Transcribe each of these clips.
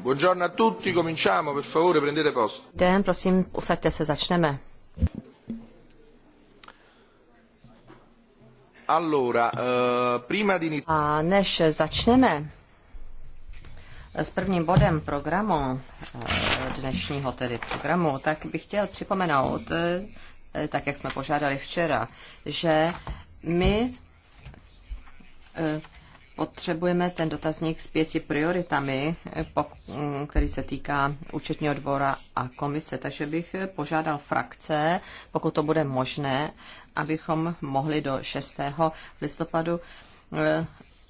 Buongiorno a tutti, cominciamo, per favore, prendete posto. Den, prosím, usaďte se, začneme. Allora, uh, prima di... A než začneme s prvním bodem programu, eh, dnešního tedy programu, tak bych chtěl připomenout, eh, tak jak jsme požádali včera, že my potřebujeme ten dotazník s pěti prioritami, který se týká účetního dvora a komise. Takže bych požádal frakce, pokud to bude možné, abychom mohli do 6. listopadu eh,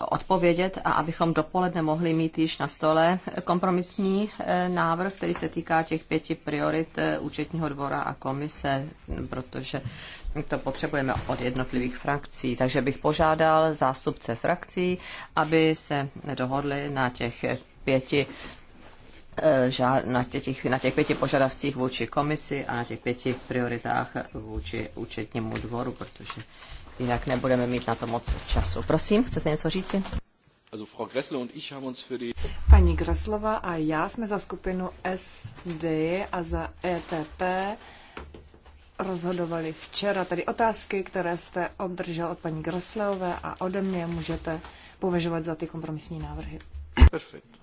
odpovědět a abychom dopoledne mohli mít již na stole kompromisní eh, návrh, který se týká těch pěti priorit eh, účetního dvora a komise, protože to potřebujeme od jednotlivých frakcí. Takže bych požádal zástupce frakcí, aby se dohodli na těch pěti eh, na těch, na těch pěti požadavcích vůči komisi a na těch pěti prioritách vůči účetnímu dvoru, protože jinak nebudeme mít na to moc času. Prosím, chcete něco říci? Paní Greslova a já jsme za skupinu SD a za ETP rozhodovali včera. Tady otázky, které jste obdržel od paní Grosleové a ode mě, můžete považovat za ty kompromisní návrhy. Perfetto.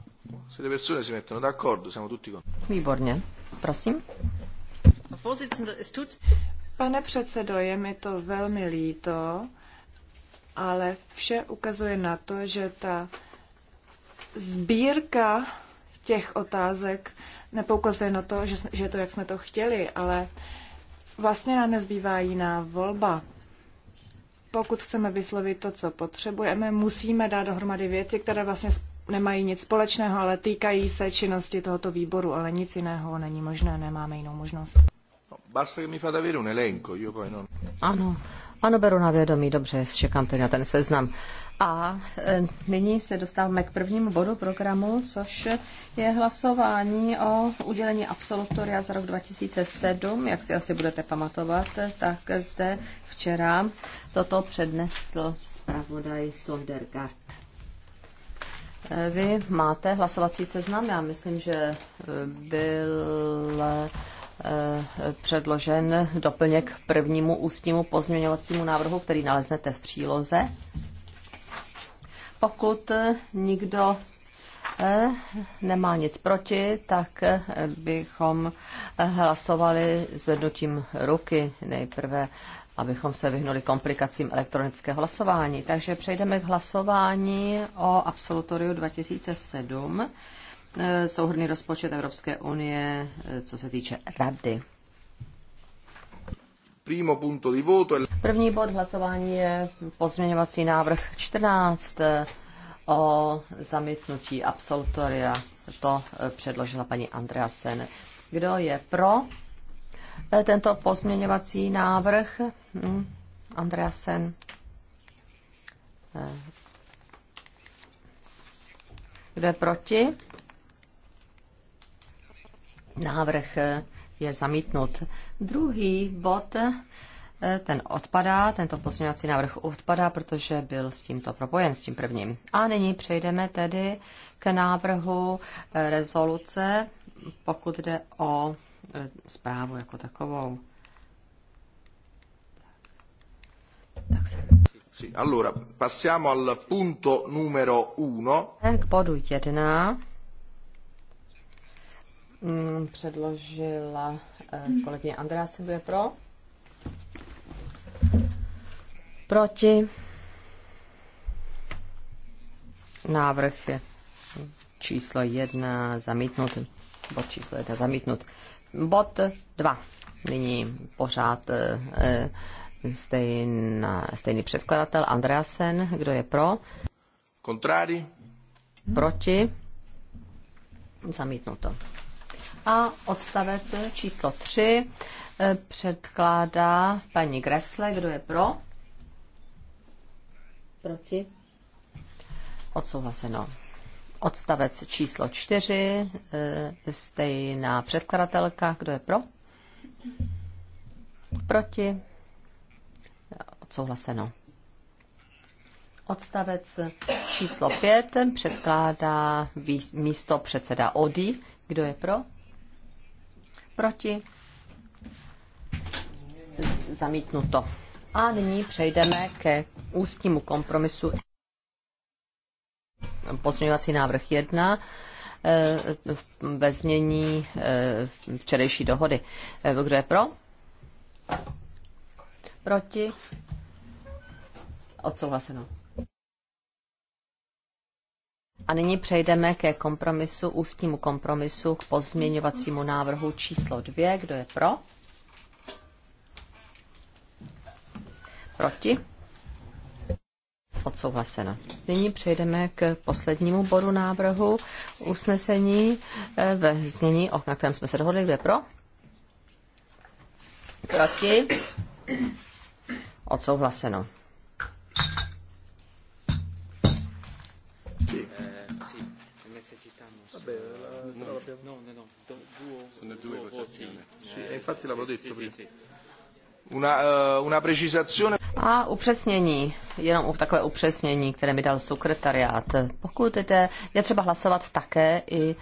Se le persone si mettono d'accordo, siamo tutti con... Výborně. Prosím. Pane předsedo, je mi to velmi líto, ale vše ukazuje na to, že ta sbírka těch otázek nepoukazuje na to, že, že je to, jak jsme to chtěli, ale vlastně nám nezbývá jiná volba. Pokud chceme vyslovit to, co potřebujeme, musíme dát dohromady věci, které vlastně nemají nic společného, ale týkají se činnosti tohoto výboru, ale nic jiného není možné, nemáme jinou možnost. Basta che mi fate avere un elenco, io poi non... Ano, ano, beru na vědomí, dobře, čekám tedy na ten seznam. A e, nyní se dostáváme k prvnímu bodu programu, což je hlasování o udělení absolutoria za rok 2007. Jak si asi budete pamatovat, tak zde včera toto přednesl zpravodaj Sondergaard. E, vy máte hlasovací seznam, já myslím, že e, byl Eh, předložen doplněk k prvnímu ústnímu pozměňovacímu návrhu, který naleznete v příloze. Pokud nikdo eh, nemá nic proti, tak eh, bychom hlasovali zvednutím ruky nejprve, abychom se vyhnuli komplikacím elektronického hlasování. Takže přejdeme k hlasování o absolutoriu 2007. Eh, souhrný rozpočet Evropské unie, eh, co se týče rady. První bod hlasování je pozměňovací návrh 14 eh, o zamítnutí absolutoria. To předložila paní Andreasen. Kdo je pro tento pozměňovací návrh? Hm, Andreasen. Kdo je proti? Návrh je zamítnut. Druhý bod, eh, ten odpadá, tento pozměňovací návrh odpadá, protože byl s tímto propojen, s tím prvním. A nyní přejdeme tedy k návrhu eh, rezoluce, pokud jde o eh, zprávu jako takovou. Tak se... Allora, passiamo al punto numero uno. K bodu jedna. Mm, předložila eh, kolegyně Andrea Sibuje pro. Proti. Návrh je číslo jedna zamítnut. Bod číslo jedna zamítnut. Bod dva. Nyní pořád eh, eh stejná, stejný předkladatel Andreasen. Kdo je pro? Kontrády. Proti. Zamítnuto. A odstavec číslo 3 eh, předkládá paní Gresle, kdo je pro? Proti? Odsouhlaseno. Odstavec číslo 4, eh, stejná předkladatelka, kdo je pro? Proti? Odsouhlaseno. Odstavec číslo 5 předkládá místo předseda Odi. Kdo je pro? proti, zamítnuto. A nyní přejdeme ke ústnímu kompromisu. Pozměňovací návrh 1 eh, ve znění eh, včerejší dohody. Eh, kdo je pro? Proti? Odsouhlaseno. A nyní přejdeme ke kompromisu, ústnímu kompromisu k pozměňovacímu návrhu číslo 2. Kdo je pro? Proti? Odsouhlaseno. Nyní přejdeme k poslednímu bodu návrhu usnesení eh, ve znění, na kterém jsme se dohodli. Kdo je pro? Proti? Odsouhlaseno. la, eh, no. no, no, no, no, duo, sono due duo Sì, eh, infatti l'avevo detto sì, prima. Sì, sì. Una, eh, una precisazione. A upřesnění, jenom takové upřesnění, které mi dal sekretariát. Pokud jde, je třeba hlasovat také i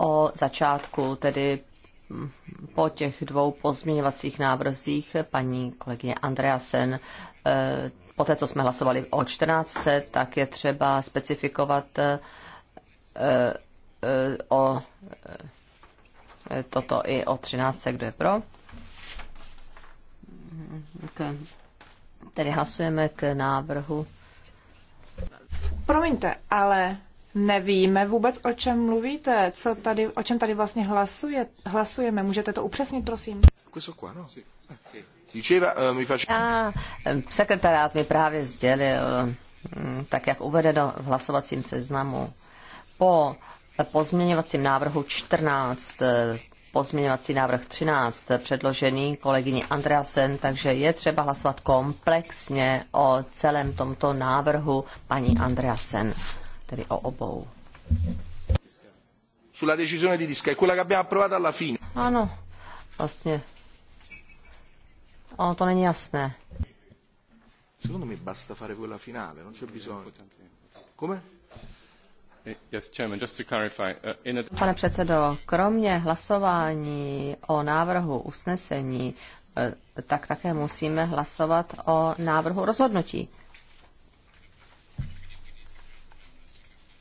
o začátku, tedy mm, po těch dvou pozměňovacích návrzích paní kolegyně Andreasen, eh, po té, co jsme hlasovali o 14, tak je třeba specifikovat Eh, o eh, toto i o 13, kdo je pro. Tedy hlasujeme k návrhu. Promiňte, ale nevíme vůbec, o čem mluvíte, co tady, o čem tady vlastně hlasuje, hlasujeme. Můžete to upřesnit, prosím? A no? eh, sekretariát mi právě sdělil, mm, tak jak uvedeno v hlasovacím seznamu, po pozměňovacím návrhu 14, eh, pozměňovací návrh 13 eh, předložený kolegyni Andreasen, takže je třeba hlasovat komplexně o celém tomto návrhu paní Andreasen, tedy o obou. Sulla decisione di Disca, è quella che abbiamo approvato alla fine. Ano, vlastně. Ono to není jasné. Secondo me basta fare quella finale, non c'è bisogno. Come? Uh, Pane předsedo, kromě hlasování o návrhu usnesení, eh, tak také musíme hlasovat o návrhu rozhodnutí,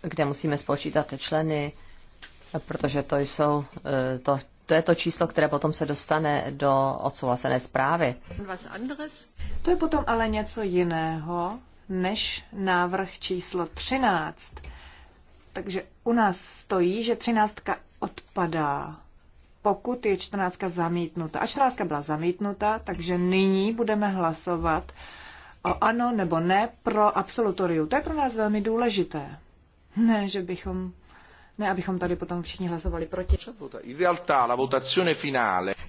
kde musíme spočítat členy, protože to jsou eh, to, to je to číslo, které potom se dostane do odsouhlasené zprávy. To je potom ale něco jiného než návrh číslo 13 takže u nás stojí, že třináctka odpadá, pokud je čtrnáctka zamítnuta. A čtrnáctka byla zamítnuta, takže nyní budeme hlasovat o ano nebo ne pro absolutoriu. To je pro nás velmi důležité. Ne, že bychom ne, abychom tady potom všichni hlasovali proti.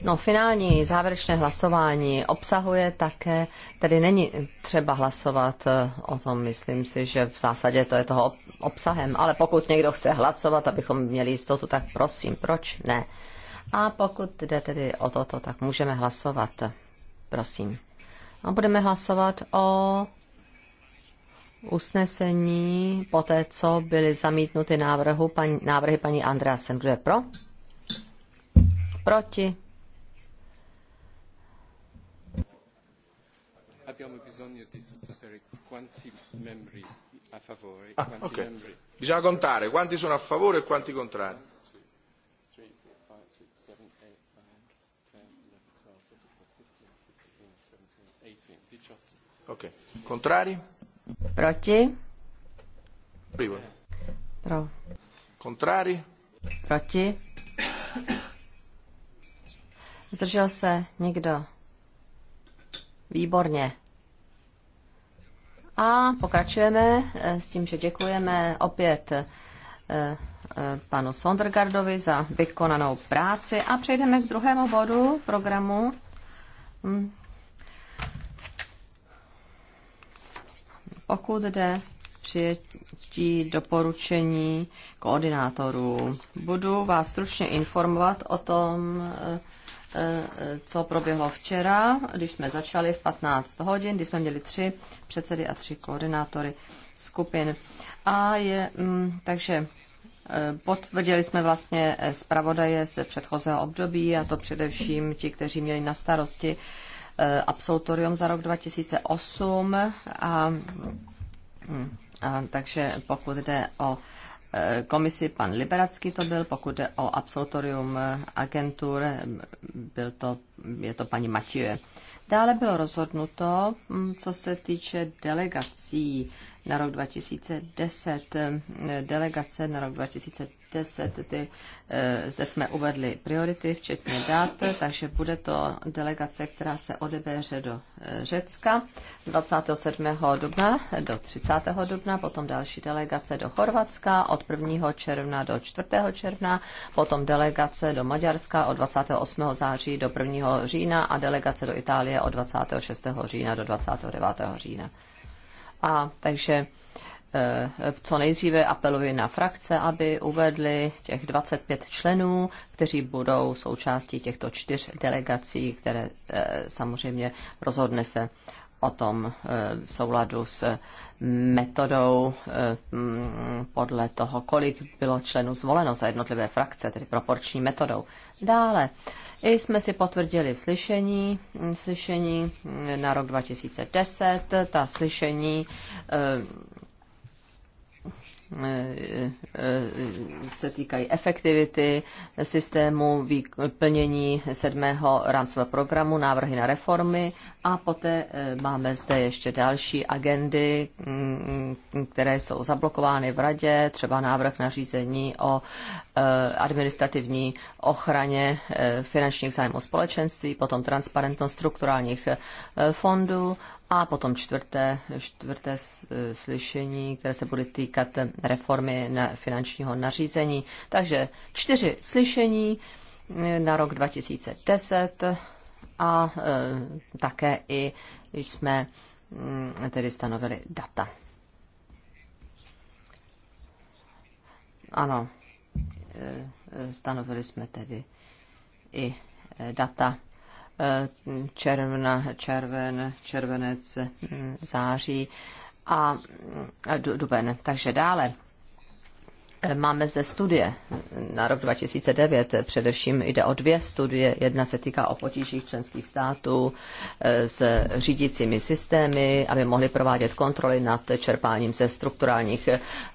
No, finální závěrečné hlasování obsahuje také, tedy není třeba hlasovat eh, o tom, myslím si, že v zásadě to je toho obsahem, ale pokud někdo chce hlasovat, abychom měli jistotu, tak prosím, proč ne? A pokud jde tedy o toto, tak můžeme hlasovat. Eh, prosím. A budeme hlasovat o usnesení po té, co byly zamítnuty návrhu, paní, návrhy paní Andreasen. Kdo je pro? Proti? a e ah, okay. Bisogna contare quanti sono a favore e quanti contrari. Ok. Contrari? Proti? Pro. Kontrári? Proti? Zdržel se někdo? Výborně. A pokračujeme eh, s tím, že děkujeme opět eh, eh, panu Sondergardovi za vykonanou práci a přejdeme k druhému bodu programu, hm, Pokud jde přijetí doporučení koordinátorů, budu vás stručně informovat o tom, eh, eh, co proběhlo včera, když jsme začali v 15 hodin, kdy jsme měli tři předsedy a tři koordinátory skupin. A je, mm, takže eh, Potvrdili jsme vlastně zpravodaje se předchozího období, a to především ti, kteří měli na starosti Eh, absolutorium za rok 2008 a, mm, a takže pokud jde o eh, komisi pan Liberacký to byl, pokud jde o absolutorium eh, agentur, byl to, je to paní Matěje. Dále bylo rozhodnuto, mm, co se týče delegací na rok 2010, eh, delegace na rok 2010, ty, eh, zde jsme uvedli priority, včetně dat, takže bude to delegace, která se odebere do eh, Řecka 27. dubna do 30. dubna, potom další delegace do Chorvatska od 1. června do 4. června, potom delegace do Maďarska od 28. září do 1. října a delegace do Itálie od 26. října do 29. října. A takže e, co nejdříve apeluji na frakce, aby uvedli těch 25 členů, kteří budou součástí těchto čtyř delegací, které e, samozřejmě rozhodne se o tom e, v souladu s metodou podle toho, kolik bylo členů zvoleno za jednotlivé frakce, tedy proporční metodou dále. I jsme si potvrdili slyšení, slyšení na rok 2010, ta slyšení eh, se týkají efektivity systému plnění sedmého rámcového programu, návrhy na reformy a poté eh, máme zde ještě další agendy, mm, které jsou zablokovány v radě, třeba návrh na řízení o eh, administrativní ochraně eh, finančních zájmů společenství, potom transparentnost strukturálních fondů a potom čtvrté, čtvrté e, slyšení, které se bude týkat reformy na finančního nařízení. Takže čtyři slyšení e, na rok 2010 a e, také i jsme mm, tedy stanovili data. Ano, stanovili jsme tedy i data června, červen, červenec, září a duben. Takže dále Eh, máme zde studie na rok 2009, eh, především jde o dvě studie. Jedna se týká o potížích členských států eh, s řídícími systémy, aby mohli provádět kontroly nad čerpáním ze strukturálních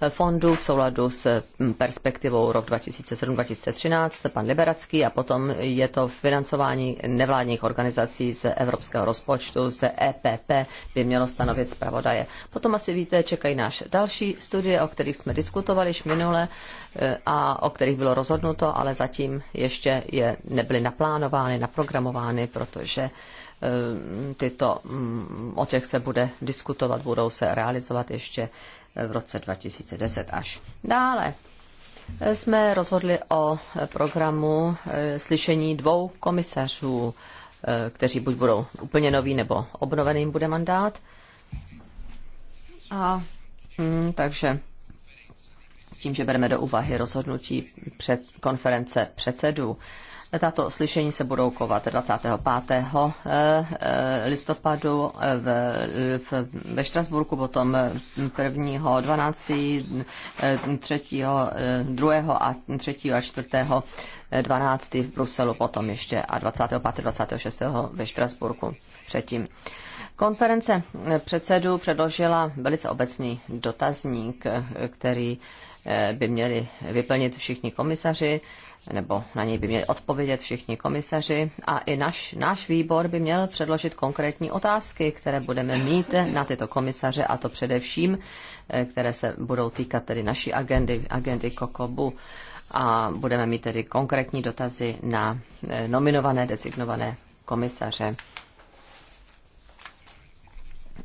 fondů v souladu s mm, perspektivou rok 2007-2013, pan Liberacký, a potom je to financování nevládních organizací z evropského rozpočtu, zde EPP by mělo stanovit zpravodaje. Potom asi víte, čekají náš další studie, o kterých jsme diskutovali již ale eh, a o kterých bylo rozhodnuto, ale zatím ještě je nebyly naplánovány, naprogramovány, protože eh, tyto, mm, o těch se bude diskutovat, budou se realizovat ještě eh, v roce 2010 až. Dále jsme rozhodli o programu slyšení dvou komisařů, kteří buď budou úplně noví nebo obnoveným bude mandát. A, mm, takže s tím, že bereme do úvahy rozhodnutí před konference předsedů. Tato slyšení se budou kovat 25. Eh, eh, listopadu eh, v, v, ve Štrasburku, potom 1. 12., 3., 2. a 3. a 4. 12. v Bruselu, potom ještě a 25. 26. ve Štrasburku předtím. Konference předsedů předložila velice obecný dotazník, který Eh, by měli vyplnit všichni komisaři, nebo na něj by měli odpovědět všichni komisaři a i naš, náš výbor by měl předložit konkrétní otázky, které budeme mít na tyto komisaře a to především, eh, které se budou týkat tedy naší agendy, agendy Kokobu a budeme mít tedy konkrétní dotazy na eh, nominované, designované komisaře.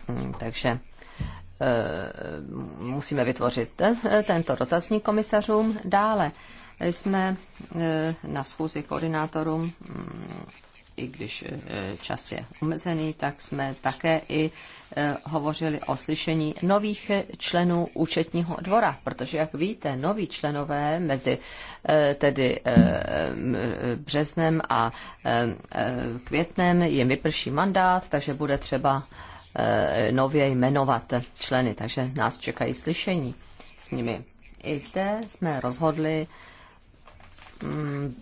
Mm, takže Eh, musíme vytvořit eh, tento dotazník komisařům. Dále jsme eh, na schůzi koordinátorům, mm, i když čas je omezený, tak jsme také i hovořili o slyšení nových členů účetního dvora, protože, jak víte, noví členové mezi tedy březnem a květnem jim vyprší mandát, takže bude třeba Eh, nově jmenovat členy, takže nás čekají slyšení s nimi. I zde jsme rozhodli mm,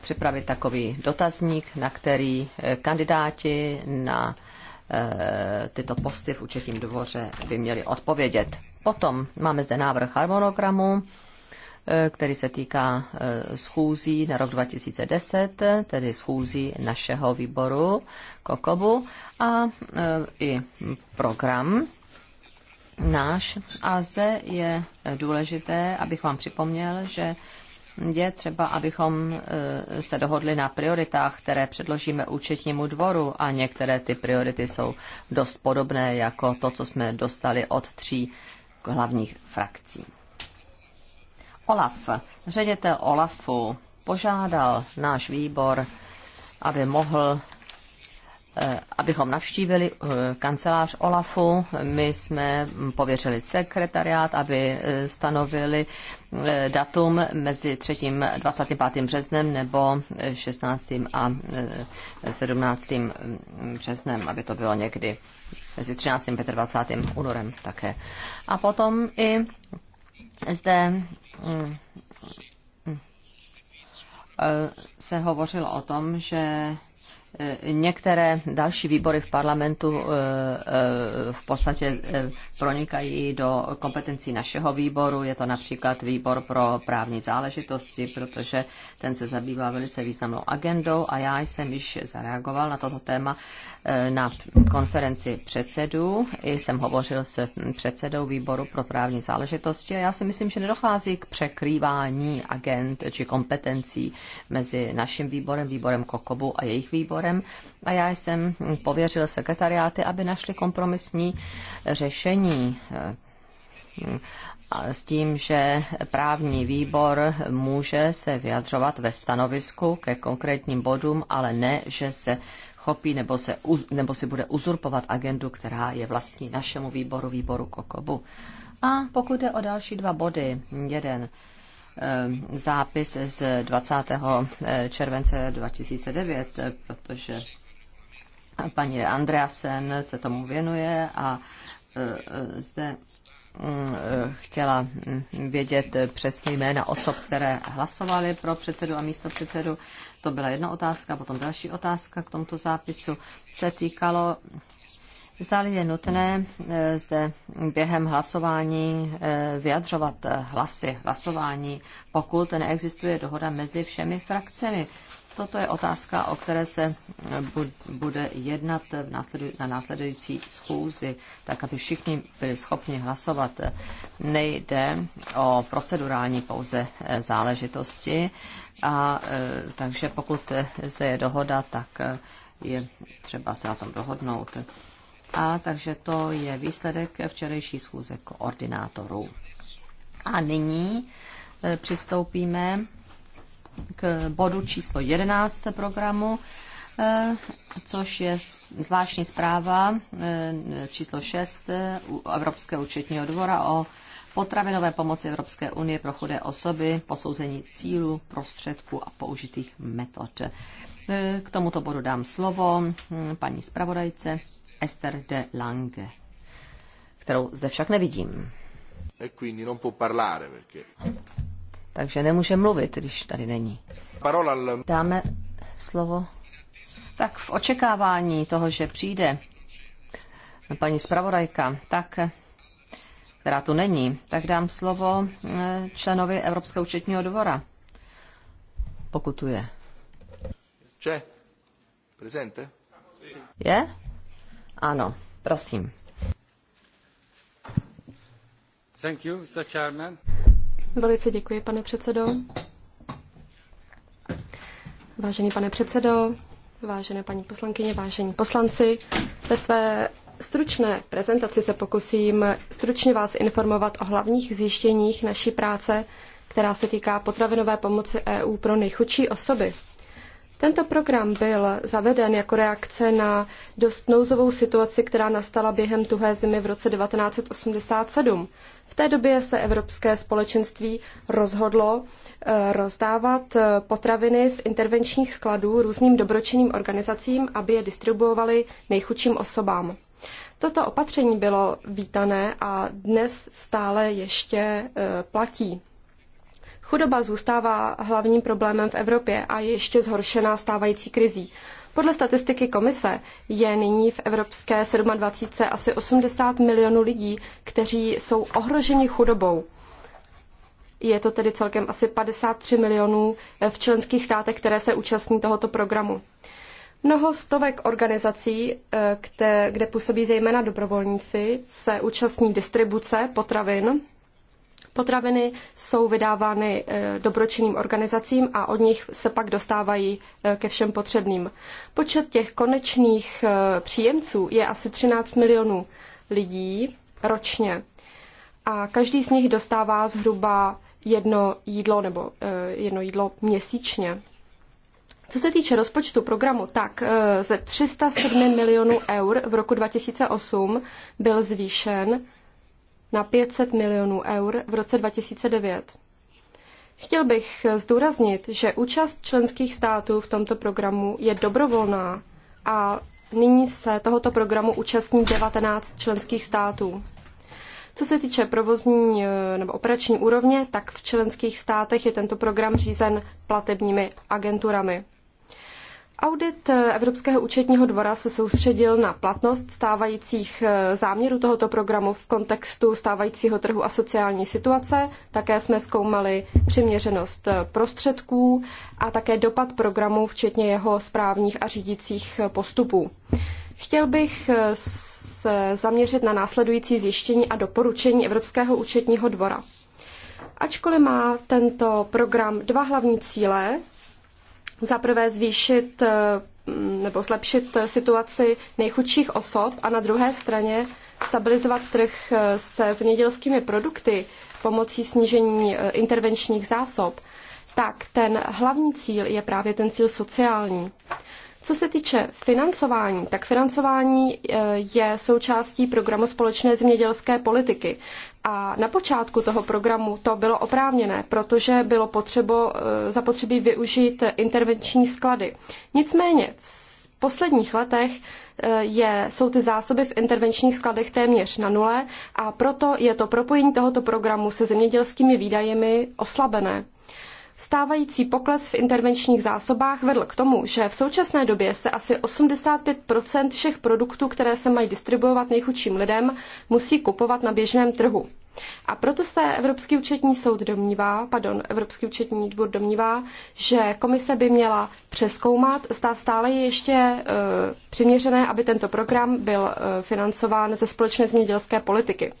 připravit takový dotazník, na který eh, kandidáti na eh, tyto posty v účetním dvoře by měli odpovědět. Potom máme zde návrh harmonogramu Eh, který se týká eh, schůzí na rok 2010, tedy schůzí našeho výboru Kokobu a eh, i program náš. A zde je důležité, abych vám připomněl, že je třeba, abychom se dohodli na prioritách, které předložíme účetnímu dvoru a některé ty priority jsou dost podobné jako to, co jsme dostali od tří hlavních frakcí. Olaf, ředitel Olafu, požádal náš výbor, aby mohl eh, abychom navštívili eh, kancelář OLAFu. My jsme pověřili sekretariát, aby eh, stanovili datum mezi 3. 25. březnem nebo 16. a 17. Mm, březnem, aby to bylo někdy mezi 13. a 25. únorem také. A potom i zde mm, mm, eh, se hovořilo o tom, že eh, některé další výbory v parlamentu eh, v podstatě pronikají do kompetencí našeho výboru. Je to například výbor pro právní záležitosti, protože ten se zabývá velice významnou agendou a já jsem již zareagoval na toto téma na konferenci předsedů, i jsem hovořil s předsedou výboru pro právní záležitosti a já si myslím, že nedochází k překrývání agent či kompetencí mezi naším výborem, výborem Kokobu a jejich výborem. A já jsem pověřil sekretariáty, aby našli kompromisní řešení eh, s tím, že právní výbor může se vyjadřovat ve stanovisku ke konkrétním bodům, ale ne, že se chopí nebo, se, nebo si bude uzurpovat agendu, která je vlastní našemu výboru, výboru Kokobu. A pokud jde o další dva body, jeden ehm, zápis z 20. Eh, července 2009, protože paní Andreasen se tomu věnuje a eh, zde mm, chtěla mm, vědět přesně jména osob, které hlasovali pro předsedu a místo předsedu to byla jedna otázka, potom další otázka k tomuto zápisu se týkalo, zda je nutné eh, zde během hlasování eh, vyjadřovat hlasy hlasování, pokud neexistuje dohoda mezi všemi frakcemi. Toto je otázka, o které se eh, bude jednat na následující schůzi, tak aby všichni byli schopni hlasovat. Nejde o procedurální pouze záležitosti, a e, takže pokud se je dohoda, tak e, je třeba se na tom dohodnout. A takže to je výsledek včerejší schůze koordinátorů. A nyní e, přistoupíme k bodu číslo 11 programu, což je zvláštní zpráva číslo 6 Evropského účetního dvora o potravinové pomoci Evropské unie pro chudé osoby, posouzení cílu prostředků a použitých metod. E, k tomuto bodu dám slovo paní zpravodajce Esther de Lange, kterou zde však nevidím. E Takže nemůže mluvit, když tady není. Dáme slovo. Tak v očekávání toho, že přijde paní zpravodajka, tak která tu není, tak dám slovo eh, členovi Evropského účetního dvora, pokud tu je. Če? Prezente? Je? Ano, prosím. Thank you, Mr. Chairman. Velice děkuji, pane předsedo. Vážený pane předsedo, vážené paní poslankyně, vážení poslanci, ve své stručné prezentaci se pokusím stručně vás informovat o hlavních zjištěních naší práce, která se týká potravinové pomoci EU pro nejchudší osoby. Tento program byl zaveden jako reakce na dost nouzovou situaci, která nastala během tuhé zimy v roce 1987. V té době se Evropské společenství rozhodlo eh, rozdávat eh, potraviny z intervenčních skladů různým dobročinným organizacím, aby je distribuovali nejchudším osobám. Toto opatření bylo vítané a dnes stále ještě e, platí. Chudoba zůstává hlavním problémem v Evropě a je ještě zhoršená stávající krizí. Podle statistiky komise je nyní v Evropské 27 asi 80 milionů lidí, kteří jsou ohroženi chudobou. Je to tedy celkem asi 53 milionů e, v členských státech, které se účastní tohoto programu. Mnoho stovek organizací, eh, kde, kde působí zejména dobrovolníci, se účastní distribuce potravin. Potraviny jsou vydávány eh, dobročinným organizacím a od nich se pak dostávají eh, ke všem potřebným. Počet těch konečných příjemců je asi 13 milionů lidí ročně a každý z nich dostává zhruba jedno jídlo nebo jedno jídlo měsíčně. Co se týče rozpočtu programu, tak eh, ze 307 milionů eur v roku 2008 byl zvýšen na 500 milionů eur v roce 2009. Chtěl bych eh, zdůraznit, že účast členských států v tomto programu je dobrovolná a nyní se tohoto programu účastní 19 členských států. Co se týče provozní eh, nebo operační úrovně, tak v členských státech je tento program řízen platebními agenturami. Audit Evropského účetního dvora se soustředil na platnost stávajících eh, záměrů tohoto programu v kontextu stávajícího trhu a sociální situace. Také jsme zkoumali přiměřenost eh, prostředků a také dopad programu, včetně jeho správních a řídících eh, postupů. Chtěl bych se zaměřit na následující zjištění a doporučení Evropského účetního dvora. Ačkoliv má tento program dva hlavní cíle, zaprvé zvýšit eh, nebo zlepšit situaci nejchudších osob a na druhé straně stabilizovat trh eh, se zemědělskými produkty pomocí snížení eh, intervenčních zásob, tak ten hlavní cíl je právě ten cíl sociální. Co se týče financování, tak financování je součástí programu společné zemědělské politiky. A na počátku toho programu to bylo oprávněné, protože bylo potřebo, e, zapotřebí využít intervenční sklady. Nicméně v posledních letech e, je, jsou ty zásoby v intervenčních skladech téměř na nule a proto je to propojení tohoto programu se zemědělskými výdajemi oslabené. Stávající pokles v intervenčních zásobách vedl k tomu, že v současné době se asi 85 všech produktů, které se mají distribuovat nejchudším lidem, musí kupovat na běžném trhu. A proto se Evropský účetní soud domnívá, pardon, Evropský účetní dvůr domnívá, že komise by měla přeskoumat, zda stále je ještě e, přiměřené, aby tento program byl e, financován ze společné zemědělské politiky.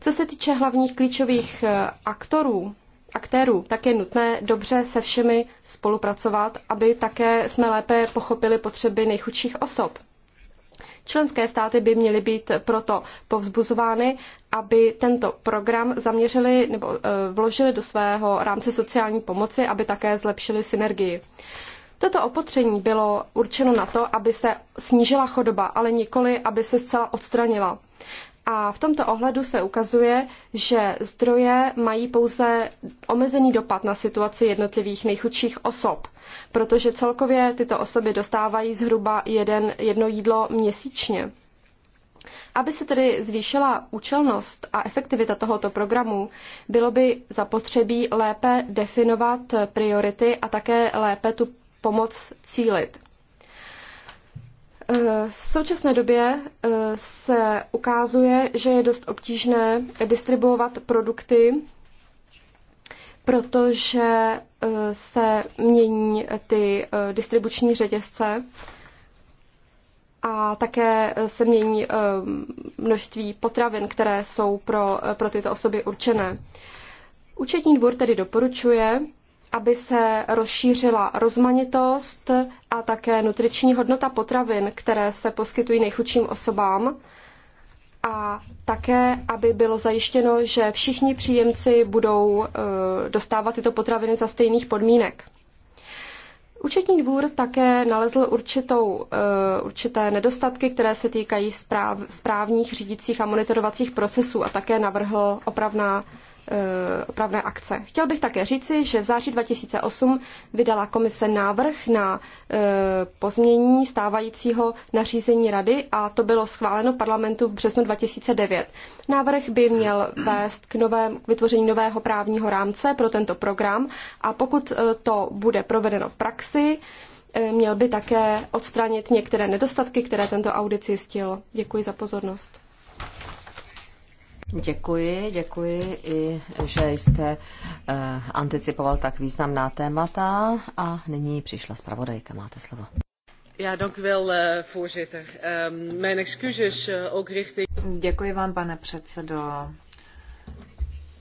Co se týče hlavních klíčových e, aktorů aktérů, tak je nutné dobře se všemi spolupracovat, aby také jsme lépe pochopili potřeby nejchudších osob. Členské státy by měly být proto povzbuzovány, aby tento program zaměřili nebo e, vložili do svého rámce sociální pomoci, aby také zlepšili synergii. Toto opatření bylo určeno na to, aby se snížila chodoba, ale nikoli, aby se zcela odstranila. A v tomto ohledu se ukazuje, že zdroje mají pouze omezený dopad na situaci jednotlivých nejchudších osob, protože celkově tyto osoby dostávají zhruba jeden, jedno jídlo měsíčně. Aby se tedy zvýšila účelnost a efektivita tohoto programu, bylo by zapotřebí lépe definovat priority a také lépe tu pomoc cílit. V současné době eh, se ukazuje, že je dost obtížné distribuovat produkty, protože eh, se mění ty eh, distribuční řetězce a také se mění množství potravin, které jsou pro, pro tyto osoby určené. Účetní dvůr tedy doporučuje, aby se rozšířila rozmanitost a také nutriční hodnota potravin, které se poskytují nejchudším osobám a také, aby bylo zajištěno, že všichni příjemci budou e, dostávat tyto potraviny za stejných podmínek. Účetní dvůr také nalezl určitou, e, určité nedostatky, které se týkají správ, správních, řídících a monitorovacích procesů a také navrhl opravná Eh, opravné akce. Chtěl bych také říci, že v září 2008 vydala komise návrh na eh, pozmění stávajícího nařízení rady a to bylo schváleno parlamentu v březnu 2009. Návrh by měl vést k, novém, k vytvoření nového právního rámce pro tento program a pokud eh, to bude provedeno v praxi, měl by také odstranit některé nedostatky, které tento audit zjistil. Děkuji za pozornost. Děkuji, děkuji i, že jste eh, anticipoval tak významná témata a nyní přišla zpravodajka, máte slovo. Ja, dank u wel, uh, voorzitter. Um, mijn excuses uh, ook richting... Děkuji vám, pane předsedo.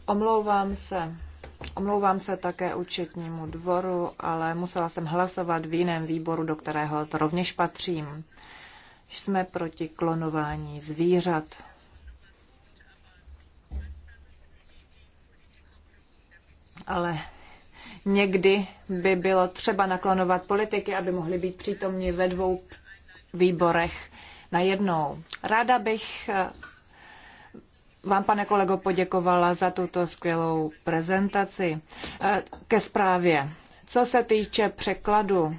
Omlouvám se. Omlouvám se také účetnímu dvoru, ale musela jsem hlasovat v jiném výboru, do kterého to rovněž patřím. Jsme proti klonování zvířat. ale někdy by bylo třeba naklonovat politiky, aby mohli být přítomni ve dvou výborech najednou. Ráda bych eh, vám, pane kolego, poděkovala za tuto skvělou prezentaci. Eh, ke zprávě. Co se týče překladu,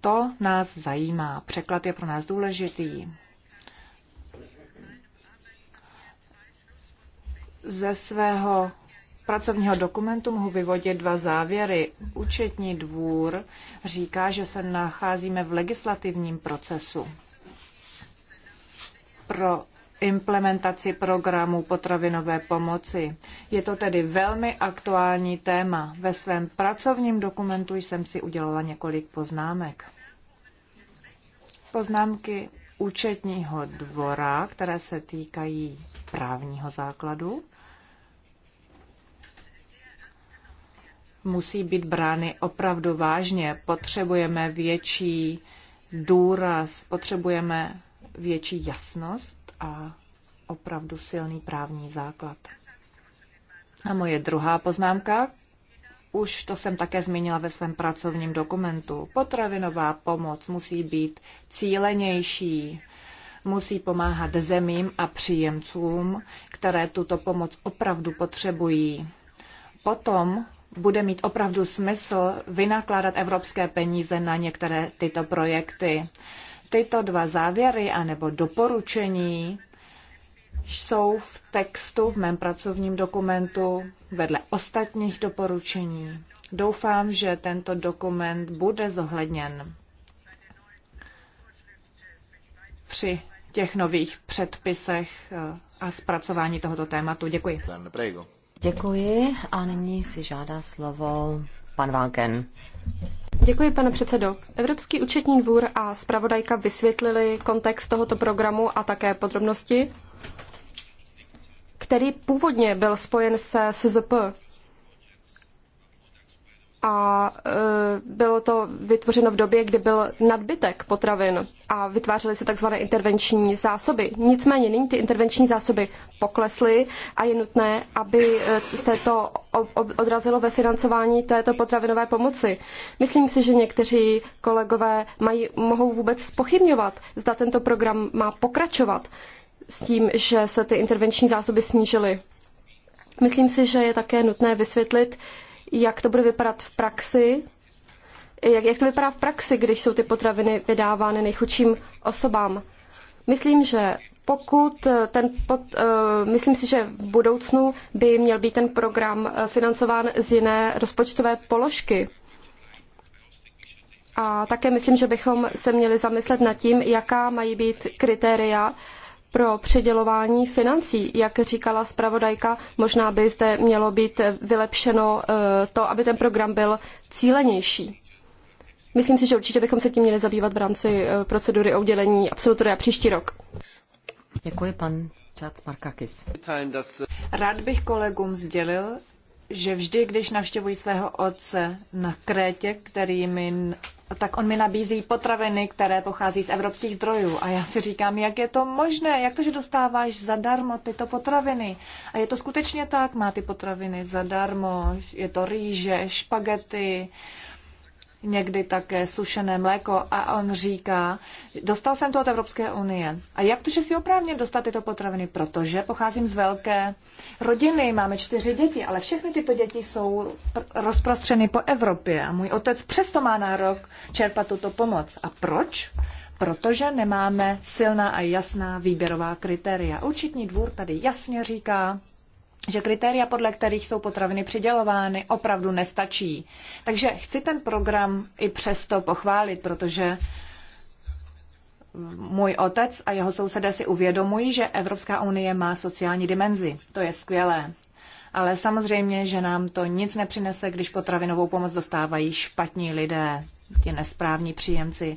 to nás zajímá. Překlad je pro nás důležitý. Ze svého pracovního dokumentu mohu vyvodit dva závěry. Účetní dvůr říká, že se nacházíme v legislativním procesu pro implementaci programu potravinové pomoci. Je to tedy velmi aktuální téma. Ve svém pracovním dokumentu jsem si udělala několik poznámek. Poznámky účetního dvora, které se týkají právního základu musí být brány opravdu vážně. Potřebujeme větší důraz, potřebujeme větší jasnost a opravdu silný právní základ. A moje druhá poznámka, už to jsem také zmínila ve svém pracovním dokumentu. Potravinová pomoc musí být cílenější, musí pomáhat zemím a příjemcům, které tuto pomoc opravdu potřebují. Potom bude mít opravdu smysl vynakládat evropské peníze na některé tyto projekty. Tyto dva závěry anebo doporučení jsou v textu, v mém pracovním dokumentu, vedle ostatních doporučení. Doufám, že tento dokument bude zohledněn při těch nových předpisech eh, a zpracování tohoto tématu. Děkuji. Děkuji a nyní si žádá slovo pan Vágen. Děkuji, pane předsedo. Evropský účetní dvůr a zpravodajka vysvětlili kontext tohoto programu a také podrobnosti, který původně byl spojen se SZP a e, bylo to vytvořeno v době, kdy byl nadbytek potravin a vytvářely se takzvané intervenční zásoby. Nicméně nyní ty intervenční zásoby poklesly a je nutné, aby e, se to odrazilo ve financování této potravinové pomoci. Myslím si, že někteří kolegové mají, mohou vůbec pochybňovat, zda tento program má pokračovat s tím, že se ty intervenční zásoby snížily. Myslím si, že je také nutné vysvětlit, jak to bude vypadat v praxi, jak, jak to vypadá v praxi, když jsou ty potraviny vydávány nejchudším osobám. Myslím, že pokud eh, ten pod, uh, eh, myslím si, že v budoucnu by měl být ten program eh, financován z jiné rozpočtové položky. A také myslím, že bychom se měli zamyslet nad tím, jaká mají být kritéria pro předělování financí. Jak říkala zpravodajka, možná by zde mělo být vylepšeno eh, to, aby ten program byl cílenější. Myslím si, že určitě bychom se tím měli zabývat v rámci eh, procedury o udělení absolutoria příští rok. Děkuji, pan Čác Markakis. Rád bych kolegům sdělil, že vždy, když navštěvuji svého otce na Krétě, který mi, tak on mi nabízí potraviny, které pochází z evropských zdrojů. A já si říkám, jak je to možné, jak to, že dostáváš zadarmo tyto potraviny. A je to skutečně tak, má ty potraviny zadarmo, je to rýže, špagety, uh, někdy také sušené mléko a on říká, dostal jsem to od Evropské unie. A jak to, že si oprávně dostat tyto potraviny? Protože pocházím z velké rodiny, máme čtyři děti, ale všechny tyto děti jsou rozprostřeny po Evropě a můj otec přesto má nárok čerpat tuto pomoc. A proč? Protože nemáme silná a jasná výběrová kritéria. Učitní dvůr tady jasně říká, že kritéria, podle kterých jsou potraviny přidělovány, opravdu nestačí. Takže chci ten program i přesto pochválit, protože můj otec a jeho sousedé si uvědomují, že Evropská unie má sociální dimenzi. To je skvělé. Ale samozřejmě, že nám to nic nepřinese, když potravinovou pomoc dostávají špatní lidé, ti nesprávní příjemci.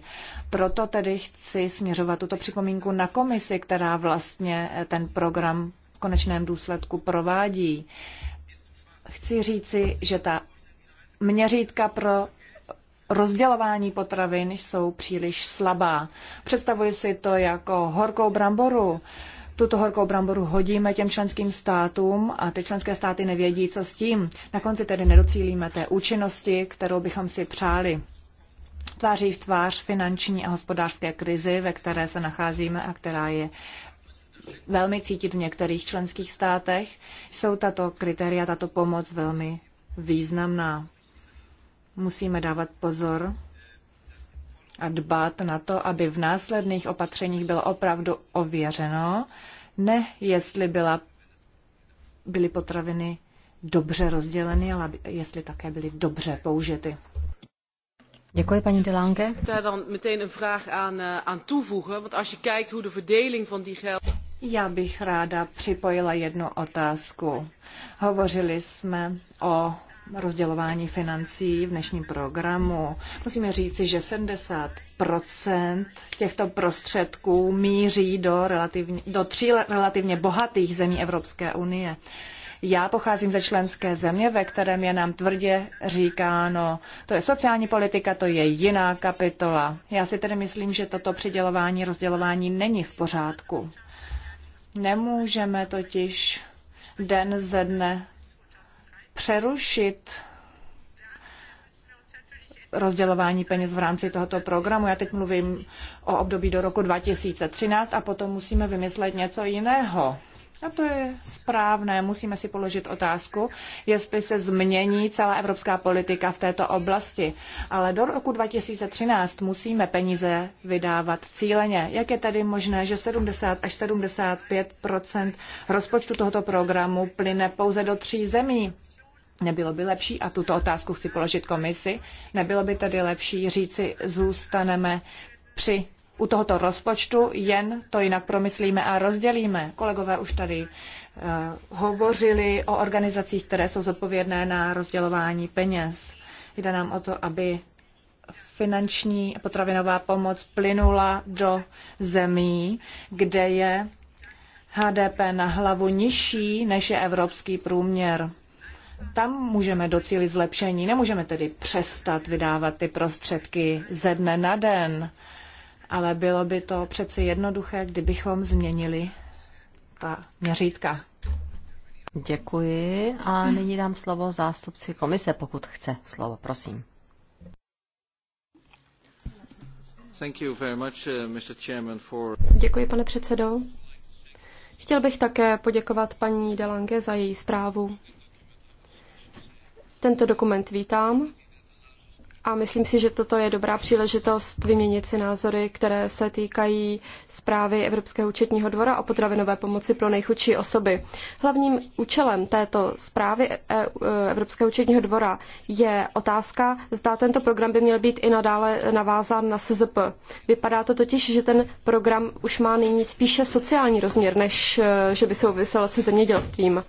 Proto tedy chci směřovat tuto připomínku na komisi, která vlastně ten program v konečném důsledku provádí. Chci říci, že ta měřítka pro rozdělování potravin jsou příliš slabá. Představuji si to jako horkou bramboru. Tuto horkou bramboru hodíme těm členským státům a ty členské státy nevědí, co s tím. Na konci tedy nedocílíme té účinnosti, kterou bychom si přáli. Tváří v tvář finanční a hospodářské krizi, ve které se nacházíme a která je velmi cítit v některých členských státech, jsou tato kritéria, tato pomoc velmi významná. Musíme dávat pozor a dbát na to, aby v následných opatřeních bylo opravdu ověřeno, ne jestli byla, byly potraviny dobře rozděleny, ale jestli také byly dobře použity. Děkuji, paní Delange. Dan meteen een vraag aan, eh, aan toevoegen, want als je kijkt hoe de verdeling van die geld... Já bych ráda připojila jednu otázku. Hovořili jsme o rozdělování financí v dnešním programu. Musíme říci, že 70 těchto prostředků míří do, relativně, do tří relativně bohatých zemí Evropské unie. Já pocházím ze členské země, ve kterém je nám tvrdě říkáno, to je sociální politika, to je jiná kapitola. Já si tedy myslím, že toto přidělování, rozdělování není v pořádku. Nemůžeme totiž den ze dne přerušit rozdělování peněz v rámci tohoto programu. Já teď mluvím o období do roku 2013 a potom musíme vymyslet něco jiného. A to je správné. Musíme si položit otázku, jestli se změní celá evropská politika v této oblasti. Ale do roku 2013 musíme peníze vydávat cíleně. Jak je tedy možné, že 70 až 75 rozpočtu tohoto programu plyne pouze do tří zemí? Nebylo by lepší, a tuto otázku chci položit komisi, nebylo by tedy lepší říci, zůstaneme při u tohoto rozpočtu, jen to jinak promyslíme a rozdělíme. Kolegové už tady uh, hovořili o organizacích, které jsou zodpovědné na rozdělování peněz. Jde nám o to, aby finanční potravinová pomoc plynula do zemí, kde je HDP na hlavu nižší než je evropský průměr. Tam můžeme docílit zlepšení. Nemůžeme tedy přestat vydávat ty prostředky ze dne na den ale bylo by to přeci jednoduché, kdybychom změnili ta měřítka. Děkuji a nyní dám slovo zástupci komise, pokud chce slovo, prosím. Uh, Děkuji, pane předsedo. Chtěl bych také poděkovat paní Delange za její zprávu. Tento dokument vítám a myslím si, že toto je dobrá příležitost vyměnit si názory, které se týkají zprávy Evropského účetního dvora o potravinové pomoci pro nejchudší osoby. Hlavním účelem této zprávy e- e- Evropského účetního dvora je otázka, zda tento program by měl být i nadále navázán na SZP. Vypadá to totiž, že ten program už má nyní spíše sociální rozměr, než e, že by souvisel se zemědělstvím.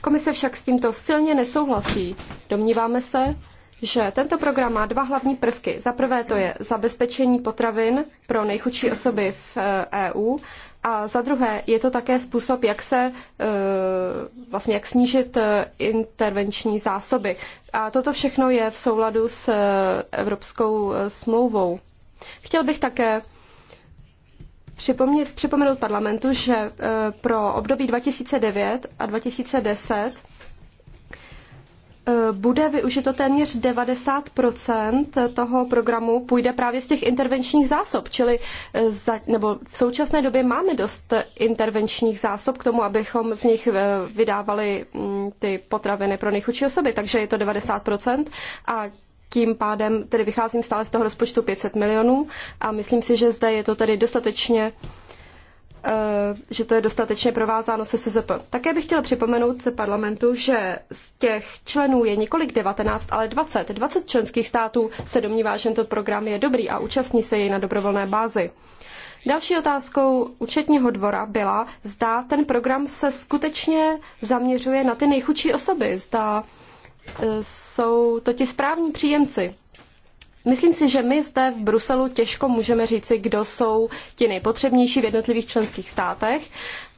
Komise však s tímto silně nesouhlasí. Domníváme se, že tento program má dva hlavní prvky. Za prvé to je zabezpečení potravin pro nejchudší osoby v EU eh, e a za druhé je to také způsob, jak se eh, vlastně jak snížit eh, intervenční zásoby. A toto všechno je v souladu s Evropskou smlouvou. Chtěl bych také připomenout parlamentu, že pro období 2009 a 2010 Eh, bude využito téměř 90 toho programu půjde právě z těch intervenčních zásob, čili eh, za, nebo v současné době máme dost intervenčních zásob k tomu, abychom z nich eh, vydávali mm, ty potraviny pro nejchudší osoby, takže je to 90 a tím pádem tedy vycházím stále z toho rozpočtu 500 milionů a myslím si, že zde je to tedy dostatečně uh, Eh, že to je dostatečně provázáno se SZP. Také bych chtěla připomenout se parlamentu, že z těch členů je několik 19, ale 20. 20 členských států se domnívá, že tento program je dobrý a účastní se jej na dobrovolné bázi. Další otázkou účetního dvora byla, zda ten program se skutečně zaměřuje na ty nejchudší osoby, zda eh, jsou to ti správní příjemci. Myslím si, že my zde v Bruselu těžko můžeme říci, kdo jsou ti nejpotřebnější v jednotlivých členských státech,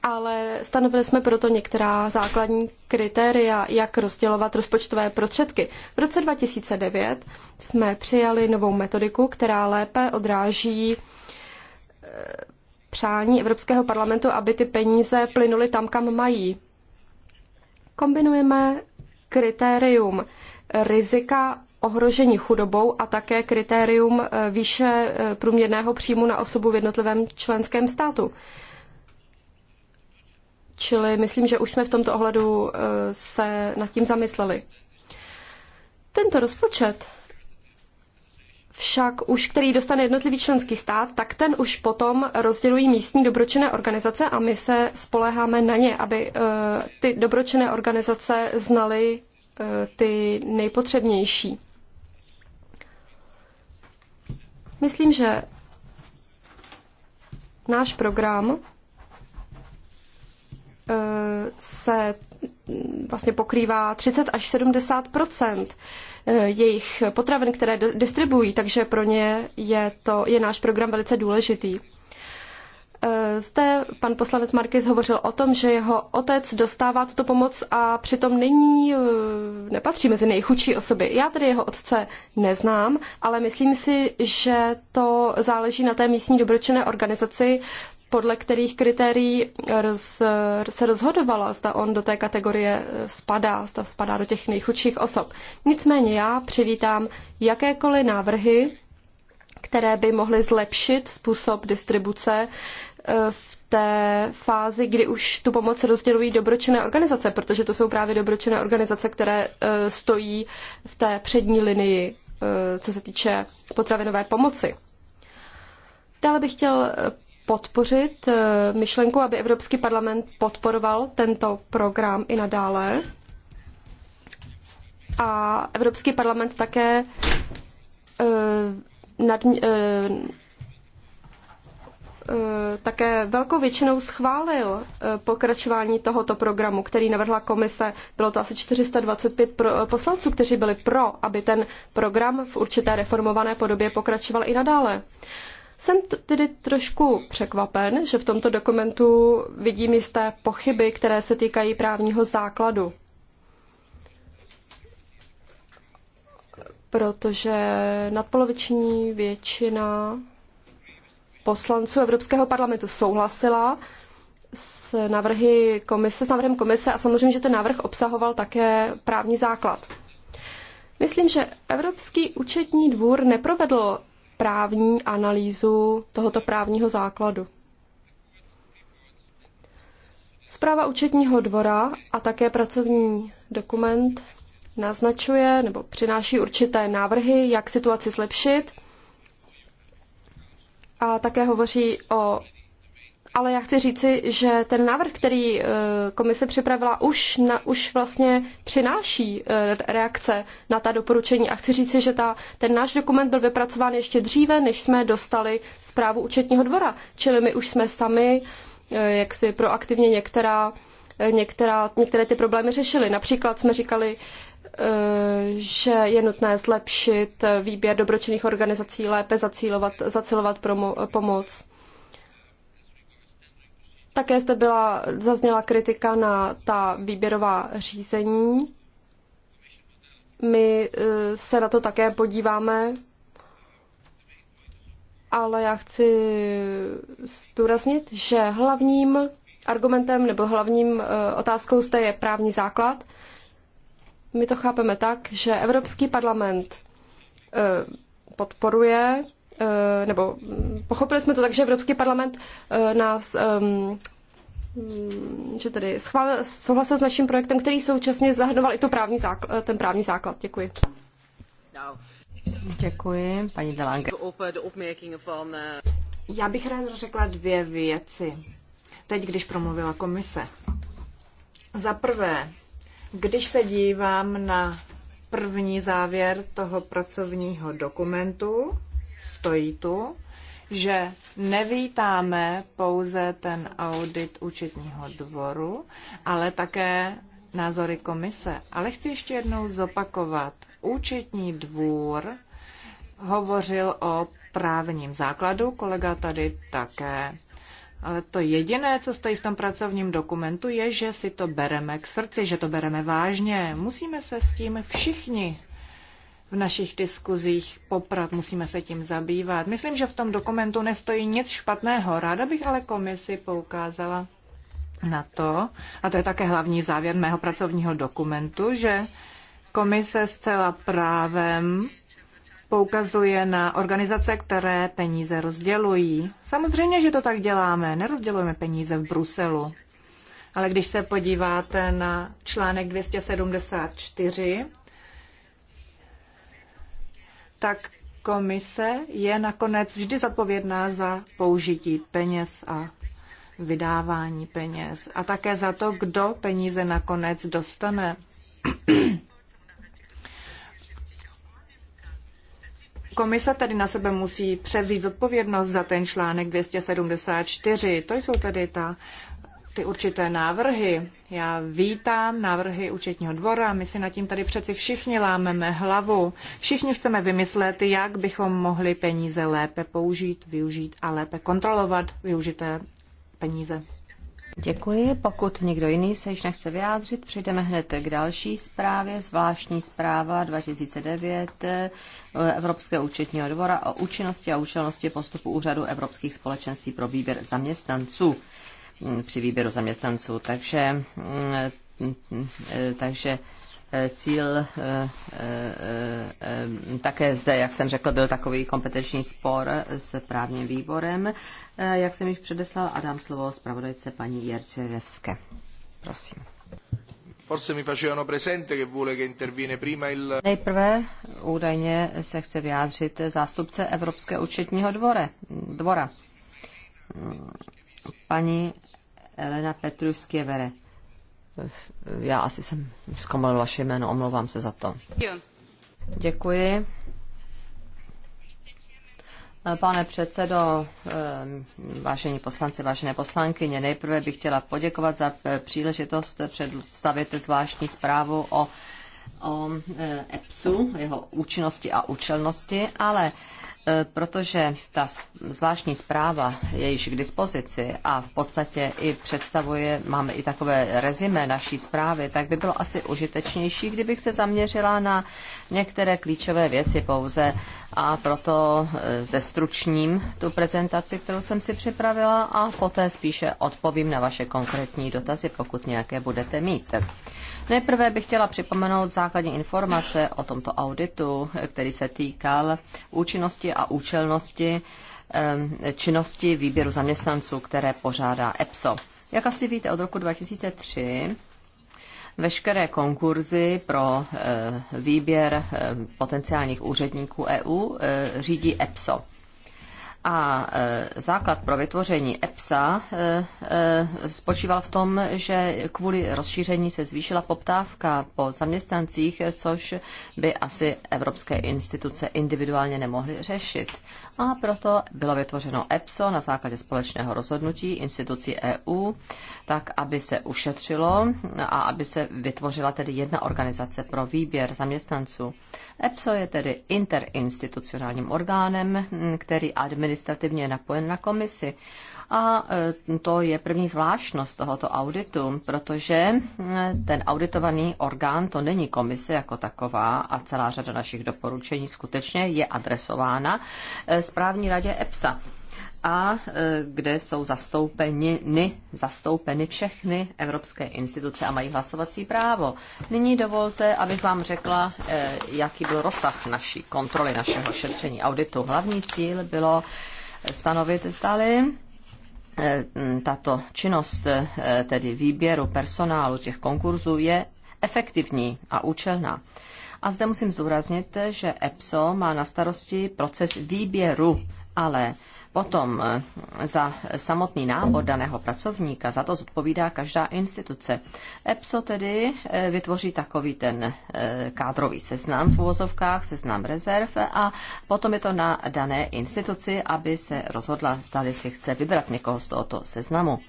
ale stanovili jsme proto některá základní kritéria, jak rozdělovat rozpočtové prostředky. V roce 2009 jsme přijali novou metodiku, která lépe odráží eh, přání Evropského parlamentu, aby ty peníze plynuly tam, kam mají. Kombinujeme kritérium rizika ohrožení chudobou a také kritérium eh, výše eh, průměrného příjmu na osobu v jednotlivém členském státu. Čili myslím, že už jsme v tomto ohledu eh, se nad tím zamysleli. Tento rozpočet však už, který dostane jednotlivý členský stát, tak ten už potom rozdělují místní dobročinné organizace a my se spoléháme na ně, aby ty dobročinné organizace znaly ty nejpotřebnější. Myslím, že náš program e, se vlastně pokrývá 30 až 70 e, jejich potravin, které distribuují, takže pro ně je, to, je náš program velice důležitý. Eh, zde pan poslanec Markis hovořil o tom, že jeho otec dostává tuto pomoc a přitom není, eh, nepatří mezi nejchudší osoby. Já tedy jeho otce neznám, ale myslím si, že to záleží na té místní dobročené organizaci, podle kterých kritérií roz, se rozhodovala, zda on do té kategorie spadá, zda spadá do těch nejchudších osob. Nicméně já přivítám jakékoliv návrhy, které by mohly zlepšit způsob distribuce eh, v té fázi, kdy už tu pomoc rozdělují dobročené organizace, protože to jsou právě dobročené organizace, které eh, stojí v té přední linii, eh, co se týče potravinové pomoci. Dále bych chtěl podpořit myšlenku, aby Evropský parlament podporoval tento program i nadále. A Evropský parlament také nad, e, také velkou většinou schválil eh, pokračování tohoto programu, který navrhla komise. Bylo to asi 425 pro, poslanců, kteří byli pro, aby ten program v určité reformované podobě pokračoval i nadále. Jsem tedy trošku překvapen, že v tomto dokumentu vidím jisté pochyby, které se týkají právního základu. protože nadpoloviční většina poslanců Evropského parlamentu souhlasila s, návrhy komise, s návrhem komise a samozřejmě, že ten návrh obsahoval také právní základ. Myslím, že Evropský účetní dvůr neprovedl právní analýzu tohoto právního základu. Zpráva účetního dvora a také pracovní dokument naznačuje nebo přináší určité návrhy, jak situaci zlepšit. A také hovoří o. Ale já chci říci, že ten návrh, který eh, komise připravila, už, na, už vlastně přináší eh, reakce na ta doporučení. A chci říci, že ta, ten náš dokument byl vypracován ještě dříve, než jsme dostali zprávu účetního dvora. Čili my už jsme sami eh, jaksi proaktivně některá některá, některé ty problémy řešili. Například jsme říkali, že je nutné zlepšit výběr dobročinných organizací, lépe zacílovat, zacílovat promo, pomoc. Také zde byla, zazněla kritika na ta výběrová řízení. My eh, se na to také podíváme, ale já chci zdůraznit, že hlavním argumentem nebo hlavním eh, otázkou zde je právní základ – my to chápeme tak, že Evropský parlament eh, podporuje, eh, nebo pochopili jsme to tak, že Evropský parlament eh, nás ehm, že tedy schvál, souhlasil s naším projektem, který současně zahrnoval i to právní základ, ten právní základ. Děkuji. Děkuji, paní Delange. Já bych rád řekla dvě věci. Teď, když promluvila komise. Za prvé, když se dívám na první závěr toho pracovního dokumentu, stojí tu, že nevítáme pouze ten audit účetního dvoru, ale také názory komise. Ale chci ještě jednou zopakovat. Účetní dvůr hovořil o právním základu, kolega tady také ale to jediné, co stojí v tom pracovním dokumentu, je, že si to bereme k srdci, že to bereme vážně. Musíme se s tím všichni v našich diskuzích poprat, musíme se tím zabývat. Myslím, že v tom dokumentu nestojí nic špatného. Ráda bych ale komisi poukázala na to, a to je také hlavní závěr mého pracovního dokumentu, že komise zcela právem poukazuje na organizace, které peníze rozdělují. Samozřejmě, že to tak děláme. Nerozdělujeme peníze v Bruselu. Ale když se podíváte na článek 274, tak komise je nakonec vždy zodpovědná za použití peněz a vydávání peněz a také za to, kdo peníze nakonec dostane. Komise tedy na sebe musí převzít odpovědnost za ten článek 274. To jsou tedy ta, ty určité návrhy. Já vítám návrhy účetního dvora, my si nad tím tady přeci všichni lámeme hlavu. Všichni chceme vymyslet, jak bychom mohli peníze lépe použít, využít a lépe kontrolovat využité peníze. Děkuji. Pokud někdo jiný se již nechce vyjádřit, přejdeme hned k další zprávě. Zvláštní zpráva 2009 eh, Evropského účetního dvora o účinnosti a účelnosti postupu úřadu Evropských společenství pro výběr zaměstnanců hm, při výběru zaměstnanců. Takže, hm, hm, eh, takže Eh, cíl eh, eh, také zde, jak jsem řekl, byl takový kompetenční spor s právním výborem. Jak jsem již předeslal a dám slovo zpravodajce paní Jerčevské. Prosím. Forse mi facevano presente che vuole che prima il... Nejprve údajně se chce vyjádřit zástupce Evropského účetního dvore, dvora. Mm, paní Elena Petruskievere. Já asi jsem zkomal vaše jméno, omlouvám se za to. Děkuji. Pane předsedo, vážení poslanci, vážené poslankyně, nejprve bych chtěla poděkovat za eh, příležitost představit zvláštní zprávu o, o eh, EPSu, jeho účinnosti a účelnosti, ale E, protože ta zvláštní zpráva je již k dispozici a v podstatě i představuje, máme i takové rezime naší zprávy, tak by bylo asi užitečnější, kdybych se zaměřila na některé klíčové věci pouze a proto e, zestručním tu prezentaci, kterou jsem si připravila a poté spíše odpovím na vaše konkrétní dotazy, pokud nějaké budete mít. Nejprve bych chtěla připomenout základní informace o tomto auditu, e, který se týkal účinnosti a účelnosti e, činnosti výběru zaměstnanců, které pořádá EPSO. Jak asi víte, od roku 2003 veškeré konkurzy pro eh, výběr eh, potenciálních úředníků EU eh, řídí EPSO. A e, základ pro vytvoření EPSA e, e, spočíval v tom, že kvůli rozšíření se zvýšila poptávka po zaměstnancích, což by asi evropské instituce individuálně nemohly řešit. A proto bylo vytvořeno EPSO na základě společného rozhodnutí institucí EU, tak aby se ušetřilo a aby se vytvořila tedy jedna organizace pro výběr zaměstnanců. EPSO je tedy interinstitucionálním orgánem, který administruje administrativně napojen na komisi. A e, to je první zvláštnost tohoto auditu, protože e, ten auditovaný orgán, to není komise jako taková a celá řada našich doporučení skutečně je adresována e, správní radě EPSA a e, kde jsou zastoupeni, zastoupeny všechny evropské instituce a mají hlasovací právo. Nyní dovolte, abych vám řekla, e, jaký byl rozsah naší kontroly, našeho šetření auditu. Hlavní cíl bylo stanovit, zdali e, tato činnost, tedy výběru personálu těch konkurzů, je efektivní a účelná. A zde musím zdůraznit, že EPSO má na starosti proces výběru, ale Potom eh, za samotný nábor daného pracovníka za to zodpovídá každá instituce. EPSO tedy eh, vytvoří takový ten eh, kádrový seznam v úvozovkách, seznam rezerv a potom je to na dané instituci, aby se rozhodla, zda si chce vybrat někoho z tohoto seznamu.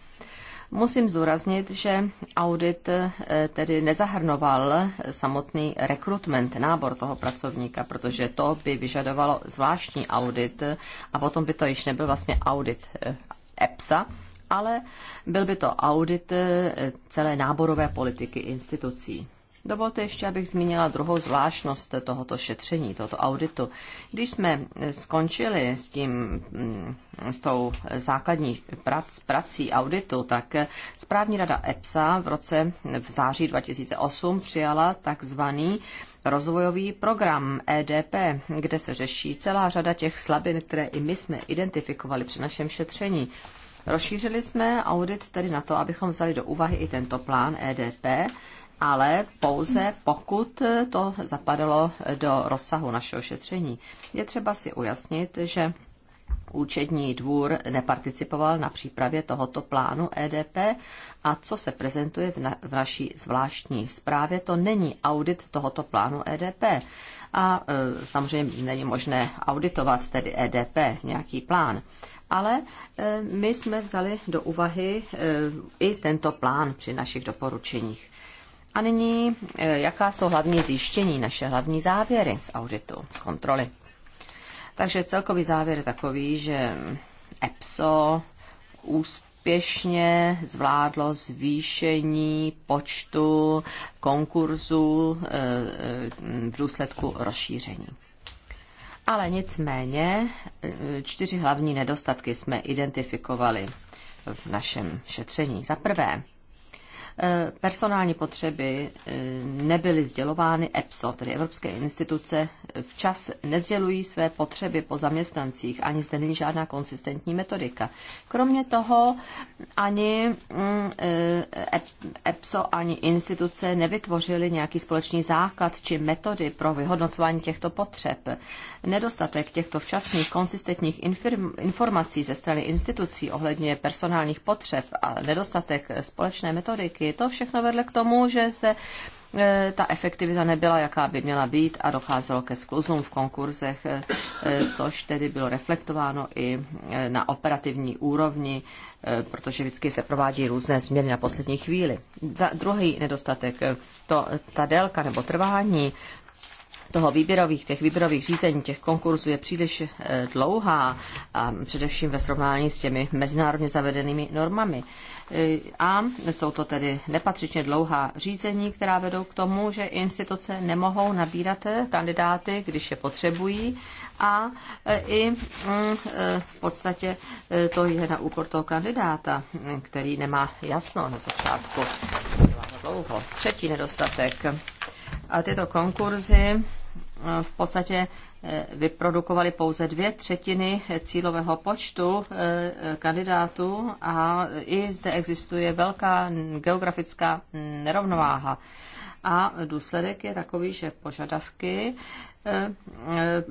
Musím zúraznit, že audit eh, tedy nezahrnoval samotný rekrutment, nábor toho pracovníka, protože to by vyžadovalo zvláštní audit a potom by to již nebyl vlastně audit eh, EPSA, ale byl by to audit eh, celé náborové politiky institucí. Dovolte ještě, abych zmínila druhou zvláštnost tohoto šetření, tohoto auditu. Když jsme skončili s, tím, mm, s tou základní prac, prací auditu, tak správní rada EPSA v roce v září 2008 přijala takzvaný rozvojový program EDP, kde se řeší celá řada těch slabin, které i my jsme identifikovali při našem šetření. Rozšířili jsme audit tedy na to, abychom vzali do úvahy i tento plán EDP ale pouze pokud to zapadalo do rozsahu našeho šetření. Je třeba si ujasnit, že Účetní dvůr neparticipoval na přípravě tohoto plánu EDP a co se prezentuje v, na, v naší zvláštní zprávě, to není audit tohoto plánu EDP. A e, samozřejmě není možné auditovat tedy EDP, nějaký plán. Ale e, my jsme vzali do úvahy e, i tento plán při našich doporučeních. A nyní, e, jaká jsou hlavní zjištění, naše hlavní závěry z auditu, z kontroly? Takže celkový závěr je takový, že EPSO úspěšně zvládlo zvýšení počtu konkurzů e, e, v důsledku rozšíření. Ale nicméně čtyři hlavní nedostatky jsme identifikovali v našem šetření. Za prvé, Eh, personální potřeby eh, nebyly sdělovány EPSO, tedy Evropské instituce, včas nezdělují své potřeby po zaměstnancích, ani zde není žádná konsistentní metodika. Kromě toho ani mm, eh, EPSO, ani instituce nevytvořily nějaký společný základ či metody pro vyhodnocování těchto potřeb. Nedostatek těchto včasných konsistentních informací ze strany institucí ohledně personálních potřeb a nedostatek společné metodiky energii. To všechno vedle k tomu, že zde e, ta efektivita nebyla, jaká by měla být a docházelo ke skluzům v konkurzech, e, e, což tedy bylo reflektováno i na operativní úrovni, protože vždycky se provádí různé změny na poslední chvíli. Za druhý nedostatek, to, ta délka nebo trvání toho výběrových, těch výběrových řízení, těch konkurzů je příliš eh, dlouhá, a především ve srovnání s těmi mezinárodně zavedenými normami. Eh, a jsou to tedy nepatřičně dlouhá řízení, která vedou k tomu, že instituce nemohou nabírat eh, kandidáty, když je potřebují a i mm, v podstatě to je na úkor toho kandidáta, mm, který nemá jasno na začátku. Dlouho. Třetí nedostatek a tyto konkurzy eh, v podstatě eh, vyprodukovali pouze dvě třetiny cílového počtu eh, kandidátů a i zde existuje velká geografická nerovnováha. A důsledek je takový, že požadavky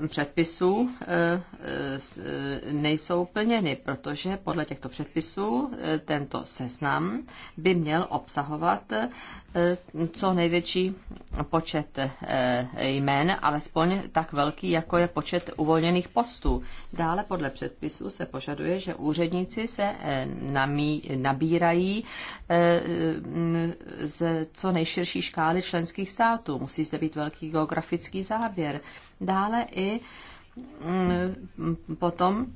předpisů nejsou plněny, protože podle těchto předpisů tento seznam by měl obsahovat co největší počet eh, jmen, alespoň tak velký, jako je počet uvolněných postů. Dále podle předpisu se požaduje, že úředníci se eh, nabírají eh, z co nejširší škály členských států. Musí zde být velký geografický záběr. Dále i mm, potom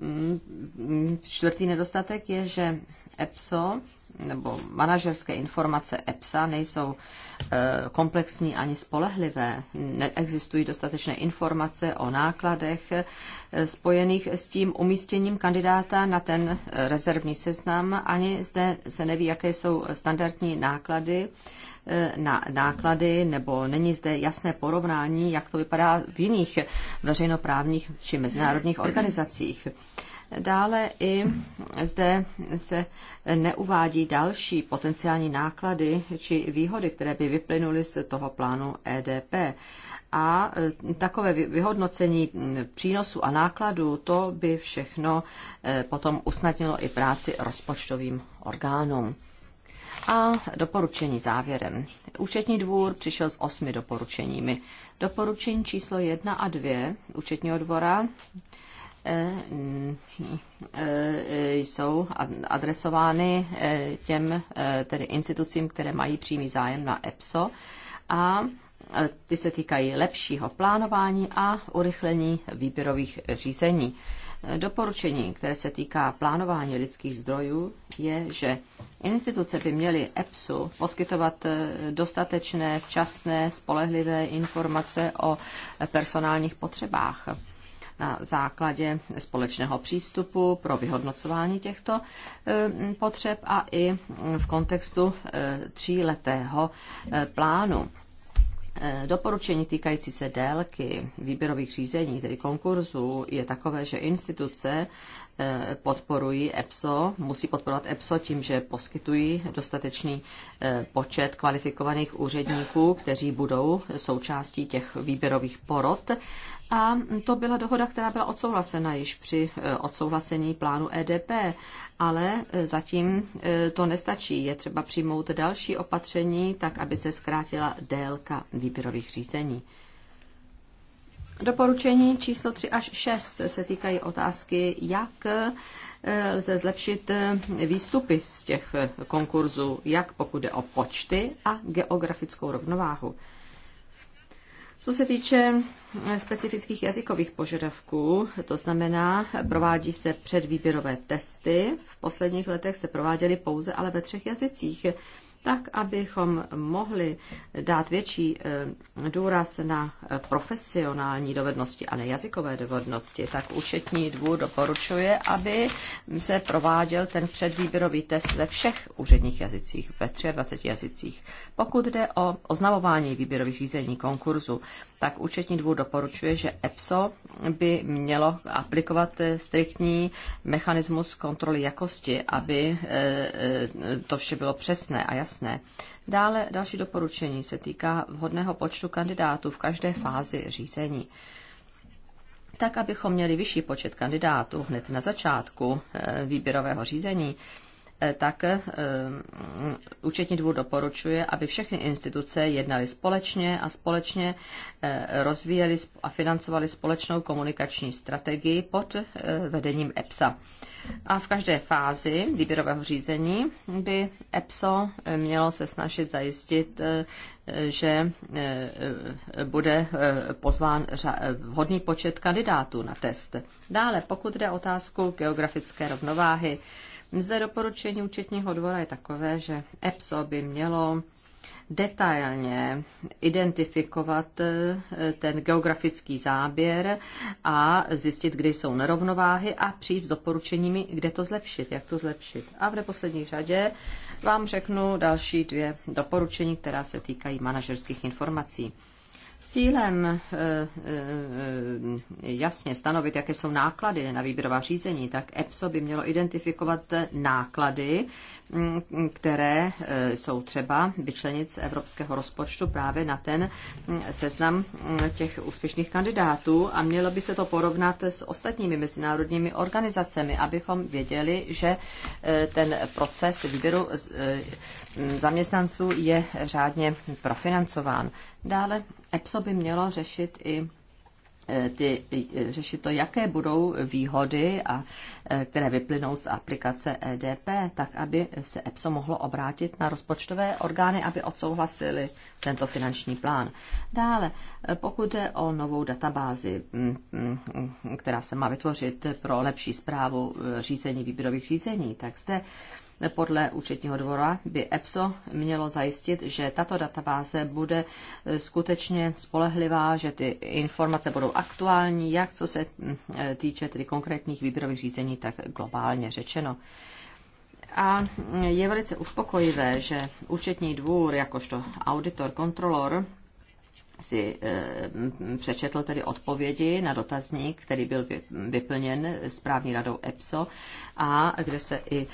mm, mm, čtvrtý nedostatek je, že EPSO nebo manažerské informace EPSA nejsou eh, komplexní ani spolehlivé. Neexistují dostatečné informace o nákladech eh, spojených s tím umístěním kandidáta na ten eh, rezervní seznam. Ani zde se neví, jaké jsou standardní náklady na náklady, nebo není zde jasné porovnání, jak to vypadá v jiných veřejnoprávních či mezinárodních organizacích. Dále i zde se neuvádí další potenciální náklady či výhody, které by vyplynuly z toho plánu EDP. A e, takové vyhodnocení přínosu a nákladů, to by všechno e, potom usnadnilo i práci rozpočtovým orgánům. A doporučení závěrem. Účetní dvůr přišel s osmi doporučeními. Doporučení číslo jedna a dvě účetního dvora E, e, jsou adresovány e, těm tedy institucím, které mají přímý zájem na EPSO a ty se týkají lepšího plánování a urychlení výběrových řízení. Doporučení, které se týká plánování lidských zdrojů, je, že instituce by měly EPSu poskytovat dostatečné, včasné, spolehlivé informace o personálních potřebách na základě společného přístupu pro vyhodnocování těchto eh, potřeb a i v kontextu eh, tříletého eh, plánu. Doporučení týkající se délky výběrových řízení, tedy konkurzů, je takové, že instituce Eh, podporují EPSO, musí podporovat EPSO tím, že poskytují dostatečný eh, počet kvalifikovaných úředníků, kteří budou součástí těch výběrových porod. A to byla dohoda, která byla odsouhlasena již při eh, odsouhlasení plánu EDP, ale zatím to nestačí. Je třeba přijmout další opatření, tak aby se zkrátila délka výběrových řízení. Doporučení číslo 3 až 6 se týkají otázky, jak eh, lze zlepšit eh, výstupy z těch konkurzů, jak pokud jde o počty a geografickou rovnováhu. Co se týče eh, specifických jazykových požadavků, to znamená, provádí se předvýběrové testy. V posledních letech se prováděly pouze ale ve třech jazycích tak abychom mohli dát větší eh, důraz na profesionální dovednosti a nejazykové dovednosti, tak účetní dvůr doporučuje, aby se prováděl ten předvýběrový test ve všech úředních jazycích, ve 23 jazycích. Pokud jde o oznamování výběrových řízení konkurzu, tak účetní dvůr doporučuje, že EPSO by mělo aplikovat striktní mechanismus kontroly jakosti, aby eh, eh, to vše bylo přesné a jasné jasné. Dále další doporučení se týká vhodného počtu kandidátů v každé fázi řízení tak abychom měli vyšší počet kandidátů hned na začátku eh, výběrového řízení, Eh, tak eh, mm, účetní dvůr doporučuje, aby všechny instituce jednaly společně a společně eh, rozvíjely a financovaly společnou komunikační strategii pod vedením EPSA. A v každé fázi výběrového řízení by EPSO mělo se snažit zajistit, že bude pozván vhodný počet kandidátů na test. Dále, pokud jde o otázku geografické rovnováhy, zde doporučení účetního dvora je takové, že EPSO by mělo detailně identifikovat eh, ten geografický záběr a zjistit, kde jsou nerovnováhy a přijít s doporučeními, kde to zlepšit, jak to zlepšit. A v neposlední řadě vám řeknu další dvě doporučení, která se týkají manažerských informací s cílem eh, eh, jasně stanovit, jaké jsou náklady na výběrová řízení, tak EPSO by mělo identifikovat náklady, které eh, jsou třeba vyčlenit z evropského rozpočtu právě na ten mm, seznam mm, těch úspěšných kandidátů a mělo by se to porovnat s ostatními mezinárodními organizacemi, abychom věděli, že eh, ten proces výběru eh, mm, zaměstnanců je řádně profinancován. Dále EPSO by mělo řešit i Eh, ty, eh, řešit to, jaké budou výhody, a, eh, které vyplynou z aplikace EDP, tak aby se EPSO mohlo obrátit na rozpočtové orgány, aby odsouhlasili tento finanční plán. Dále, pokud jde o novou databázi, mm, mm, která se má vytvořit pro lepší zprávu řízení výběrových řízení, tak zde podle účetního dvora by EPSO mělo zajistit, že tato databáze bude e, skutečně spolehlivá, že ty informace budou aktuální, jak co se e, týče tedy konkrétních výběrových řízení, tak globálně řečeno. A je velice uspokojivé, že účetní dvůr, jakožto auditor, kontrolor, si eh, přečetl tedy odpovědi na dotazník, který byl vyplněn správní radou EPSO a kde se i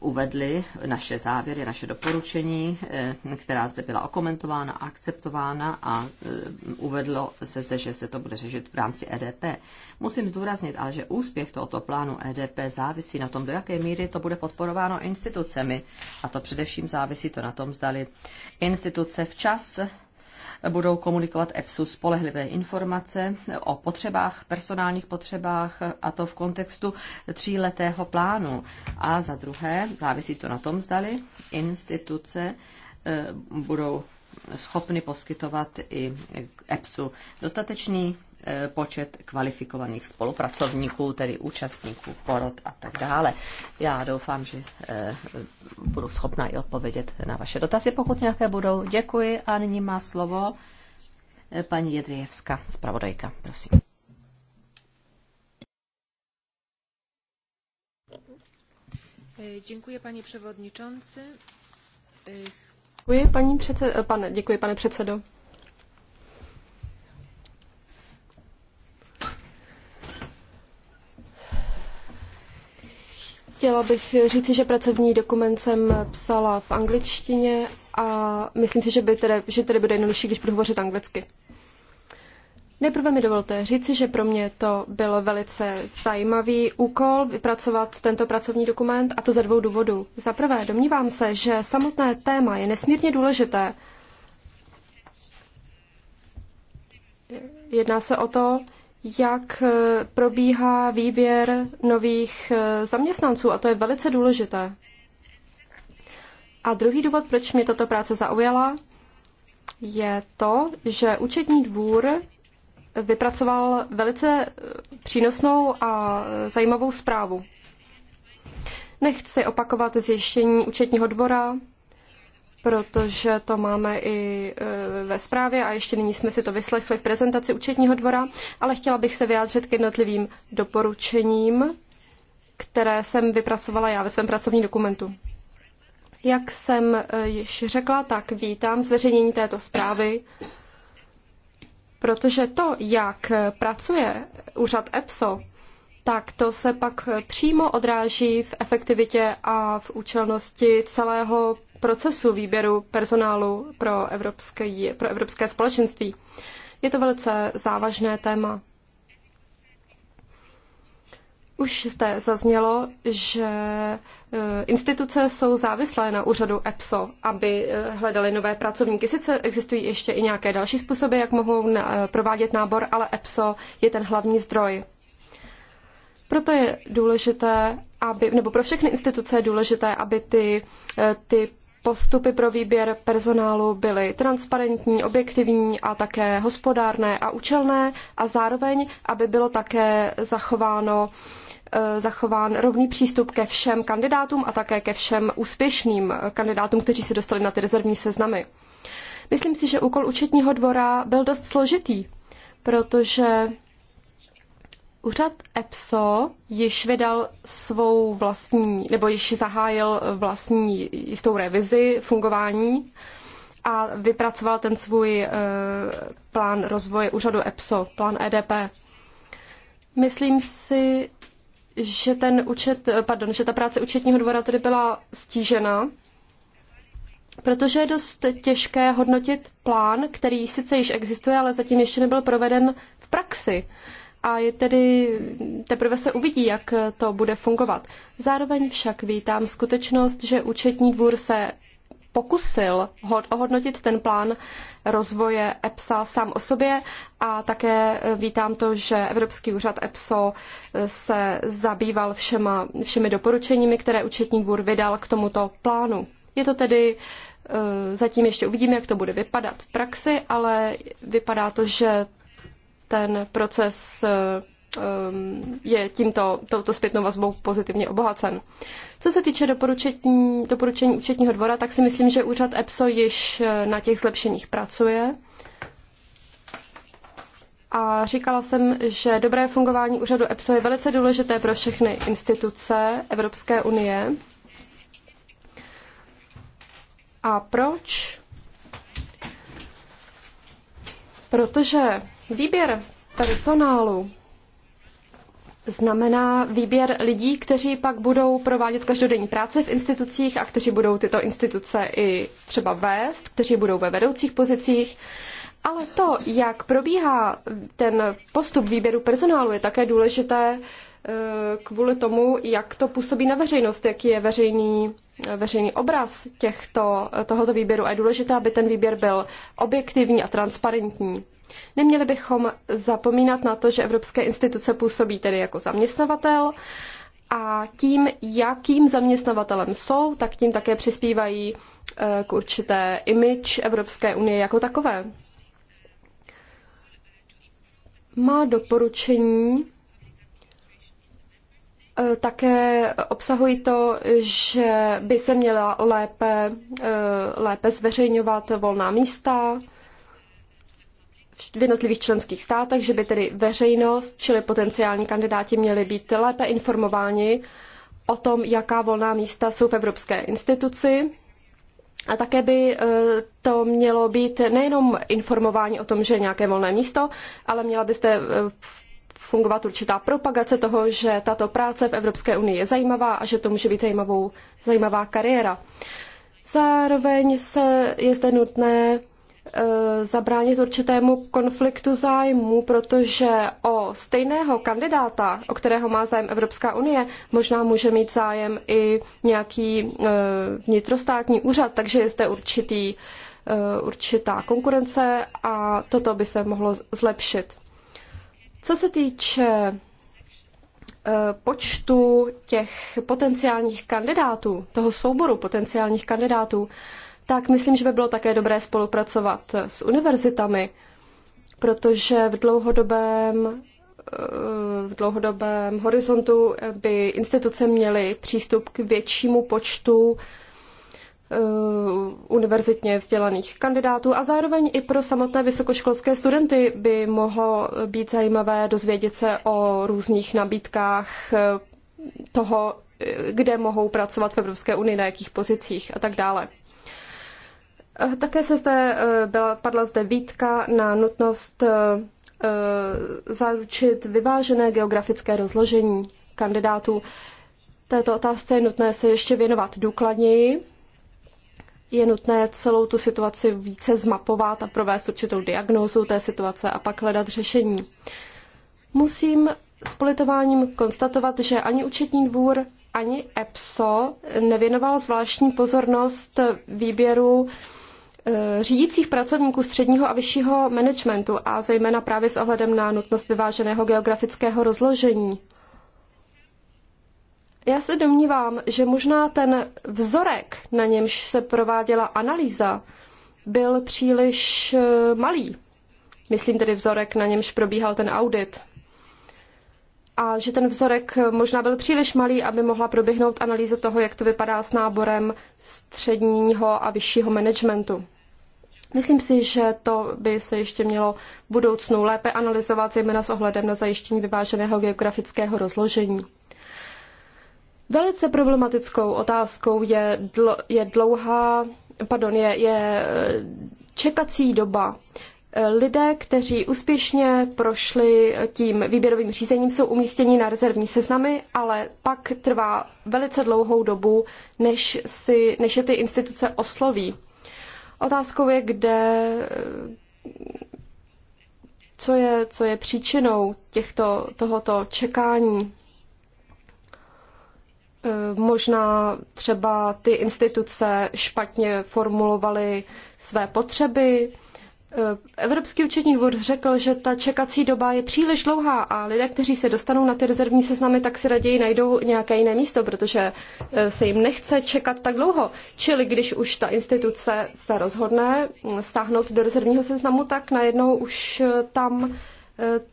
uvedly naše závěry, naše doporučení, eh, která zde byla okomentována a akceptována a eh, uvedlo se zde, že se to bude řešit v rámci EDP. Musím zdůraznit ale, že úspěch tohoto plánu EDP závisí na tom, do jaké míry to bude podporováno institucemi a to především závisí to na tom, zdali instituce včas budou komunikovat EPSu spolehlivé informace o potřebách, personálních potřebách a to v kontextu tříletého plánu. A za druhé, závisí to na tom, zdali instituce e, budou schopny poskytovat i EPSu dostatečný E, počet kvalifikovaných spolupracovníků, tedy účastníků porod a tak dále. Já doufám, že e, budu schopna i odpovědět na vaše dotazy, pokud nějaké budou. Děkuji a nyní má slovo e, paní Jedrijevská, zpravodajka, prosím. Děkuji, paní předsedající. Děkuji, paní děkuji, pane předsedo. Chtěla bych říci, že pracovní dokument jsem psala v angličtině a myslím si, že, by tedy, že tedy bude jednodušší, když budu hovořit anglicky. Nejprve mi dovolte říci, že pro mě to byl velice zajímavý úkol vypracovat tento pracovní dokument a to ze dvou důvodů. Za prvé, domnívám se, že samotné téma je nesmírně důležité. Jedná se o to, jak eh, probíhá výběr nových eh, zaměstnanců a to je velice důležité. A druhý důvod, proč mě tato práce zaujala, je to, že účetní dvůr vypracoval velice eh, přínosnou a zajímavou zprávu. Nechci opakovat zjištění účetního dvora, protože to máme i e, ve zprávě a ještě nyní jsme si to vyslechli v prezentaci účetního dvora, ale chtěla bych se vyjádřit k jednotlivým doporučením, které jsem vypracovala já ve svém pracovním dokumentu. Jak jsem e, již řekla, tak vítám zveřejnění této zprávy, protože to, jak pracuje úřad EPSO, tak to se pak přímo odráží v efektivitě a v účelnosti celého procesu výběru personálu pro evropské, pro evropské společenství. Je to velice závažné téma. Už zde zaznělo, že eh, instituce jsou závislé na úřadu EPSO, aby eh, hledali nové pracovníky. Sice existují ještě i nějaké další způsoby, jak mohou eh, provádět nábor, ale EPSO je ten hlavní zdroj. Proto je důležité, aby, nebo pro všechny instituce je důležité, aby ty, ty postupy pro výběr personálu byly transparentní, objektivní a také hospodárné a účelné a zároveň, aby bylo také zachováno eh, zachován rovný přístup ke všem kandidátům a také ke všem úspěšným kandidátům, kteří se dostali na ty rezervní seznamy. Myslím si, že úkol účetního dvora byl dost složitý, protože Úřad EPSO již vydal svou vlastní, nebo již zahájil vlastní jistou revizi fungování a vypracoval ten svůj eh, plán rozvoje úřadu EPSO, plán EDP. Myslím si, že ten účet, eh, pardon, že ta práce účetního dvora tedy byla stížena, protože je dost těžké hodnotit plán, který sice již existuje, ale zatím ještě nebyl proveden v praxi a je tedy teprve se uvidí, jak to bude fungovat. Zároveň však vítám skutečnost, že účetní dvůr se pokusil ohodnotit ten plán rozvoje EPSA sám o sobě a také vítám to, že Evropský úřad EPSO se zabýval všema, všemi doporučeními, které účetní dvůr vydal k tomuto plánu. Je to tedy eh, zatím ještě uvidíme, jak to bude vypadat v praxi, ale vypadá to, že ten proces ehm, je tímto, touto zpětnou vazbou pozitivně obohacen. Co se týče doporučení, doporučení účetního dvora, tak si myslím, že úřad EPSO již eh, na těch zlepšeních pracuje. A říkala jsem, že dobré fungování úřadu EPSO je velice důležité pro všechny instituce Evropské unie. A proč? Protože Výběr personálu znamená výběr lidí, kteří pak budou provádět každodenní práce v institucích a kteří budou tyto instituce i třeba vést, kteří budou ve vedoucích pozicích. Ale to, jak probíhá ten postup výběru personálu, je také důležité eh, kvůli tomu, jak to působí na veřejnost, jaký je veřejný, eh, veřejný obraz těchto, tohoto výběru. A je důležité, aby ten výběr byl objektivní a transparentní. Neměli bychom zapomínat na to, že evropské instituce působí tedy jako zaměstnavatel a tím, jakým zaměstnavatelem jsou, tak tím také přispívají eh, k určité image Evropské unie jako takové. Má doporučení eh, také obsahují to, že by se měla lépe, eh, lépe zveřejňovat volná místa, v jednotlivých členských státech, že by tedy veřejnost, čili potenciální kandidáti, měli být lépe informováni o tom, jaká volná místa jsou v Evropské instituci. A také by eh, to mělo být nejenom informování o tom, že je nějaké volné místo, ale měla byste eh, fungovat určitá propagace toho, že tato práce v Evropské unii je zajímavá a že to může být zajímavou, zajímavá kariéra. Zároveň se je zde nutné Eh, zabránit určitému konfliktu zájmů, protože o stejného kandidáta, o kterého má zájem Evropská unie, možná může mít zájem i nějaký eh, vnitrostátní úřad, takže je zde určitý, eh, určitá konkurence a toto by se mohlo zlepšit. Co se týče počtu těch potenciálních kandidátů, toho souboru potenciálních kandidátů, tak myslím, že by bylo také dobré spolupracovat s univerzitami, protože v dlouhodobém, eh, v dlouhodobém horizontu by instituce měly přístup k většímu počtu eh, univerzitně vzdělaných kandidátů a zároveň i pro samotné vysokoškolské studenty by mohlo být zajímavé dozvědět se o různých nabídkách eh, toho, kde mohou pracovat v Evropské unii, na jakých pozicích a tak dále. Eh, také se zde eh, byla, padla zde výtka na nutnost eh, zaručit vyvážené geografické rozložení kandidátů. Této otázce je nutné se ještě věnovat důkladněji. Je nutné celou tu situaci více zmapovat a provést určitou diagnózu té situace a pak hledat řešení. Musím s politováním konstatovat, že ani účetní dvůr, ani EPSO nevěnoval zvláštní pozornost výběru Eh, řídících pracovníků středního a vyššího managementu a zejména právě s ohledem na nutnost vyváženého geografického rozložení. Já se domnívám, že možná ten vzorek, na němž se prováděla analýza, byl příliš eh, malý. Myslím tedy vzorek, na němž probíhal ten audit. A že ten vzorek možná byl příliš malý, aby mohla proběhnout analýza toho, jak to vypadá s náborem středního a vyššího managementu. Myslím si, že to by se ještě mělo v budoucnu lépe analyzovat, zejména s ohledem na zajištění vyváženého geografického rozložení. Velice problematickou otázkou je, dl, je dlouhá, pardon, je, je eh, čekací doba. Eh, lidé, kteří úspěšně prošli tím výběrovým řízením, jsou umístěni na rezervní seznamy, ale pak trvá velice dlouhou dobu, než, si, než je ty instituce osloví. Otázkou je, kde, co je, co je příčinou těchto, tohoto čekání. Eh, možná třeba ty instituce špatně formulovaly své potřeby, Eh, Evropský účetní dvůr řekl, že ta čekací doba je příliš dlouhá a lidé, kteří se dostanou na ty rezervní seznamy, tak si raději najdou nějaké jiné místo, protože eh, se jim nechce čekat tak dlouho. Čili když už ta instituce se rozhodne hm, sáhnout do rezervního seznamu, tak najednou už eh, tam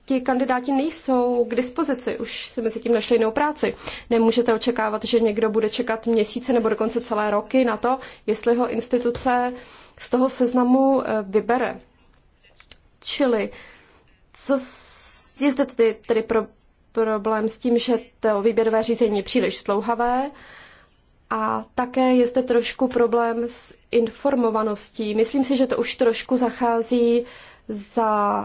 ti kandidáti nejsou k dispozici, už si mezi tím našli jinou práci. Nemůžete očekávat, že někdo bude čekat měsíce nebo dokonce celé roky na to, jestli ho instituce z toho seznamu eh, vybere. Čili co je zde tedy, tedy pro, problém s tím, že to výběrové řízení je příliš slouhavé a také je zde trošku problém s informovaností. Myslím si, že to už trošku zachází za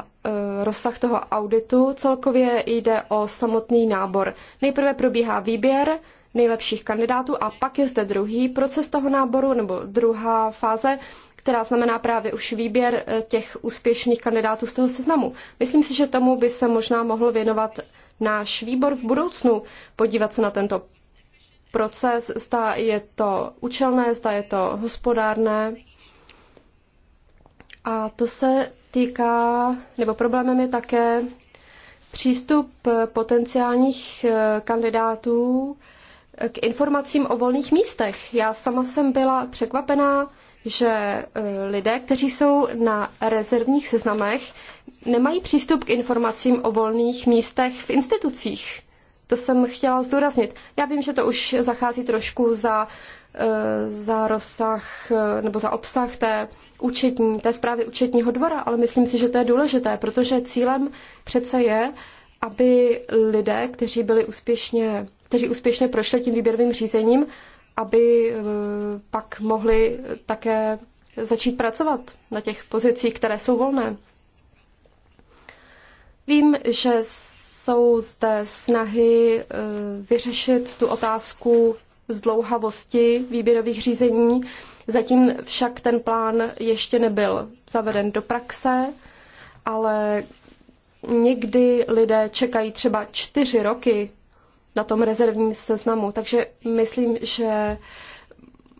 e, rozsah toho auditu. Celkově jde o samotný nábor. Nejprve probíhá výběr nejlepších kandidátů a pak je zde druhý proces toho náboru nebo druhá fáze, která znamená právě už výběr eh, těch úspěšných kandidátů z toho seznamu. Myslím si, že tomu by se možná mohl věnovat náš výbor v budoucnu, podívat se na tento proces, zda je to účelné, zda je to hospodárné. A to se týká, nebo problémem je také přístup eh, potenciálních eh, kandidátů k informacím o volných místech. Já sama jsem byla překvapená, že eh, lidé, kteří jsou na rezervních seznamech, nemají přístup k informacím o volných místech v institucích. To jsem chtěla zdůraznit. Já vím, že to už zachází trošku za, eh, za rozsah eh, nebo za obsah té účetní, té zprávy účetního dvora, ale myslím si, že to je důležité, protože cílem přece je, aby lidé, kteří byli úspěšně, kteří úspěšně prošli tím výběrovým řízením, aby e, pak mohli také začít pracovat na těch pozicích, které jsou volné. Vím, že jsou zde snahy e, vyřešit tu otázku zdlouhavosti výběrových řízení. Zatím však ten plán ještě nebyl zaveden do praxe, ale někdy lidé čekají třeba čtyři roky na tom rezervním seznamu. Takže myslím, že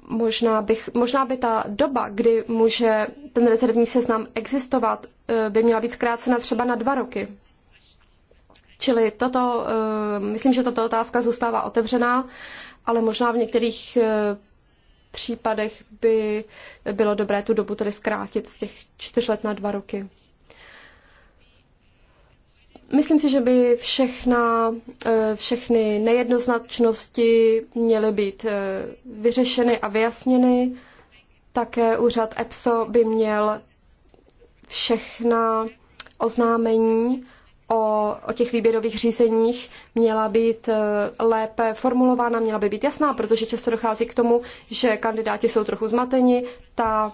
možná, bych, možná by ta doba, kdy může ten rezervní seznam existovat, eh, by měla být zkrácena třeba na dva roky. Čili toto, eh, myslím, že tato otázka zůstává otevřená, ale možná v některých eh, případech by bylo dobré tu dobu tedy zkrátit z těch čtyř let na dva roky. Myslím si, že by všechna, eh, všechny nejednoznačnosti měly být eh, vyřešeny a vyjasněny. Také úřad EPSO by měl všechna oznámení o, o těch výběrových řízeních měla být eh, lépe formulována, měla by být jasná, protože často dochází k tomu, že kandidáti jsou trochu zmateni. Ta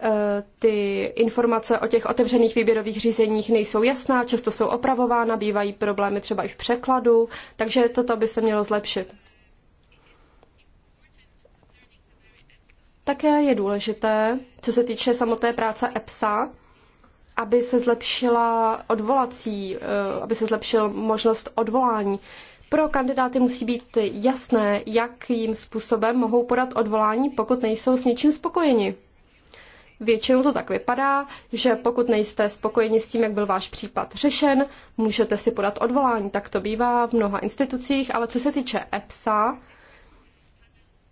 Eh, ty informace o těch otevřených výběrových řízeních nejsou jasná, často jsou opravována, bývají problémy třeba i v překladu, takže toto by se mělo zlepšit. Také je důležité, co se týče samotné práce EPSA, aby se zlepšila odvolací, eh, aby se zlepšil možnost odvolání. Pro kandidáty musí být jasné, jakým způsobem mohou podat odvolání, pokud nejsou s něčím spokojeni. Většinou to tak vypadá, že pokud nejste spokojeni s tím, jak byl váš případ řešen, můžete si podat odvolání. Tak to bývá v mnoha institucích, ale co se týče EPSA,